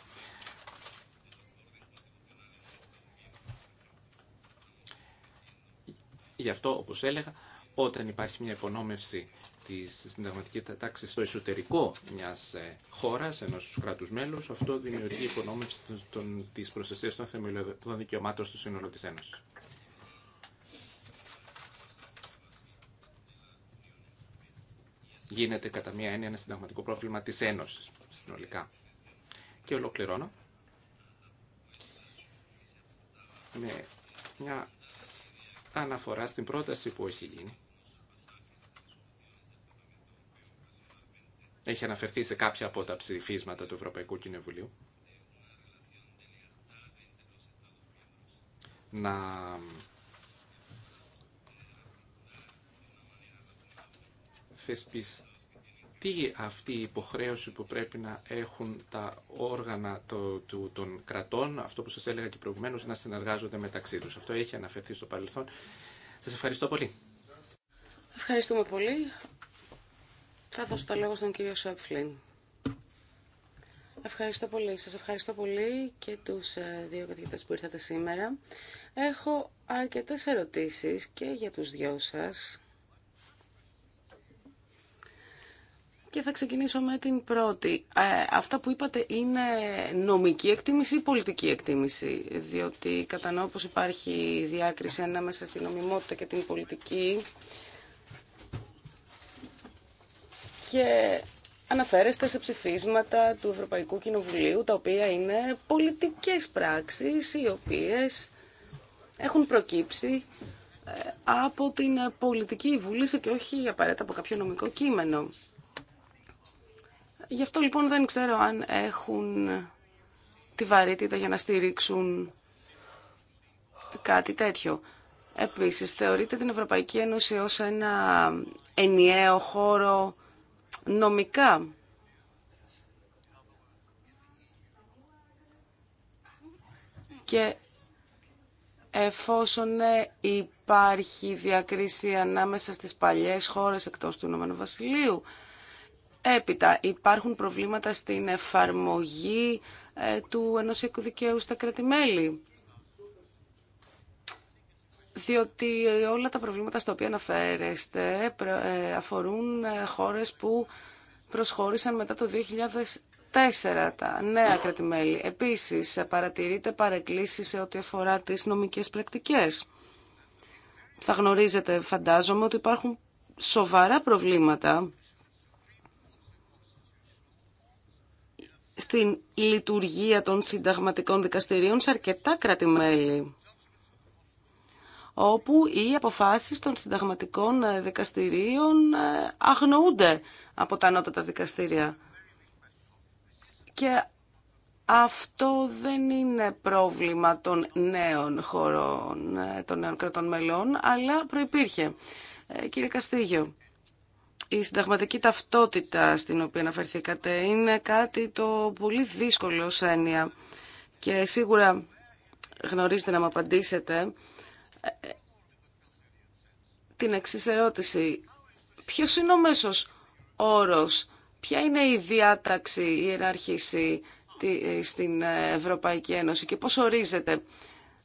Γι' αυτό, όπως έλεγα, όταν υπάρχει μια υπονόμευση της συνταγματική τάξης στο εσωτερικό μιας ε, χώρας, ενό κράτου μέλου, αυτό δημιουργεί υπονόμευση τη της των θεμελιωδών δικαιωμάτων στο σύνολο τη Ένωση. Γίνεται κατά μία έννοια ένα συνταγματικό πρόβλημα της Ένωσης συνολικά. Και ολοκληρώνω με μια αναφορά στην πρόταση που έχει γίνει. Έχει αναφερθεί σε κάποια από τα ψηφίσματα του Ευρωπαϊκού Κοινοβουλίου. Να θεσπιστεί τι αυτή η υποχρέωση που πρέπει να έχουν τα όργανα του των κρατών, αυτό που σας έλεγα και προηγουμένως, να συνεργάζονται μεταξύ τους. Αυτό έχει αναφερθεί στο παρελθόν. Σας ευχαριστώ πολύ. Ευχαριστούμε πολύ. Θα δώσω το λόγο στον κύριο Σόπφλιν. Ευχαριστώ πολύ. Σας ευχαριστώ πολύ και τους ε, δύο καθηγητές που ήρθατε σήμερα. Έχω αρκετές ερωτήσεις και για τους δυο σας. Και θα ξεκινήσω με την πρώτη. Ε, αυτά που είπατε είναι νομική εκτίμηση ή πολιτική εκτίμηση, διότι κατανοώ πως υπάρχει διάκριση ανάμεσα στην νομιμότητα και την πολιτική. Και αναφέρεστε σε ψηφίσματα του Ευρωπαϊκού Κοινοβουλίου, τα οποία είναι πολιτικές πράξεις, οι οποίες έχουν προκύψει ε, από την πολιτική βούληση και όχι απαραίτητα από κάποιο νομικό κείμενο. Γι' αυτό λοιπόν δεν ξέρω αν έχουν τη βαρύτητα για να στηρίξουν κάτι τέτοιο. Επίσης, θεωρείται την Ευρωπαϊκή Ένωση ως ένα ενιαίο χώρο νομικά. Και εφόσον ναι, υπάρχει διακρίση ανάμεσα στις παλιές χώρες εκτός του Ηνωμένου Βασιλείου, Έπειτα υπάρχουν προβλήματα στην εφαρμογή ε, του ενωσιακού δικαίου στα κρατημέλη. Διότι ε, όλα τα προβλήματα στα οποία αναφέρεστε ε, αφορούν χώρες που προσχώρησαν μετά το 2004 τα νέα κρατημέλη. Επίσης παρατηρείται παρεκκλήσει σε ό,τι αφορά τις νομικές πρακτικές. Θα γνωρίζετε φαντάζομαι ότι υπάρχουν σοβαρά προβλήματα στην λειτουργία των συνταγματικών δικαστηρίων σε αρκετά όπου οι αποφάσεις των συνταγματικών ε, δικαστηρίων ε, αγνοούνται από τα ανώτατα δικαστήρια. Και αυτό δεν είναι πρόβλημα των νέων χωρών, ε, των νέων κρατών μελών, αλλά προϋπήρχε. Κύριε Καστίγιο, η συνταγματική ταυτότητα στην οποία αναφερθήκατε είναι κάτι το πολύ δύσκολο ως έννοια και σίγουρα γνωρίζετε να μου απαντήσετε ε, την εξής ερώτηση. Ποιος είναι ο μέσος όρος, ποια είναι η διάταξη, η ενάρχηση ε, στην ε, Ευρωπαϊκή Ένωση και πώς ορίζεται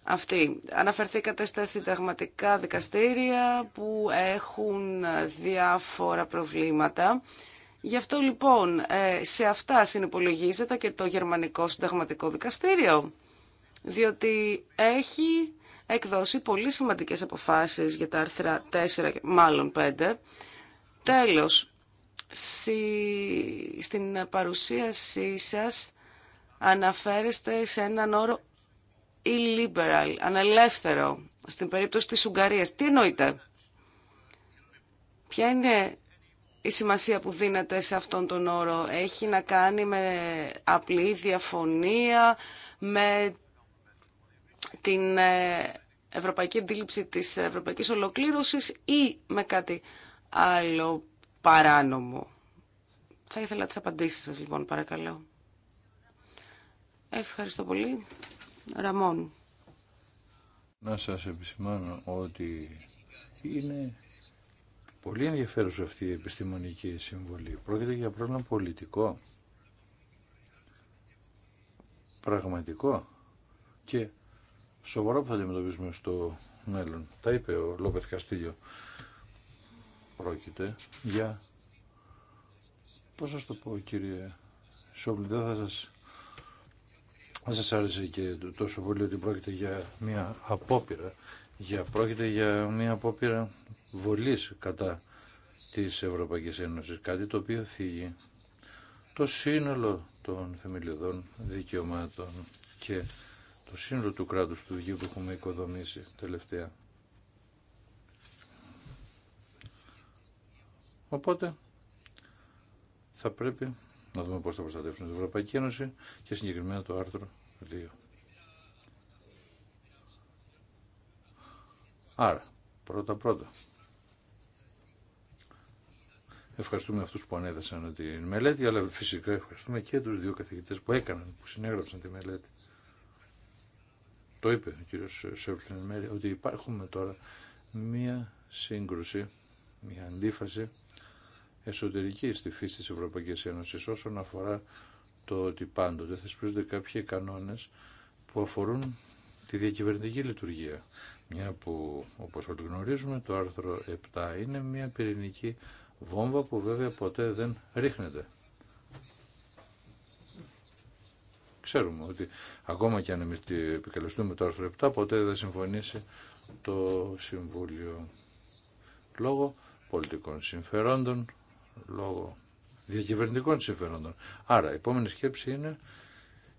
αυτή. Αναφερθήκατε στα συνταγματικά δικαστήρια που έχουν διάφορα προβλήματα. Γι' αυτό λοιπόν ε, σε αυτά συνυπολογίζεται και το Γερμανικό Συνταγματικό Δικαστήριο, διότι έχει εκδώσει πολύ σημαντικές αποφάσεις για τα άρθρα 4, μάλλον 5. Τέλος, στην παρουσίασή σας αναφέρεστε σε έναν όρο illiberal, ανελεύθερο, στην περίπτωση της Ουγγαρίας. Τι εννοείται? Ποια είναι η σημασία που δίνεται σε αυτόν τον όρο. Έχει να κάνει με απλή διαφωνία, με την ε, ευρωπαϊκή αντίληψη της ευρωπαϊκής ολοκλήρωσης ή με κάτι άλλο παράνομο. Θα ήθελα τις απαντήσεις σας λοιπόν, παρακαλώ. Ευχαριστώ πολύ. Να σας επισημάνω ότι είναι πολύ ενδιαφέρουσα αυτή η επιστημονική συμβολή. Πρόκειται για πρόβλημα πολιτικό, πραγματικό και σοβαρό που θα αντιμετωπίσουμε στο μέλλον. Τα είπε ο Λόπεθ Καστήλιο. Πρόκειται για... Πώς σας το πω κύριε Σόβλη, δεν θα σας δεν σας άρεσε και τόσο πολύ ότι πρόκειται για μια απόπειρα, για, πρόκειται για μια απόπειρα βολής κατά της Ευρωπαϊκής Ένωσης, κάτι το οποίο θίγει το σύνολο των θεμελιωδών δικαιωμάτων και το σύνολο του κράτους του Υγείου που έχουμε οικοδομήσει τελευταία. Οπότε θα πρέπει να δούμε πώς θα προστατεύσουν την Ευρωπαϊκή Ένωση και συγκεκριμένα το άρθρο 2. Άρα, πρώτα πρώτα. Ευχαριστούμε αυτούς που ανέδεσαν τη μελέτη, αλλά φυσικά ευχαριστούμε και τους δύο καθηγητές που έκαναν, που συνέγραψαν τη μελέτη. Το είπε ο κύριος Σεύλιν Μέρη, ότι υπάρχουμε τώρα μία σύγκρουση, μία αντίφαση εσωτερική στη φύση της Ευρωπαϊκής Ένωσης όσον αφορά το ότι πάντοτε θεσπίζονται κάποιοι κανόνες που αφορούν τη διακυβερνητική λειτουργία. Μια που, όπως όλοι γνωρίζουμε, το άρθρο 7 είναι μια πυρηνική βόμβα που βέβαια ποτέ δεν ρίχνεται. Ξέρουμε ότι ακόμα και αν εμείς επικαλεστούμε το άρθρο 7, ποτέ δεν συμφωνήσει το Συμβούλιο λόγω πολιτικών συμφερόντων, λόγω διακυβερνητικών συμφερόντων. Άρα, η επόμενη σκέψη είναι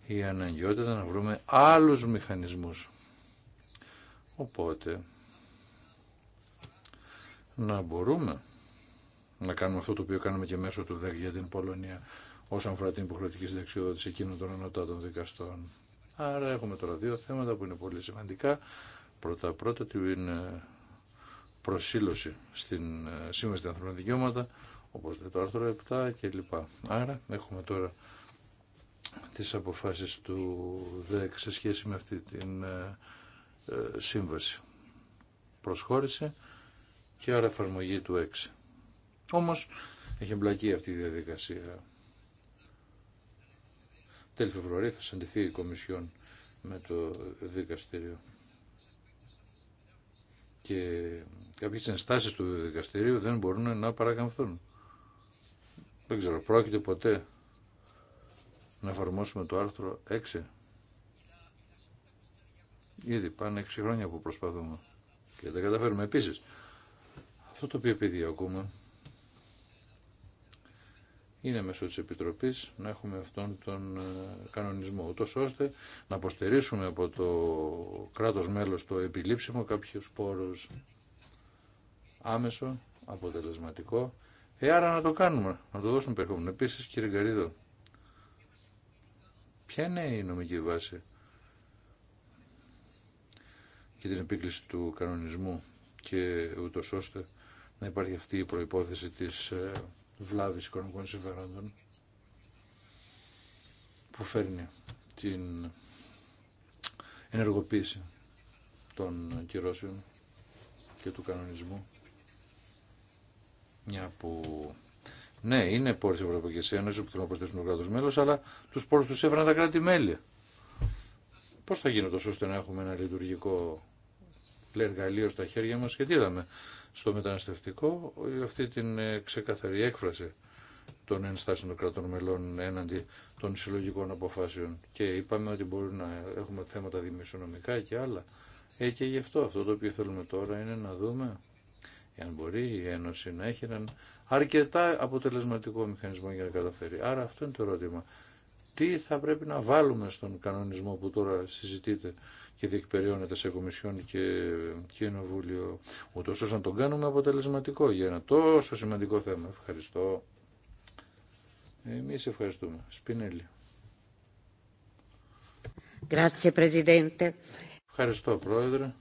η αναγκαιότητα να βρούμε άλλους μηχανισμούς. Οπότε, να μπορούμε να κάνουμε αυτό το οποίο κάνουμε και μέσω του ΔΕΚ για την Πολωνία όσον αφορά την υποχρεωτική συνταξιοδότηση εκείνων των ανωτάτων δικαστών. Άρα έχουμε τώρα δύο θέματα που είναι πολύ σημαντικά. Πρώτα πρώτα την ε, προσήλωση στην ε, Σύμβαση των Ανθρωπίνων Δικαιώματα όπως το άρθρο 7 κλπ. Άρα έχουμε τώρα τις αποφάσεις του ΔΕΚ σε σχέση με αυτή την ε, ε, σύμβαση. Προσχώρησε και άρα εφαρμογή του 6. Όμως έχει εμπλακεί αυτή η διαδικασία. Τέλη Φεβρουαρίου θα συντηθεί η Κομισιόν με το δικαστήριο. Και κάποιες ενστάσεις του δικαστηρίου δεν μπορούν να παρακαμφθούν. Δεν ξέρω, πρόκειται ποτέ να εφαρμόσουμε το άρθρο 6. Ήδη πάνε 6 χρόνια που προσπαθούμε και δεν καταφέρουμε. Επίσης, αυτό το οποίο ακόμα είναι μέσω της Επιτροπής να έχουμε αυτόν τον ε, κανονισμό, ούτως ώστε να αποστερήσουμε από το κράτος μέλος το επιλήψιμο κάποιους πόρους άμεσο, αποτελεσματικό ε, άρα να το κάνουμε, να το δώσουμε περιεχόμενο. Επίση, κύριε Γκαρίδο, ποια είναι η νομική βάση για την επίκληση του κανονισμού και ούτω ώστε να υπάρχει αυτή η προϋπόθεση της ε, βλάβης οικονομικών συμφερόντων που φέρνει την ενεργοποίηση των κυρώσεων και του κανονισμού. Μια που ναι, είναι πόρε τη Ευρωπαϊκή Ένωση που θέλουν να προσθέσουν το κράτο μέλο, αλλά του πόρου του έφεραν τα κράτη-μέλη. Πώ θα γίνει τόσο ώστε να έχουμε ένα λειτουργικό εργαλείο στα χέρια μα, τι είδαμε στο μεταναστευτικό αυτή την ε, ξεκαθαρή έκφραση των ενστάσεων των κρατών μελών έναντι των συλλογικών αποφάσεων. Και είπαμε ότι μπορούμε να έχουμε θέματα δημοσιονομικά και άλλα. Ε, και γι' αυτό αυτό το οποίο θέλουμε τώρα είναι να δούμε εάν μπορεί η Ένωση να έχει έναν αρκετά αποτελεσματικό μηχανισμό για να καταφέρει. Άρα αυτό είναι το ερώτημα. Τι θα πρέπει να βάλουμε στον κανονισμό που τώρα συζητείτε και διεκπεριώνεται σε Κομισιόν και Κοινοβούλιο, ούτω ώστε να τον κάνουμε αποτελεσματικό για ένα τόσο σημαντικό θέμα. Ευχαριστώ. Εμεί ευχαριστούμε. Σπινέλη. Grazie, Presidente. Ευχαριστώ, Πρόεδρε.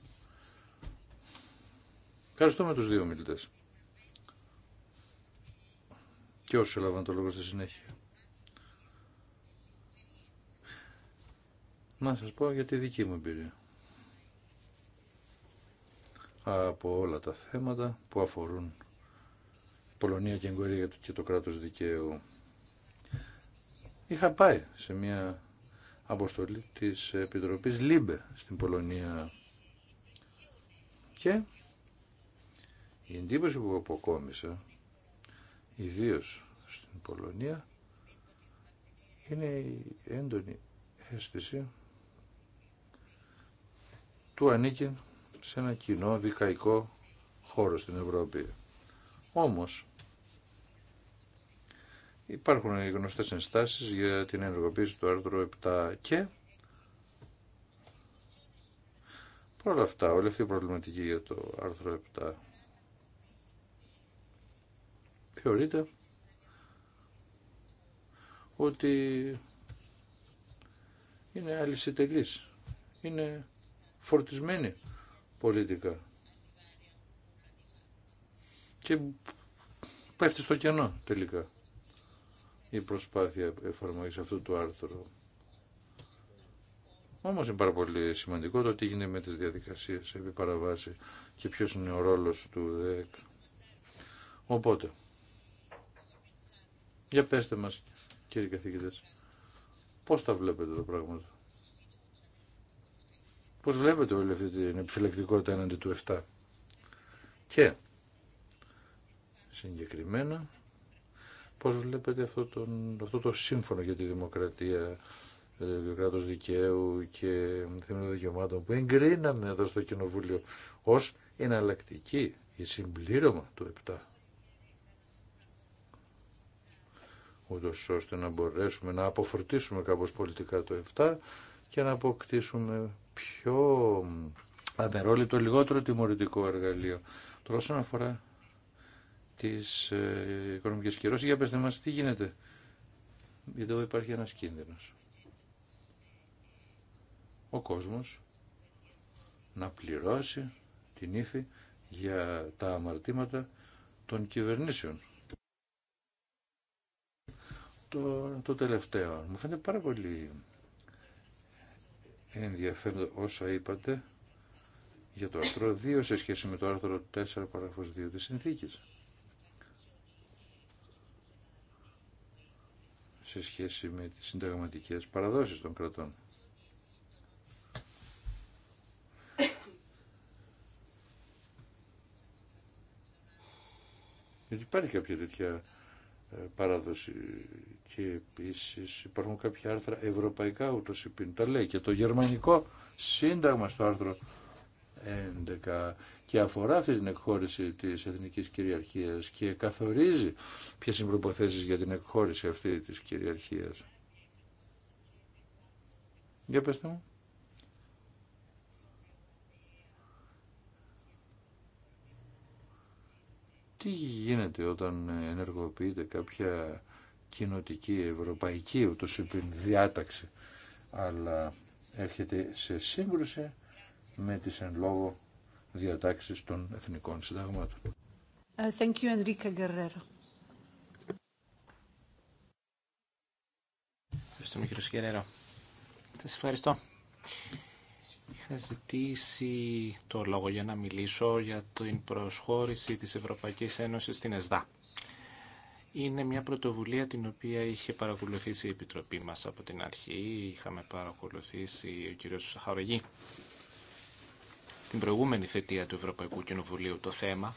Ευχαριστούμε τους δύο μιλητές. Και όσους έλαβαν το λόγο στη συνέχεια. Να σας πω για τη δική μου εμπειρία. Από όλα τα θέματα που αφορούν Πολωνία και Εγκορία και το κράτος δικαίου. Είχα πάει σε μια αποστολή της Επιτροπής ΛΥΜΠΕ στην Πολωνία και η εντύπωση που αποκόμισα, ιδίω στην Πολωνία, είναι η έντονη αίσθηση του ανήκει σε ένα κοινό δικαϊκό χώρο στην Ευρώπη. Όμως, υπάρχουν οι γνωστές ενστάσεις για την ενεργοποίηση του άρθρου 7 και όλα αυτά, όλη αυτή η προβληματική για το άρθρο 7 θεωρείται ότι είναι αλυσιτελής, είναι φορτισμένη πολιτικά και πέφτει στο κενό τελικά η προσπάθεια εφαρμογής αυτού του άρθρου. Όμως είναι πάρα πολύ σημαντικό το τι γίνεται με τις διαδικασίες επί παραβάση και ποιος είναι ο ρόλος του ΔΕΚ. Οπότε, για πέστε μας, κύριοι καθηγητές, πώς τα βλέπετε τα πράγματα. Πώς βλέπετε όλη αυτή την επιφυλακτικότητα έναντι του 7. Και συγκεκριμένα, πώς βλέπετε αυτό, τον, αυτό το σύμφωνο για τη δημοκρατία, ε, το κράτο δικαίου και θέματα δικαιωμάτων που εγκρίναμε εδώ στο Κοινοβούλιο ως εναλλακτική ή συμπλήρωμα του 7. ούτως ώστε να μπορέσουμε να αποφορτήσουμε κάπως πολιτικά το 7 και να αποκτήσουμε πιο το λιγότερο τιμωρητικό εργαλείο. Τώρα όσον αφορά τις ε, οικονομικές κυρώσεις, για πετε μας τι γίνεται. Γιατί εδώ υπάρχει ένας κίνδυνος. Ο κόσμος να πληρώσει την ύφη για τα αμαρτήματα των κυβερνήσεων το, το τελευταίο. Μου φαίνεται πάρα πολύ ενδιαφέρον όσα είπατε για το άρθρο 2 σε σχέση με το άρθρο 4 παράγραφος 2 της συνθήκης. σε σχέση με τις συνταγματικές παραδόσεις των κρατών. Γιατί υπάρχει κάποια τέτοια ε, παράδοση. Και επίσης υπάρχουν κάποια άρθρα ευρωπαϊκά ούτως υπήν. Τα λέει και το γερμανικό σύνταγμα στο άρθρο 11 και αφορά αυτή την εκχώρηση της εθνικής κυριαρχίας και καθορίζει ποιες είναι προποθέσεις για την εκχώρηση αυτή της κυριαρχίας. Για πέστε μου. Τι γίνεται όταν ενεργοποιείται κάποια κοινοτική, ευρωπαϊκή ούτως διάταξη, αλλά έρχεται σε σύγκρουση με τις εν λόγω διατάξεις των εθνικών συνταγμάτων. Ε, thank you, Enrique Guerrero. Σας ευχαριστώ είχα ζητήσει το λόγο για να μιλήσω για την προσχώρηση της Ευρωπαϊκής Ένωσης στην ΕΣΔΑ. Είναι μια πρωτοβουλία την οποία είχε παρακολουθήσει η Επιτροπή μας από την αρχή. Είχαμε παρακολουθήσει ο κύριος Σαχαρογή την προηγούμενη θετία του Ευρωπαϊκού Κοινοβουλίου το θέμα.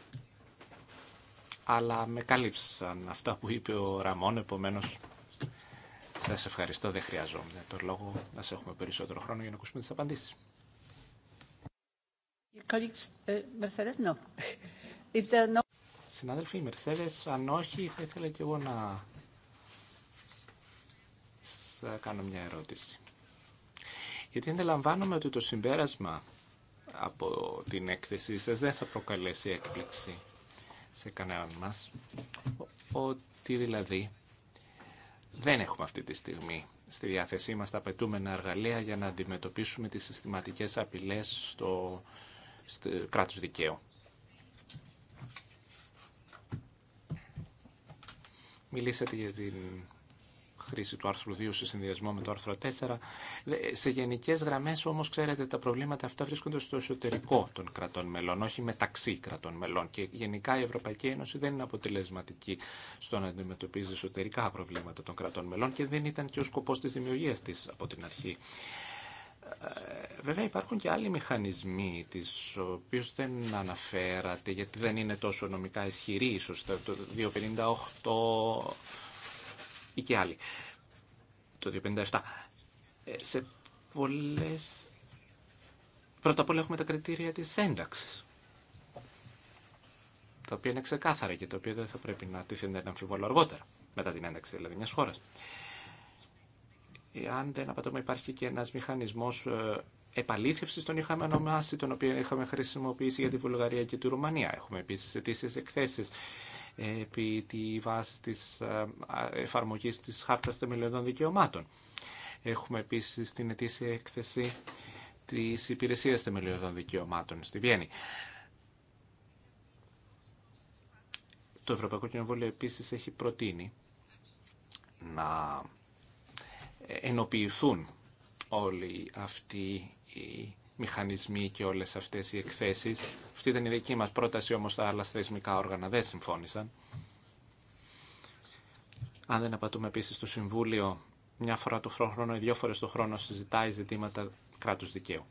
Αλλά με κάλυψαν αυτά που είπε ο Ραμόν, επομένως σας ευχαριστώ, δεν χρειαζόμουν το λόγο. Να έχουμε περισσότερο χρόνο για να ακούσουμε τις απαντήσεις. Uh, Συνάδελφοι, Μερσέδες, αν όχι, θα ήθελα και εγώ να θα κάνω μια ερώτηση. Γιατί αντιλαμβάνομαι ότι το συμπέρασμα από την έκθεσή σας δεν θα προκαλέσει έκπληξη σε κανέναν μας, ότι δηλαδή δεν έχουμε αυτή τη στιγμή στη διάθεσή μας τα απαιτούμενα εργαλεία για να αντιμετωπίσουμε τις συστηματικές απειλές στο στο δικαίου. Μιλήσατε για την χρήση του άρθρου 2 σε συνδυασμό με το άρθρο 4. Σε γενικέ γραμμέ όμω, ξέρετε, τα προβλήματα αυτά βρίσκονται στο εσωτερικό των κρατών μελών, όχι μεταξύ κρατών μελών. Και γενικά η Ευρωπαϊκή Ένωση δεν είναι αποτελεσματική στο να αντιμετωπίζει εσωτερικά προβλήματα των κρατών μελών και δεν ήταν και ο σκοπό τη δημιουργία τη από την αρχή. Βέβαια υπάρχουν και άλλοι μηχανισμοί, τις οποίους δεν αναφέρατε, γιατί δεν είναι τόσο νομικά ισχυροί, ίσως το 258 ή και άλλοι, το 257. Ε, σε πολλές... Πρώτα απ' όλα έχουμε τα κριτήρια της ένταξης, τα οποία είναι ξεκάθαρα και τα οποία δεν θα πρέπει να τίθενται να αμφιβολώ αργότερα, μετά την ένταξη δηλαδή μιας χώρας. Αν δεν απατώμε υπάρχει και ένας μηχανισμός ε, επαλήθευσης τον είχαμε ονομάσει, τον οποίο είχαμε χρησιμοποιήσει για τη Βουλγαρία και τη Ρουμανία. Έχουμε επίσης αιτήσεις εκθέσεις επί τη βάση της ε, εφαρμογής της Χάρτας Θεμελιωδών Δικαιωμάτων. Έχουμε επίσης την αιτήσια έκθεση της Υπηρεσίας Θεμελιωδών Δικαιωμάτων στη Βιέννη. Το Ευρωπαϊκό Κοινοβούλιο επίσης έχει προτείνει να ενοποιηθούν όλοι αυτοί οι μηχανισμοί και όλες αυτές οι εκθέσεις. Αυτή ήταν η δική μας πρόταση, όμως τα άλλα θεσμικά όργανα δεν συμφώνησαν. Αν δεν απατούμε επίση στο Συμβούλιο, μια φορά το χρόνο ή δύο φορές το χρόνο συζητάει ζητήματα κράτους δικαίου.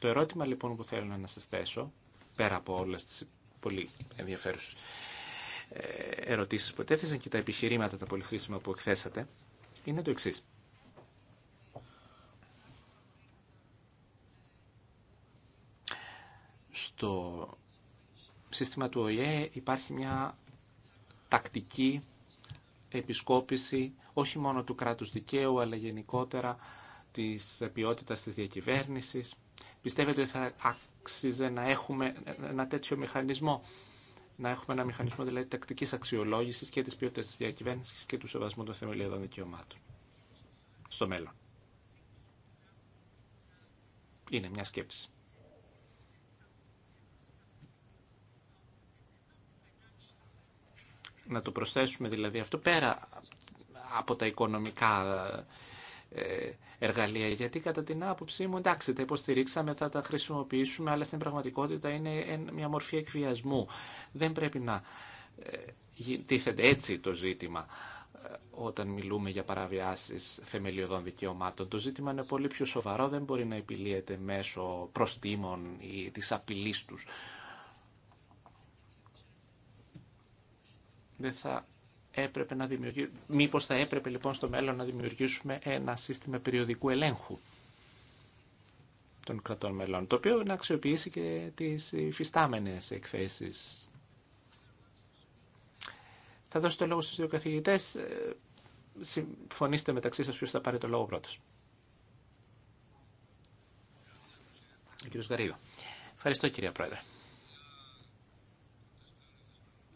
Το ερώτημα λοιπόν που θέλω να σας θέσω, πέρα από όλες τις πολύ ενδιαφέρουσες ε, ερωτήσεις που τέθησαν και τα επιχειρήματα τα πολύ χρήσιμα που εκθέσατε, είναι το εξή. Στο σύστημα του ΟΗΕ υπάρχει μια τακτική επισκόπηση όχι μόνο του κράτους δικαίου αλλά γενικότερα της ποιότητας της διακυβέρνησης. Πιστεύετε ότι θα αξίζει να έχουμε ένα τέτοιο μηχανισμό να έχουμε ένα μηχανισμό δηλαδή τακτική αξιολόγηση και τη ποιότητα τη διακυβέρνηση και του σεβασμού των θεμελιωδών δικαιωμάτων στο μέλλον. Είναι μια σκέψη. Να το προσθέσουμε δηλαδή αυτό πέρα από τα οικονομικά ε, εργαλεία, γιατί κατά την άποψή μου, εντάξει, τα υποστηρίξαμε, θα τα χρησιμοποιήσουμε, αλλά στην πραγματικότητα είναι μια μορφή εκβιασμού. Δεν πρέπει να ε, τίθεται έτσι το ζήτημα ε, όταν μιλούμε για παραβιάσεις θεμελιωδών δικαιωμάτων. Το ζήτημα είναι πολύ πιο σοβαρό, δεν μπορεί να επιλύεται μέσω προστήμων ή της απειλής τους. Δεν θα έπρεπε να δημιουργήσουμε, μήπως θα έπρεπε λοιπόν στο μέλλον να δημιουργήσουμε ένα σύστημα περιοδικού ελέγχου των κρατών μελών, το οποίο να αξιοποιήσει και τις υφιστάμενες εκθέσεις. Θα δώσω το λόγο στους δύο καθηγητές. Ε, συμφωνήστε μεταξύ σας ποιος θα πάρει το λόγο πρώτος. Ο κύριος Γαρίδο. Ευχαριστώ κυρία Πρόεδρε.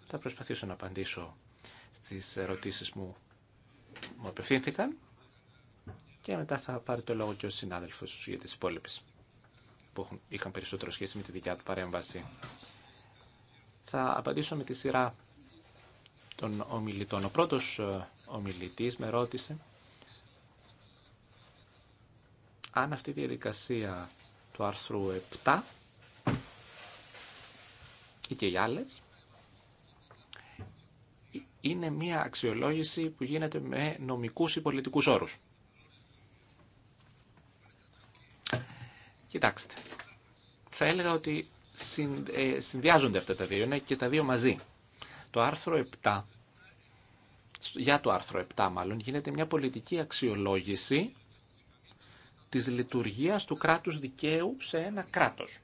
Θα προσπαθήσω να απαντήσω τις ερωτήσεις μου μου απευθύνθηκαν και μετά θα πάρει το λόγο και ο συνάδελφος για τις υπόλοιπε που είχαν περισσότερο σχέση με τη δικιά του παρέμβαση. Θα απαντήσω με τη σειρά των ομιλητών. Ο πρώτος ε, ομιλητής με ρώτησε αν αυτή η διαδικασία του άρθρου 7 ή και οι άλλες είναι μια αξιολόγηση που γίνεται με νομικούς ή πολιτικούς όρους. Κοιτάξτε, θα έλεγα ότι ε, συνδυάζονται αυτά τα δύο, είναι και τα δύο μαζί. Το άρθρο 7, για το άρθρο 7 μάλλον, γίνεται μια πολιτική αξιολόγηση της λειτουργίας του κράτους δικαίου σε ένα κράτος.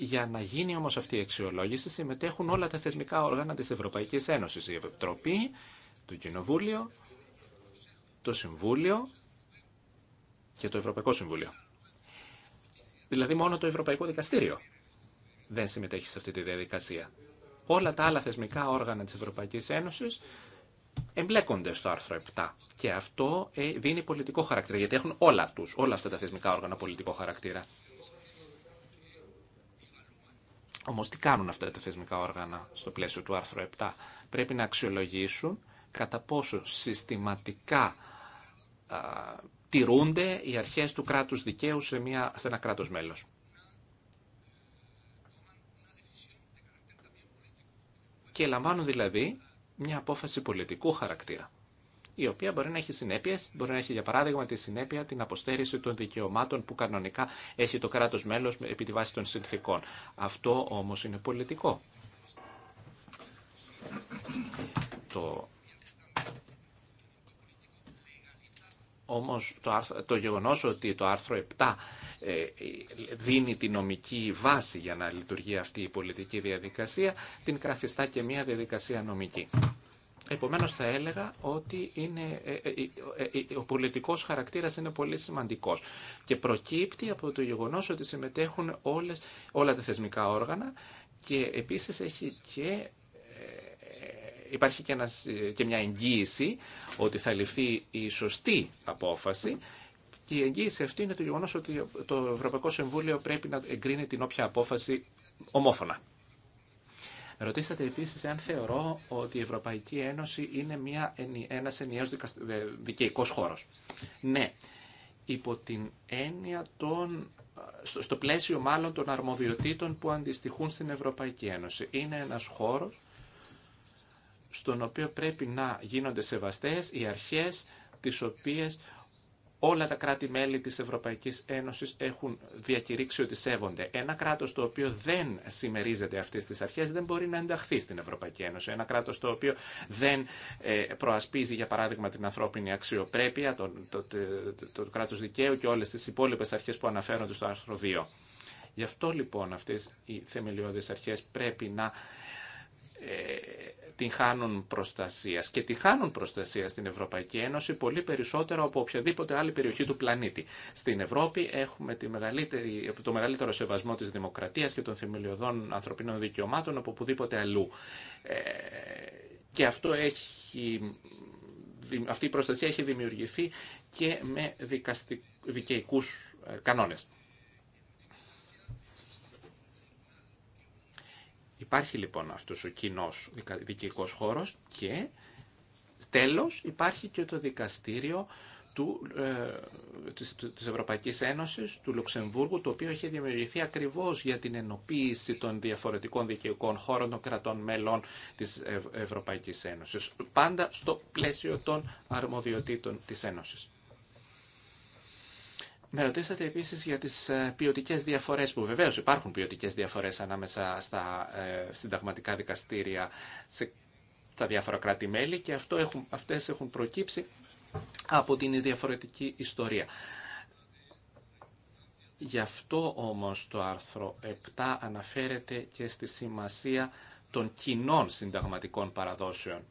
Για να γίνει όμως αυτή η αξιολόγηση συμμετέχουν όλα τα θεσμικά όργανα της Ευρωπαϊκής Ένωσης, η Επιτροπή, το Κοινοβούλιο, το Συμβούλιο και το Ευρωπαϊκό Συμβούλιο. Δηλαδή μόνο το Ευρωπαϊκό Δικαστήριο δεν συμμετέχει σε αυτή τη διαδικασία. Όλα τα άλλα θεσμικά όργανα της Ευρωπαϊκής Ένωσης εμπλέκονται στο άρθρο 7 και αυτό ε, δίνει πολιτικό χαρακτήρα γιατί έχουν όλα τους, όλα αυτά τα θεσμικά όργανα πολιτικό χαρακτήρα. Όμω τι κάνουν αυτά τα θεσμικά όργανα στο πλαίσιο του άρθρου 7. Πρέπει να αξιολογήσουν κατά πόσο συστηματικά α, τηρούνται οι αρχές του κράτους δικαίου σε, μια, σε ένα κράτος μέλος. Και λαμβάνουν δηλαδή μια απόφαση πολιτικού χαρακτήρα η οποία μπορεί να έχει συνέπειε, μπορεί να έχει για παράδειγμα τη συνέπεια την αποστέρηση των δικαιωμάτων που κανονικά έχει το κράτο μέλο επί τη βάση των συνθήκων. Αυτό όμω είναι πολιτικό. Το... Όμως το, το γεγονός ότι το άρθρο 7 ε, δίνει τη νομική βάση για να λειτουργεί αυτή η πολιτική διαδικασία, την καθιστά και μια διαδικασία νομική. Επομένως θα έλεγα ότι είναι, ε, ε, ε, ο πολιτικός χαρακτήρας είναι πολύ σημαντικός και προκύπτει από το γεγονός ότι συμμετέχουν όλες, όλα τα θεσμικά όργανα και επίσης έχει και υπάρχει και, και μια εγγύηση ότι θα ληφθεί η σωστή απόφαση και η εγγύηση αυτή είναι το γεγονός ότι το Ευρωπαϊκό Συμβούλιο πρέπει να εγκρίνει την όποια απόφαση ομόφωνα. Ρωτήσατε επίση αν θεωρώ ότι η Ευρωπαϊκή Ένωση είναι μια, ένας ενιαίος ε, δικαιικός χώρος. Ναι, υπό την έννοια των στο πλαίσιο μάλλον των αρμοδιοτήτων που αντιστοιχούν στην Ευρωπαϊκή Ένωση. Είναι ένας χώρος στον οποίο πρέπει να γίνονται σεβαστές οι αρχές τις οποίες όλα τα κράτη-μέλη της Ευρωπαϊκής Ένωσης έχουν διακηρύξει ότι σέβονται. Ένα κράτος το οποίο δεν συμμερίζεται αυτές τις αρχές δεν μπορεί να ενταχθεί στην Ευρωπαϊκή Ένωση. Ένα κράτος το οποίο δεν ε, προασπίζει, για παράδειγμα, την ανθρώπινη αξιοπρέπεια, το, το, το, κράτος δικαίου και όλες τις υπόλοιπες αρχές που αναφέρονται στο άρθρο 2. Γι' αυτό λοιπόν αυτές οι θεμελιώδεις αρχές πρέπει να ε, την χάνουν προστασία και τη χάνουν προστασία στην Ευρωπαϊκή Ένωση πολύ περισσότερο από οποιαδήποτε άλλη περιοχή του πλανήτη. Στην Ευρώπη έχουμε τη μεγαλύτερη, το μεγαλύτερο σεβασμό της δημοκρατίας και των θεμελιωδών ανθρωπίνων δικαιωμάτων από οπουδήποτε αλλού. Ε, και αυτό έχει, αυτή η προστασία έχει δημιουργηθεί και με δικαστικ, δικαιικούς ε, κανόνες. Υπάρχει λοιπόν αυτός ο κοινό δικηγικό χώρος και τέλος υπάρχει και το δικαστήριο του, ε, της, της Ευρωπαϊκής Ένωσης του Λουξεμβούργου, το οποίο έχει δημιουργηθεί ακριβώς για την ενοποίηση των διαφορετικών δικαιωτικών χώρων των κρατών μελών της Ευρωπαϊκής Ένωσης, πάντα στο πλαίσιο των αρμοδιοτήτων της Ένωσης. Με ρωτήσατε επίσης για τις ε, ποιοτικέ διαφορές που βεβαίω υπάρχουν ποιοτικέ διαφορές ανάμεσα στα ε, συνταγματικά δικαστήρια σε τα διάφορα κράτη-μέλη και αυτό έχουν, αυτές έχουν προκύψει από την διαφορετική ιστορία. Γι' αυτό όμως το άρθρο 7 αναφέρεται και στη σημασία των κοινών συνταγματικών παραδόσεων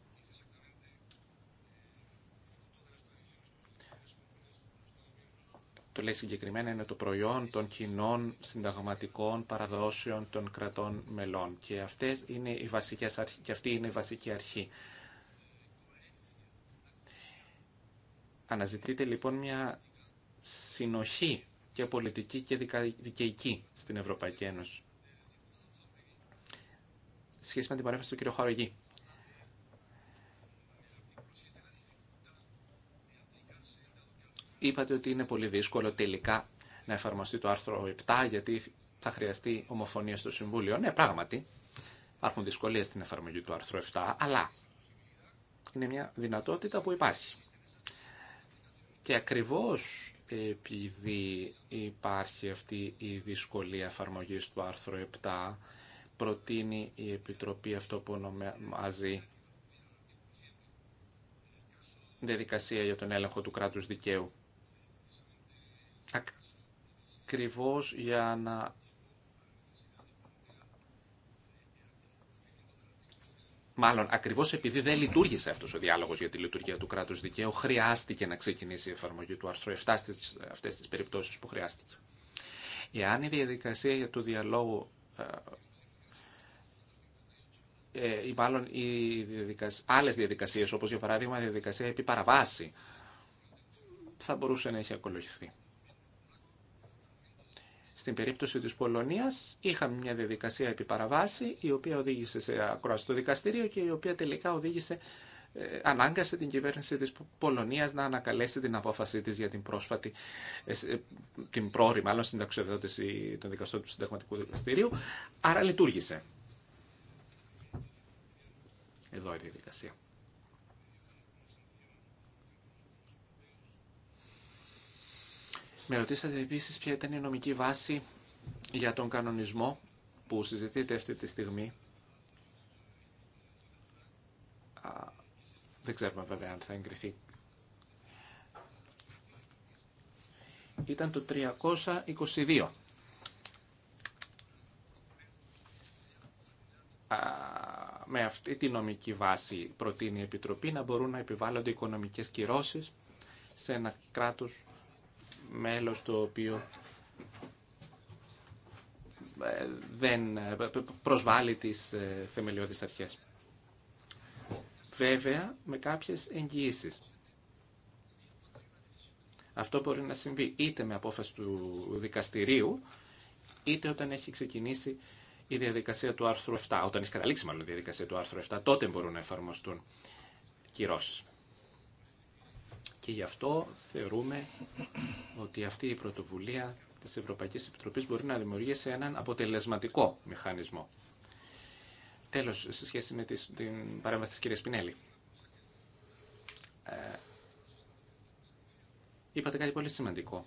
το λέει συγκεκριμένα, είναι το προϊόν των κοινών συνταγματικών παραδόσεων των κρατών μελών. Και, αυτές είναι οι βασικές, και αυτή είναι η βασική αρχή. Αναζητείται λοιπόν μια συνοχή και πολιτική και δικαιική στην Ευρωπαϊκή Ένωση. Σχέση με την παρέμβαση του κ. Χαρογή. είπατε ότι είναι πολύ δύσκολο τελικά να εφαρμοστεί το άρθρο 7 γιατί θα χρειαστεί ομοφωνία στο Συμβούλιο. Ναι, πράγματι, υπάρχουν δυσκολίε στην εφαρμογή του άρθρου 7, αλλά είναι μια δυνατότητα που υπάρχει. Και ακριβώ επειδή υπάρχει αυτή η δυσκολία εφαρμογής του άρθρου 7, προτείνει η Επιτροπή αυτό που ονομάζει διαδικασία για τον έλεγχο του κράτους δικαίου ακριβώς για να Μάλλον, ακριβώ επειδή δεν λειτουργήσε αυτό ο διάλογο για τη λειτουργία του κράτου δικαίου, χρειάστηκε να ξεκινήσει η εφαρμογή του άρθρου 7 στι αυτέ τι περιπτώσει που χρειάστηκε. Εάν η διαδικασία για το διαλόγου. Ε, ε, ή μάλλον οι διαδικασ... άλλες διαδικασίες, όπως για παράδειγμα η διαδικασία επί παραβάση, θα μπορούσε να έχει ακολουθηθεί. Στην περίπτωση της Πολωνίας είχαμε μια διαδικασία επιπαραβάση η οποία οδήγησε σε ακρόαση στο δικαστήριο και η οποία τελικά οδήγησε, ε, ανάγκασε την κυβέρνηση της Πολωνίας να ανακαλέσει την απόφαση της για την πρόσφατη, ε, την πρόορη μάλλον συνταξιοδότηση των δικαστών του συνταγματικού δικαστηρίου, άρα λειτουργήσε. Εδώ η διαδικασία. Με ρωτήσατε επίση ποια ήταν η νομική βάση για τον κανονισμό που συζητείται αυτή τη στιγμή. Δεν ξέρουμε βέβαια αν θα εγκριθεί. Ήταν το 322. με αυτή τη νομική βάση προτείνει η Επιτροπή να μπορούν να επιβάλλονται οικονομικές κυρώσεις σε ένα κράτος μέλος το οποίο ε, δεν ε, προσβάλλει τις ε, θεμελιώδεις αρχές. Βέβαια, με κάποιες εγγυήσει. Αυτό μπορεί να συμβεί είτε με απόφαση του δικαστηρίου, είτε όταν έχει ξεκινήσει η διαδικασία του άρθρου 7. Όταν έχει καταλήξει μάλλον η διαδικασία του άρθρου 7, τότε μπορούν να εφαρμοστούν κυρώσεις. Και γι' αυτό θεωρούμε ότι αυτή η πρωτοβουλία της Ευρωπαϊκής Επιτροπής μπορεί να δημιουργήσει έναν αποτελεσματικό μηχανισμό. Τέλος, σε σχέση με την παρέμβαση της κυρίας Πινέλη. Ε, είπατε κάτι πολύ σημαντικό.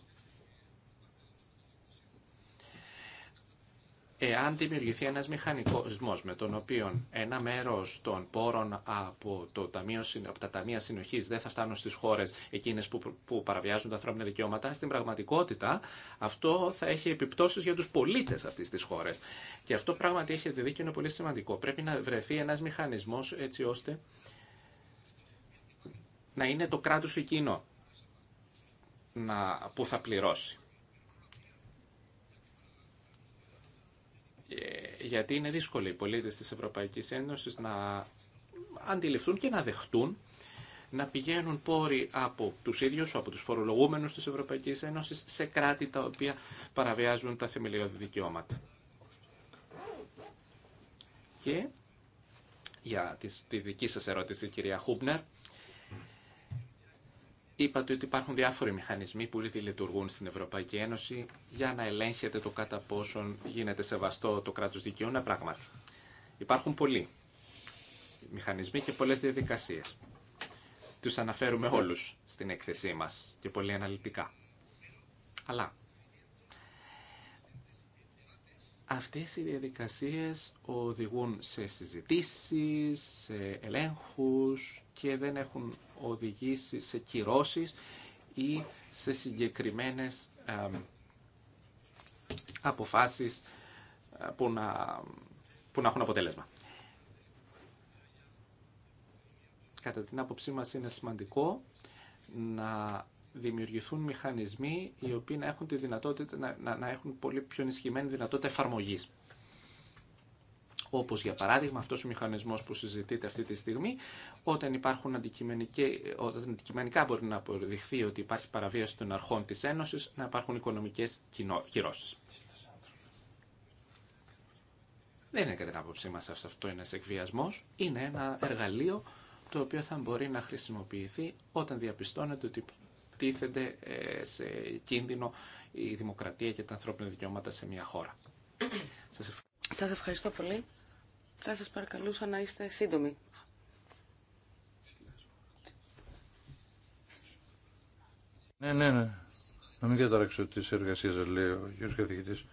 εάν δημιουργηθεί ένας μηχανισμός με τον οποίο ένα μέρος των πόρων από, το ταμείο, από τα ταμεία συνοχής δεν θα φτάνουν στις χώρες εκείνες που, που παραβιάζουν τα ανθρώπινα δικαιώματα, στην πραγματικότητα αυτό θα έχει επιπτώσεις για τους πολίτες αυτής της χώρες. Και αυτό πράγματι έχετε δίκιο, είναι πολύ σημαντικό. Πρέπει να βρεθεί ένας μηχανισμός έτσι ώστε να είναι το κράτος εκείνο που θα πληρώσει. Ε, γιατί είναι δύσκολο οι πολίτες της Ευρωπαϊκής Ένωσης να αντιληφθούν και να δεχτούν να πηγαίνουν πόροι από τους ίδιους, από τους φορολογούμενους της Ευρωπαϊκής Ένωσης σε κράτη τα οποία παραβιάζουν τα θεμελιώδη δικαιώματα. Και για τη δική σας ερώτηση, κυρία Χούμπνερ, είπατε ότι υπάρχουν διάφοροι μηχανισμοί που ήδη λειτουργούν στην Ευρωπαϊκή Ένωση για να ελέγχεται το κατά πόσον γίνεται σεβαστό το κράτος δικαίου. Ναι, πράγματι. Υπάρχουν πολλοί μηχανισμοί και πολλές διαδικασίες. Τους αναφέρουμε όλους στην έκθεσή μας και πολύ αναλυτικά. Αλλά Αυτές οι διαδικασίες οδηγούν σε συζητήσεις, σε ελέγχους και δεν έχουν οδηγήσει σε κυρώσεις ή σε συγκεκριμένες αποφάσεις ε, που να, που να έχουν αποτέλεσμα. Κατά την άποψή μας είναι σημαντικό να δημιουργηθούν μηχανισμοί οι οποίοι να έχουν, τη δυνατότητα, να, να, να έχουν πολύ πιο ενισχυμένη δυνατότητα εφαρμογή. Όπω για παράδειγμα αυτό ο μηχανισμό που συζητείται αυτή τη στιγμή, όταν, υπάρχουν ε, όταν αντικειμενικά μπορεί να αποδειχθεί ότι υπάρχει παραβίαση των αρχών τη Ένωση, να υπάρχουν οικονομικέ κυρώσει. Δεν είναι κατά την άποψή μα αυτό ένας εκβιασμός, είναι ένα εργαλείο το οποίο θα μπορεί να χρησιμοποιηθεί όταν διαπιστώνεται ότι τίθενται ε, σε κίνδυνο η δημοκρατία και τα ανθρώπινα δικαιώματα σε μια χώρα. Σας ευχαριστώ. Σας πολύ. Θα σας παρακαλούσα να είστε σύντομοι. Ναι, ναι, ναι. Να μην διαταράξω τις εργασίες, λέει ο κ. Καθηγητής.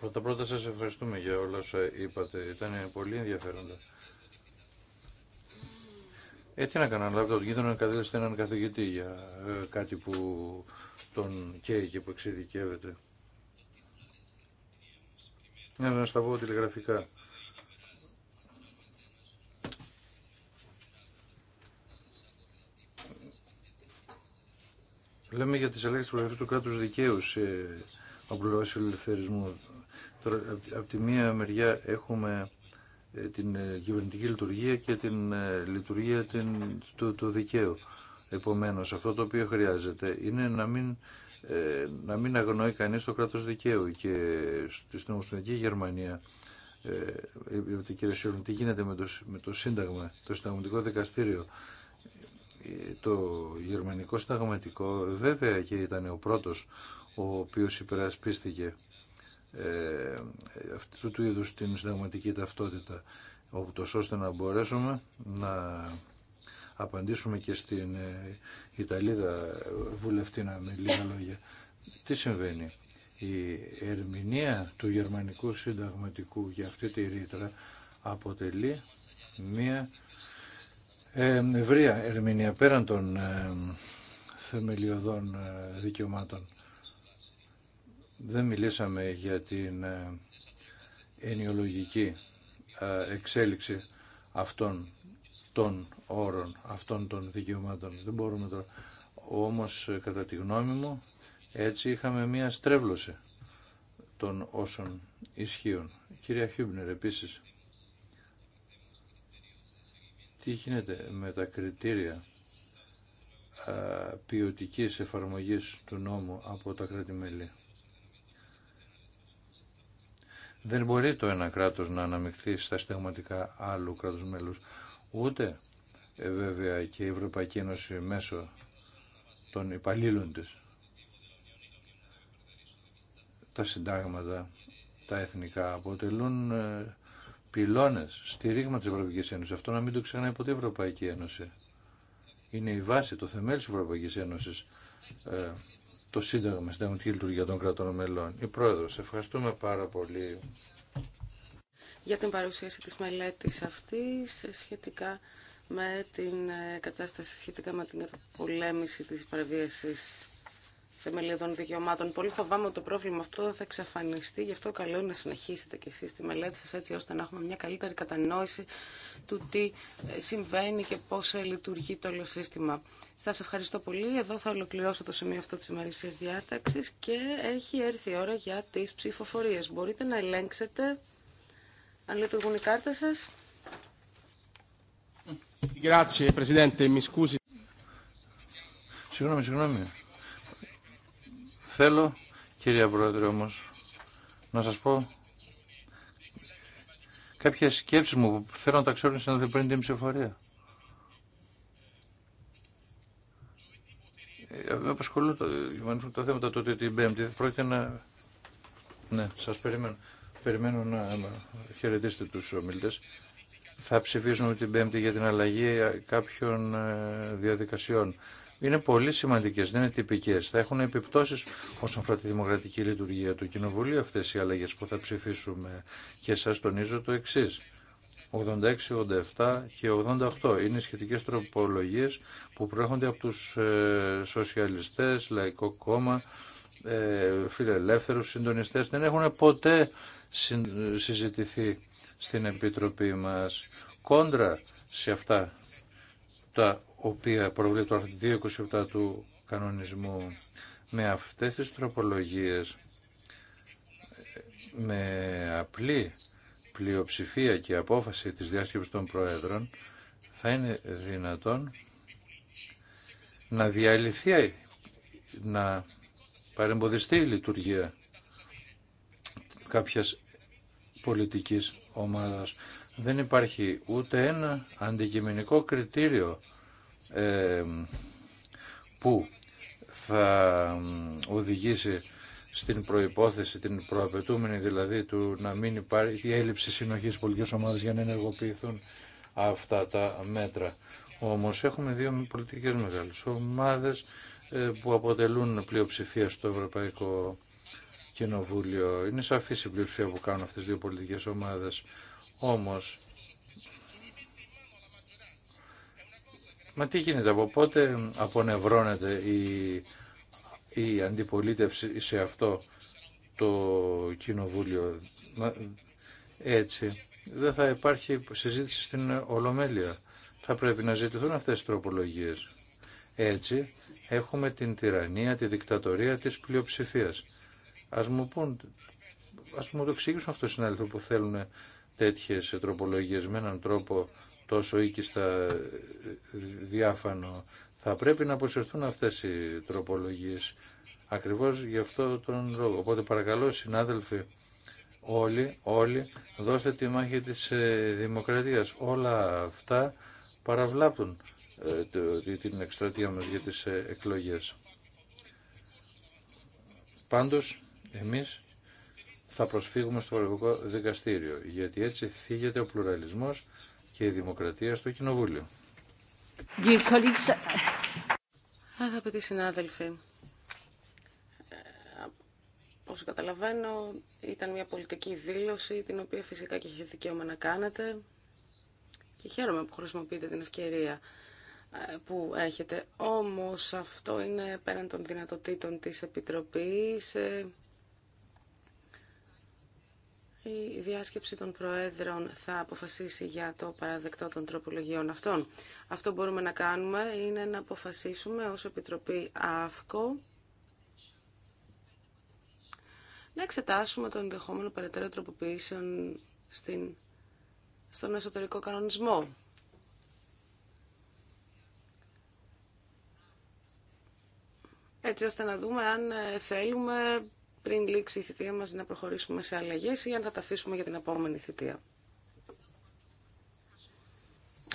Πρώτα πρώτα σας ευχαριστούμε για όλα όσα είπατε. Ήταν πολύ ενδιαφέροντα. Ε, τι να κάνω, λάβει τον γείτονα να κατέληξε έναν καθηγητή για ε, κάτι που τον καίει και που εξειδικεύεται. Ναι, να στα πω τηλεγραφικά. Λέμε για τις της προγραφές του κράτους δικαίου σε απλουρώσεις ελευθερισμού. Τώρα, από τη μία μεριά έχουμε την ε, κυβερνητική λειτουργία και την ε, λειτουργία την, του, του δικαίου. Επομένως, αυτό το οποίο χρειάζεται είναι να μην, ε, να μην αγνοεί κανείς το κράτος δικαίου και στην Ομοσπονδική Γερμανία ε, κύριε τι γίνεται με το, με το Σύνταγμα, το Συνταγματικό Δικαστήριο. Το Γερμανικό Συνταγματικό βέβαια και ήταν ο πρώτος ο οποίος υπερασπίστηκε ε, αυτού του είδους την συνταγματική ταυτότητα όπου το ώστε να μπορέσουμε να απαντήσουμε και στην ε, Ιταλίδα ε, να με λίγα λόγια. Τι συμβαίνει. Η ερμηνεία του γερμανικού συνταγματικού για αυτή τη ρήτρα αποτελεί μία ε, ευρεία ερμηνεία πέραν των ε, θεμελιωδών ε, δικαιωμάτων. Δεν μιλήσαμε για την ε, ενιολογική ε, εξέλιξη αυτών των όρων, αυτών των δικαιωμάτων. Δεν μπορούμε τώρα. Όμως, ε, κατά τη γνώμη μου, έτσι είχαμε μία στρέβλωση των όσων ισχύουν. Κυρία Χιούμπνερ, επίσης, τι γίνεται με τα κριτήρια ποιοτικής εφαρμογής του νόμου από τα κράτη-μέλη. Δεν μπορεί το ένα κράτος να αναμειχθεί στα στεγματικά άλλου κράτους μέλους, ούτε ε, βέβαια και η Ευρωπαϊκή Ένωση μέσω των υπαλλήλων της. Τα συντάγματα, τα εθνικά αποτελούν ε, πυλώνες, στηρίγμα της Ευρωπαϊκής Ένωσης. Αυτό να μην το ξεχνάει ποτέ η Ευρωπαϊκή Ένωση. Είναι η βάση, το θεμέλιο της Ευρωπαϊκής Ένωσης. Ε, το Σύνταγμα, Συνταγματική Λειτουργία των Κρατών Μελών. Η Πρόεδρος, ευχαριστούμε πάρα πολύ για την παρουσίαση της μελέτης αυτής σχετικά με την ε, κατάσταση σχετικά με την πολέμηση της παραβίασης θεμελιωδών δικαιωμάτων. Πολύ φοβάμαι ότι το πρόβλημα αυτό θα εξαφανιστεί, γι' αυτό καλό είναι να συνεχίσετε κι εσείς τη μελέτη σας έτσι ώστε να έχουμε μια καλύτερη κατανόηση του τι ε, συμβαίνει και πώς ε, λειτουργεί το όλο σύστημα. Σας ευχαριστώ πολύ. Εδώ θα ολοκληρώσω το σημείο αυτό της ημερησίας διάταξης και έχει έρθει η ώρα για τις ψηφοφορίες. Μπορείτε να ελέγξετε αν λειτουργούν οι κάρτες σας. Grazie Presidente, mi scusi. Συγγνώμη, συγγνώμη. Θέλω, κυρία Πρόεδρε, όμως, να σας πω κάποιες σκέψεις μου που θέλω να τα ξέρουν σαν πριν την ψηφορία. Με απασχολούν τα θέματα τότε την Πέμπτη. Πρόκειται να... Ναι, σας περιμένω. Περιμένω να χαιρετήσετε τους ομιλητές. Θα ψηφίσουμε την Πέμπτη για την αλλαγή κάποιων ε, διαδικασιών είναι πολύ σημαντικέ, δεν είναι τυπικέ. Θα έχουν επιπτώσει όσον αφορά τη δημοκρατική λειτουργία του Κοινοβουλίου αυτέ οι αλλαγέ που θα ψηφίσουμε. Και σα τονίζω το εξή. 86, 87 και 88 είναι σχετικές τροπολογίες που προέρχονται από τους ε, σοσιαλιστές, λαϊκό κόμμα, ε, φιλελεύθερους συντονιστές. Δεν έχουν ποτέ συζητηθεί στην Επιτροπή μας κόντρα σε αυτά τα οποία προβλέπει το του κανονισμού με αυτές τις τροπολογίες με απλή πλειοψηφία και απόφαση της διάσκεψης των Προέδρων θα είναι δυνατόν να διαλυθεί, να παρεμποδιστεί η λειτουργία κάποιας πολιτικής ομάδας. Δεν υπάρχει ούτε ένα αντικειμενικό κριτήριο που θα οδηγήσει στην προϋπόθεση, την προαπαιτούμενη δηλαδή του να μην υπάρχει η έλλειψη συνοχής πολιτικής ομάδας για να ενεργοποιηθούν αυτά τα μέτρα. Όμως έχουμε δύο πολιτικές μεγάλες ομάδες ε, που αποτελούν πλειοψηφία στο Ευρωπαϊκό Κοινοβούλιο. Είναι σαφής η πλειοψηφία που κάνουν αυτές οι δύο πολιτικές ομάδες. Όμως Μα τι γίνεται, από πότε απονευρώνεται η, η αντιπολίτευση σε αυτό το κοινοβούλιο. Έτσι, δεν θα υπάρχει συζήτηση στην Ολομέλεια. Θα πρέπει να ζητηθούν αυτές οι τροπολογίες. Έτσι, έχουμε την τυραννία, τη δικτατορία της πλειοψηφίας. Ας μου πούν, ας μου το εξηγήσουν αυτό που θέλουν τέτοιες τροπολογίες με έναν τρόπο τόσο οίκιστα διάφανο. Θα πρέπει να αποσυρθούν αυτές οι τροπολογίες. Ακριβώς γι' αυτό τον λόγο. Οπότε παρακαλώ συνάδελφοι όλοι, όλοι δώστε τη μάχη της ε, δημοκρατίας. Όλα αυτά παραβλάπτουν ε, την εκστρατεία μας για τις ε, εκλογές. Πάντως, εμείς θα προσφύγουμε στο Ευρωπαϊκό Δικαστήριο, γιατί έτσι θίγεται ο πλουραλισμός και δημοκρατία στο Κοινοβούλιο. Αγαπητοί συνάδελφοι, ε, όσο καταλαβαίνω ήταν μια πολιτική δήλωση την οποία φυσικά και έχει δικαίωμα να κάνετε και χαίρομαι που χρησιμοποιείτε την ευκαιρία ε, που έχετε. Όμως αυτό είναι πέραν των δυνατοτήτων της Επιτροπής ε, η διάσκεψη των Προέδρων θα αποφασίσει για το παραδεκτό των τροπολογιών αυτών. Αυτό μπορούμε να κάνουμε είναι να αποφασίσουμε ως Επιτροπή ΑΦΚΟ να εξετάσουμε το ενδεχόμενο περαιτέρω τροποποιήσεων στην, στον εσωτερικό κανονισμό. Έτσι ώστε να δούμε αν ε, θέλουμε πριν λήξει η θητεία μας να προχωρήσουμε σε αλλαγές ή αν θα τα αφήσουμε για την επόμενη θητεία.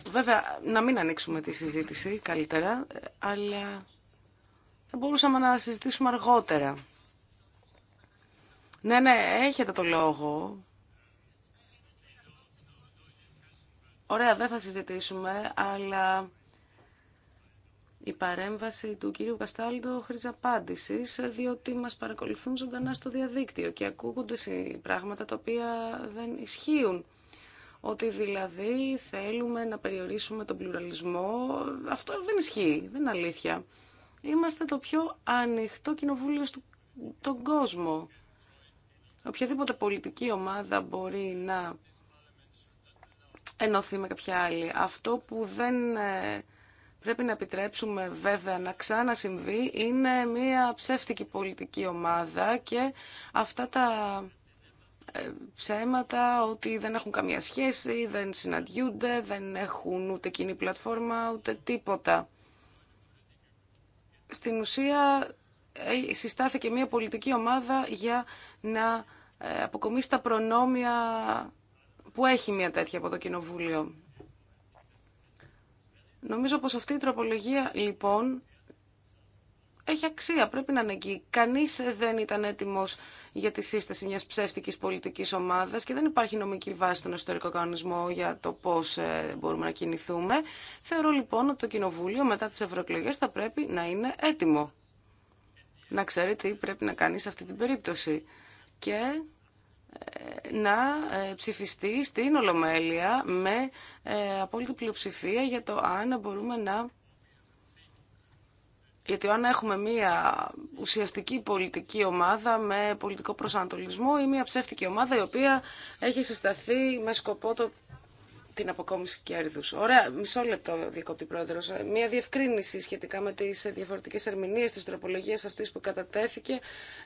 Βέβαια, να μην ανοίξουμε τη συζήτηση καλύτερα, αλλά θα μπορούσαμε να συζητήσουμε αργότερα. Ναι, ναι, έχετε το λόγο. Ωραία, δεν θα συζητήσουμε, αλλά η παρέμβαση του κύριου το χρήζει απάντηση, διότι μας παρακολουθούν ζωντανά στο διαδίκτυο και ακούγονται πράγματα τα οποία δεν ισχύουν. Ότι δηλαδή θέλουμε να περιορίσουμε τον πλουραλισμό, αυτό δεν ισχύει, δεν είναι αλήθεια. Είμαστε το πιο ανοιχτό κοινοβούλιο στον κόσμο. Οποιαδήποτε πολιτική ομάδα μπορεί να ενωθεί με κάποια άλλη. Αυτό που δεν ε, πρέπει να επιτρέψουμε βέβαια να ξανασυμβεί, είναι μια ψεύτικη πολιτική ομάδα και αυτά τα ε, ψέματα ότι δεν έχουν καμία σχέση, δεν συναντιούνται, δεν έχουν ούτε κοινή πλατφόρμα, ούτε τίποτα. Στην ουσία ε, συστάθηκε μια πολιτική ομάδα για να ε, αποκομίσει τα προνόμια που έχει μια τέτοια από το Κοινοβούλιο. Νομίζω πως αυτή η τροπολογία λοιπόν έχει αξία, πρέπει να είναι εκεί. Κανείς δεν ήταν έτοιμος για τη σύσταση μιας ψεύτικης πολιτικής ομάδας και δεν υπάρχει νομική βάση στον ιστορικό κανονισμό για το πώς ε, μπορούμε να κινηθούμε. Θεωρώ λοιπόν ότι το Κοινοβούλιο μετά τις ευρωεκλογέ θα πρέπει να είναι έτοιμο. Να ξέρει τι πρέπει να κάνει σε αυτή την περίπτωση. Και να ε, ψηφιστεί στην Ολομέλεια με ε, απόλυτη πλειοψηφία για το αν μπορούμε να... Γιατί αν έχουμε μία ουσιαστική πολιτική ομάδα με πολιτικό προσανατολισμό ή μία ψεύτικη ομάδα η οποία έχει συσταθεί με σκοπό το την αποκόμιση κέρδους. Ωραία, μισό λεπτό διακόπτη πρόεδρος. Ε, Μία διευκρίνηση σχετικά με τις ε, διαφορετικές ερμηνείες τη τροπολογία αυτής που κατατέθηκε.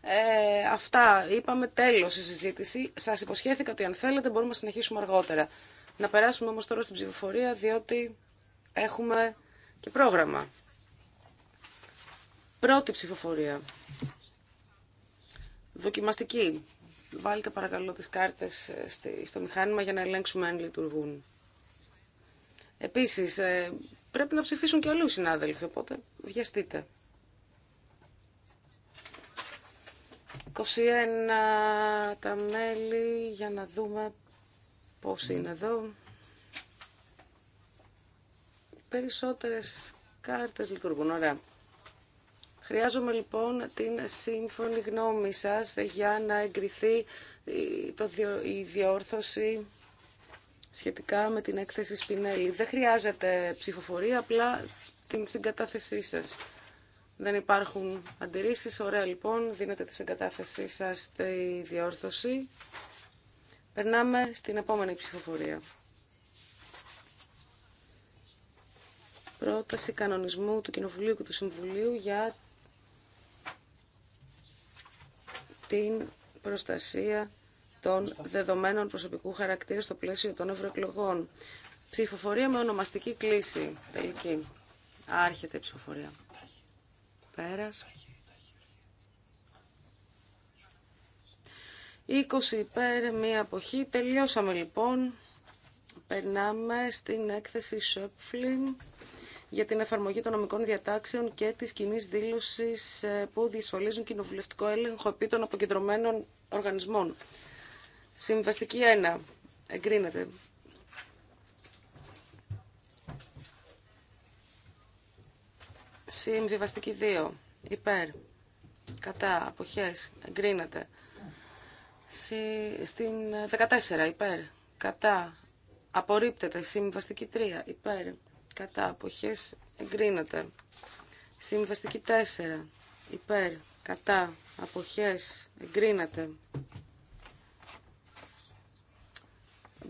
Ε, αυτά είπαμε τέλος η συζήτηση. Σας υποσχέθηκα ότι αν θέλετε μπορούμε να συνεχίσουμε αργότερα. Να περάσουμε όμως τώρα στην ψηφοφορία διότι έχουμε και πρόγραμμα. Πρώτη ψηφοφορία. Δοκιμαστική. Βάλτε παρακαλώ τις κάρτες ε, στο μηχάνημα για να ελέγξουμε αν λειτουργούν. Επίσης, ε, πρέπει να ψηφίσουν και αλλού οι συνάδελφοι, οπότε βιαστείτε. 21 τα μέλη, για να δούμε πώς είναι εδώ. περισσότερες κάρτες λειτουργούν, ωραία. Χρειάζομαι λοιπόν την σύμφωνη γνώμη σας για να εγκριθεί το, η διόρθωση σχετικά με την έκθεση Σπινέλη. Δεν χρειάζεται ψηφοφορία, απλά την συγκατάθεσή σας. Δεν υπάρχουν αντιρρήσεις. Ωραία, λοιπόν, δίνετε τη συγκατάθεσή σας στη διόρθωση. Περνάμε στην επόμενη ψηφοφορία. Πρόταση κανονισμού του Κοινοβουλίου και του Συμβουλίου για την προστασία των δεδομένων προσωπικού χαρακτήρα στο πλαίσιο των ευρωεκλογών. Ψηφοφορία με ονομαστική κλίση. Τελική. Άρχεται η ψηφοφορία. Πέρας. 20 υπέρ, μία αποχή. Τελειώσαμε λοιπόν. Περνάμε στην έκθεση Σόπφλιν για την εφαρμογή των νομικών διατάξεων και της κοινή δήλωση ε, που διασφαλίζουν κοινοβουλευτικό έλεγχο επί των αποκεντρωμένων οργανισμών. Συμβαστική 1. Εγκρίνεται. Συμβιβαστική 2. Υπέρ. Κατά. Αποχές. Εγκρίνεται. Στην 14. Υπέρ. Κατά. Απορρίπτεται. Συμβαστική 3. Υπέρ. Κατά. Αποχές. Εγκρίνεται. Συμβαστική 4. Υπέρ. Κατά. Αποχές. Εγκρίνεται.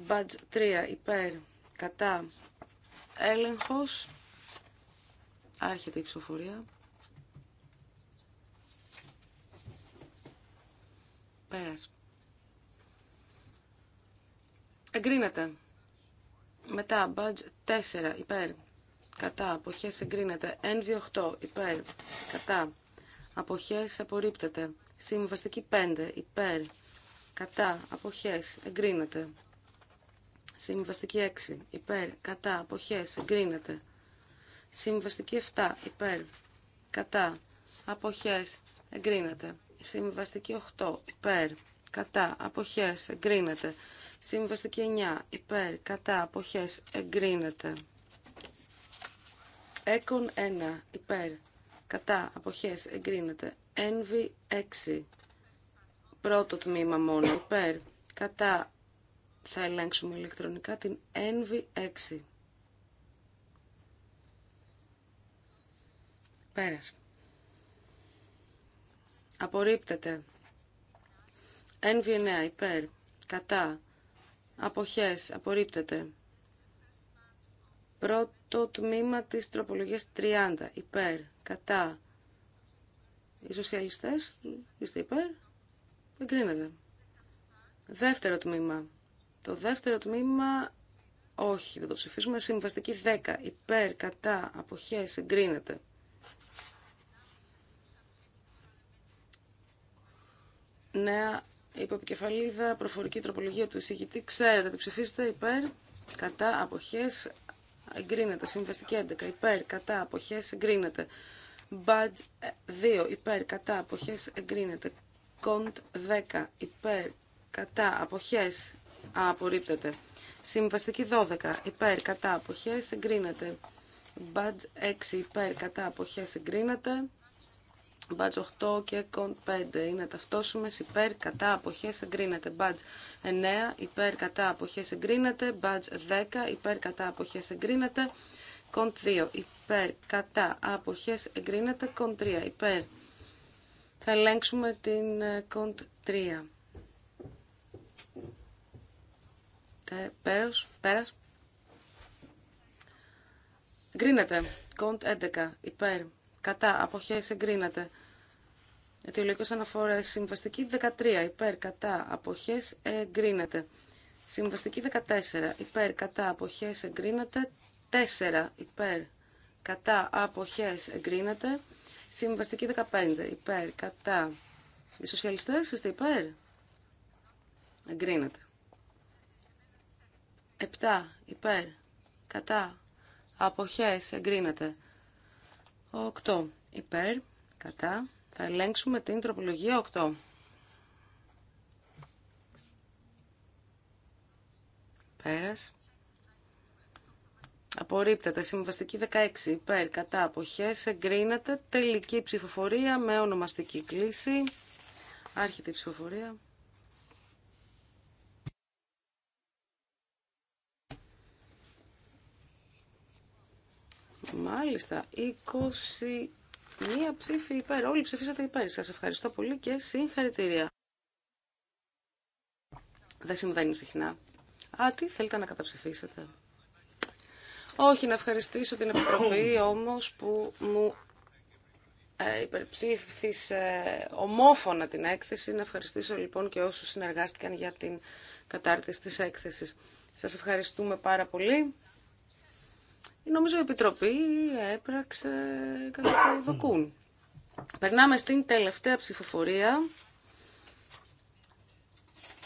Μπατζ 3 υπέρ κατά έλεγχος. Άρχεται η ψηφοφορία. Πέρας. Εγκρίνεται. Μετά, badge 4, υπέρ. Κατά, αποχές εγκρίνεται. NV8, υπέρ. Κατά, αποχές απορρίπτεται. Συμβαστική 5, υπέρ. Κατά, αποχές εγκρίνεται. Συμβαστική 6 υπέρ κατά απόχέ. εγκρίνεται. Συμβαστική 7 υπέρ κατά Αποχέ. εγκρίνεται. Συμβαστική 8 υπέρ κατά απόχέ. εγκρίνεται. Συμβαστική 9 υπέρ κατά απόχέ. εγκρίνεται. Έκον 1 υπέρ κατά αποχέ. εγκρίνεται. Ένβη 6 πρώτο τμήμα μόνο υπέρ κατά θα ελέγξουμε ηλεκτρονικά την NV6. Πέρας. Απορρίπτεται. NV9 υπέρ. Κατά. Αποχές. Απορρίπτεται. Πρώτο τμήμα της τροπολογίας 30. Υπέρ. Κατά. Οι σοσιαλιστές. Είστε υπέρ. Εγκρίνεται. Δεύτερο τμήμα. Το δεύτερο τμήμα, όχι, δεν το ψηφίσουμε. Συμβαστική 10. Υπέρ, κατά, αποχέ, εγκρίνεται. Νέα υποπικεφαλίδα, προφορική τροπολογία του εισηγητή. Ξέρετε, τι ψηφίσετε υπέρ, κατά, αποχέ, εγκρίνεται. Συμβαστική 11. Υπέρ, κατά, αποχέ, εγκρίνεται. Μπατζ 2. Ε, υπέρ, κατά, αποχέ, εγκρίνεται. Κοντ 10. Υπέρ, κατά, αποχέ, απορρίπτεται. Συμβαστική 12 υπέρ κατά αποχέ, εγκρίνεται. Μπατζ 6 υπέρ κατά αποχέ, εγκρίνεται. Μπατζ 8 και κον 5 είναι ταυτόσιμε. υπέρ κατά αποχέ, εγκρίνεται. Μπατζ 9 υπέρ κατά αποχέ, εγκρίνεται. Μπατζ 10 υπέρ κατά αποχέ, εγκρίνεται. Κον 2 υπέρ κατά αποχέ, εγκρίνεται. κον 3 υπέρ. Θα ελέγξουμε την ε, κοντ 3. Τε, πέρας, πέρας. Εγκρίνεται. Κοντ 11. Υπέρ. Κατά. Αποχές εγκρίνεται. Αιτιολογικό αναφορέ. Συμβαστική 13. Υπέρ. Κατά. Αποχέ. εγκρίνεται. Συμβαστική 14. Υπέρ. Κατά. Αποχέ. εγκρίνεται. 4. Υπέρ. Κατά. Αποχέ. εγκρίνεται. Συμβαστική 15. Υπέρ. Κατά. Οι σοσιαλιστέ είστε υπέρ. Εγκρίνεται. 7 υπέρ κατά αποχές εγκρίνεται. 8 υπέρ κατά θα ελέγξουμε την τροπολογία 8. Πέρας. Απορρίπτεται. Συμβαστική 16 υπέρ κατά αποχές εγκρίνεται. Τελική ψηφοφορία με ονομαστική κλίση. Άρχεται η ψηφοφορία. Μάλιστα, 21 ψήφοι ψήφη υπέρ. Όλοι ψηφίσατε υπέρ. Σας ευχαριστώ πολύ και συγχαρητήρια. Δεν συμβαίνει συχνά. Α, τι θέλετε να καταψηφίσετε. Όχι, να ευχαριστήσω την Επιτροπή όμως που μου ε, υπερψήφισε ομόφωνα την έκθεση. Να ευχαριστήσω λοιπόν και όσους συνεργάστηκαν για την κατάρτιση της έκθεσης. Σας ευχαριστούμε πάρα πολύ. Νομίζω η Επιτροπή έπραξε κατά το δοκούν. Περνάμε στην τελευταία ψηφοφορία.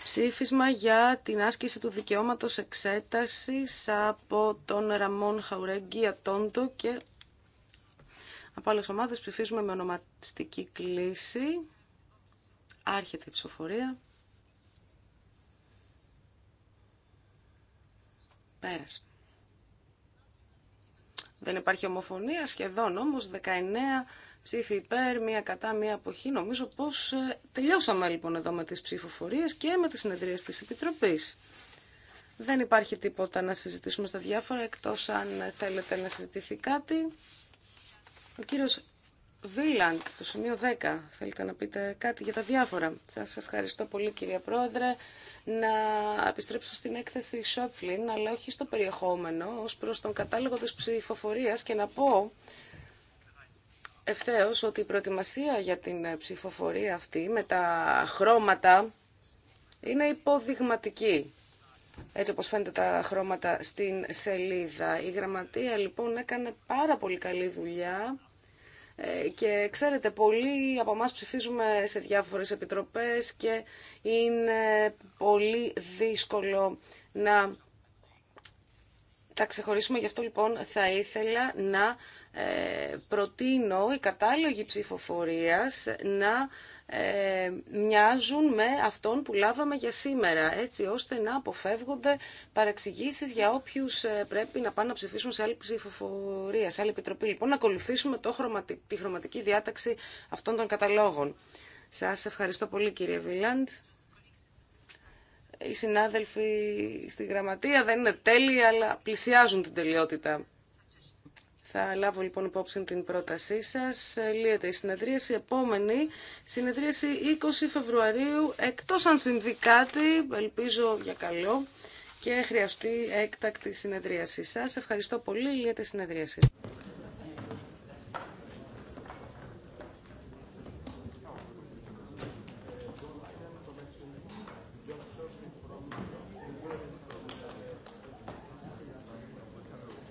Ψήφισμα για την άσκηση του δικαιώματος εξέτασης από τον Ραμόν Χαουρέγγι Ατόντο και από άλλες ομάδες ψηφίζουμε με ονοματιστική κλίση. Άρχεται η ψηφοφορία. Πέρασε. Δεν υπάρχει ομοφωνία σχεδόν όμως 19 ψήφοι υπέρ, μία κατά, μία αποχή. Νομίζω πως ε, τελειώσαμε λοιπόν εδώ με τις ψηφοφορίες και με τις συνεδρίες της Επιτροπής. Δεν υπάρχει τίποτα να συζητήσουμε στα διάφορα, εκτός αν θέλετε να συζητηθεί κάτι. Ο κύριος Βίλαντ, στο σημείο 10, θέλετε να πείτε κάτι για τα διάφορα. Σας ευχαριστώ πολύ κυρία Πρόεδρε. Να επιστρέψω στην έκθεση Σόπφλιν, αλλά όχι στο περιεχόμενο, ως προς τον κατάλογο της ψηφοφορίας και να πω ευθέως ότι η προετοιμασία για την ψηφοφορία αυτή με τα χρώματα είναι υποδειγματική. Έτσι όπως φαίνεται τα χρώματα στην σελίδα. Η γραμματεία λοιπόν έκανε πάρα πολύ καλή δουλειά ε, και ξέρετε, πολλοί από εμά ψηφίζουμε σε διάφορες επιτροπές και είναι πολύ δύσκολο να τα ξεχωρίσουμε. Γι' αυτό λοιπόν θα ήθελα να ε, προτείνω η κατάλογη ψηφοφορίας να ε, μοιάζουν με αυτόν που λάβαμε για σήμερα, έτσι ώστε να αποφεύγονται παρεξηγήσει για όποιους ε, πρέπει να πάνε να ψηφίσουν σε άλλη ψηφοφορία, σε άλλη επιτροπή. Λοιπόν, να ακολουθήσουμε το τη χρωματική διάταξη αυτών των καταλόγων. Σας ευχαριστώ πολύ κύριε Βίλαντ. Οι συνάδελφοι στη γραμματεία δεν είναι τέλειοι, αλλά πλησιάζουν την τελειότητα. Θα λάβω λοιπόν υπόψη την πρότασή σας. Λύεται η συνεδρίαση. επόμενη συνεδρίαση 20 Φεβρουαρίου, εκτός αν συμβεί κάτι, ελπίζω για καλό, και χρειαστεί έκτακτη συνεδρίαση σας. Ευχαριστώ πολύ. Λύεται η συνεδρίαση.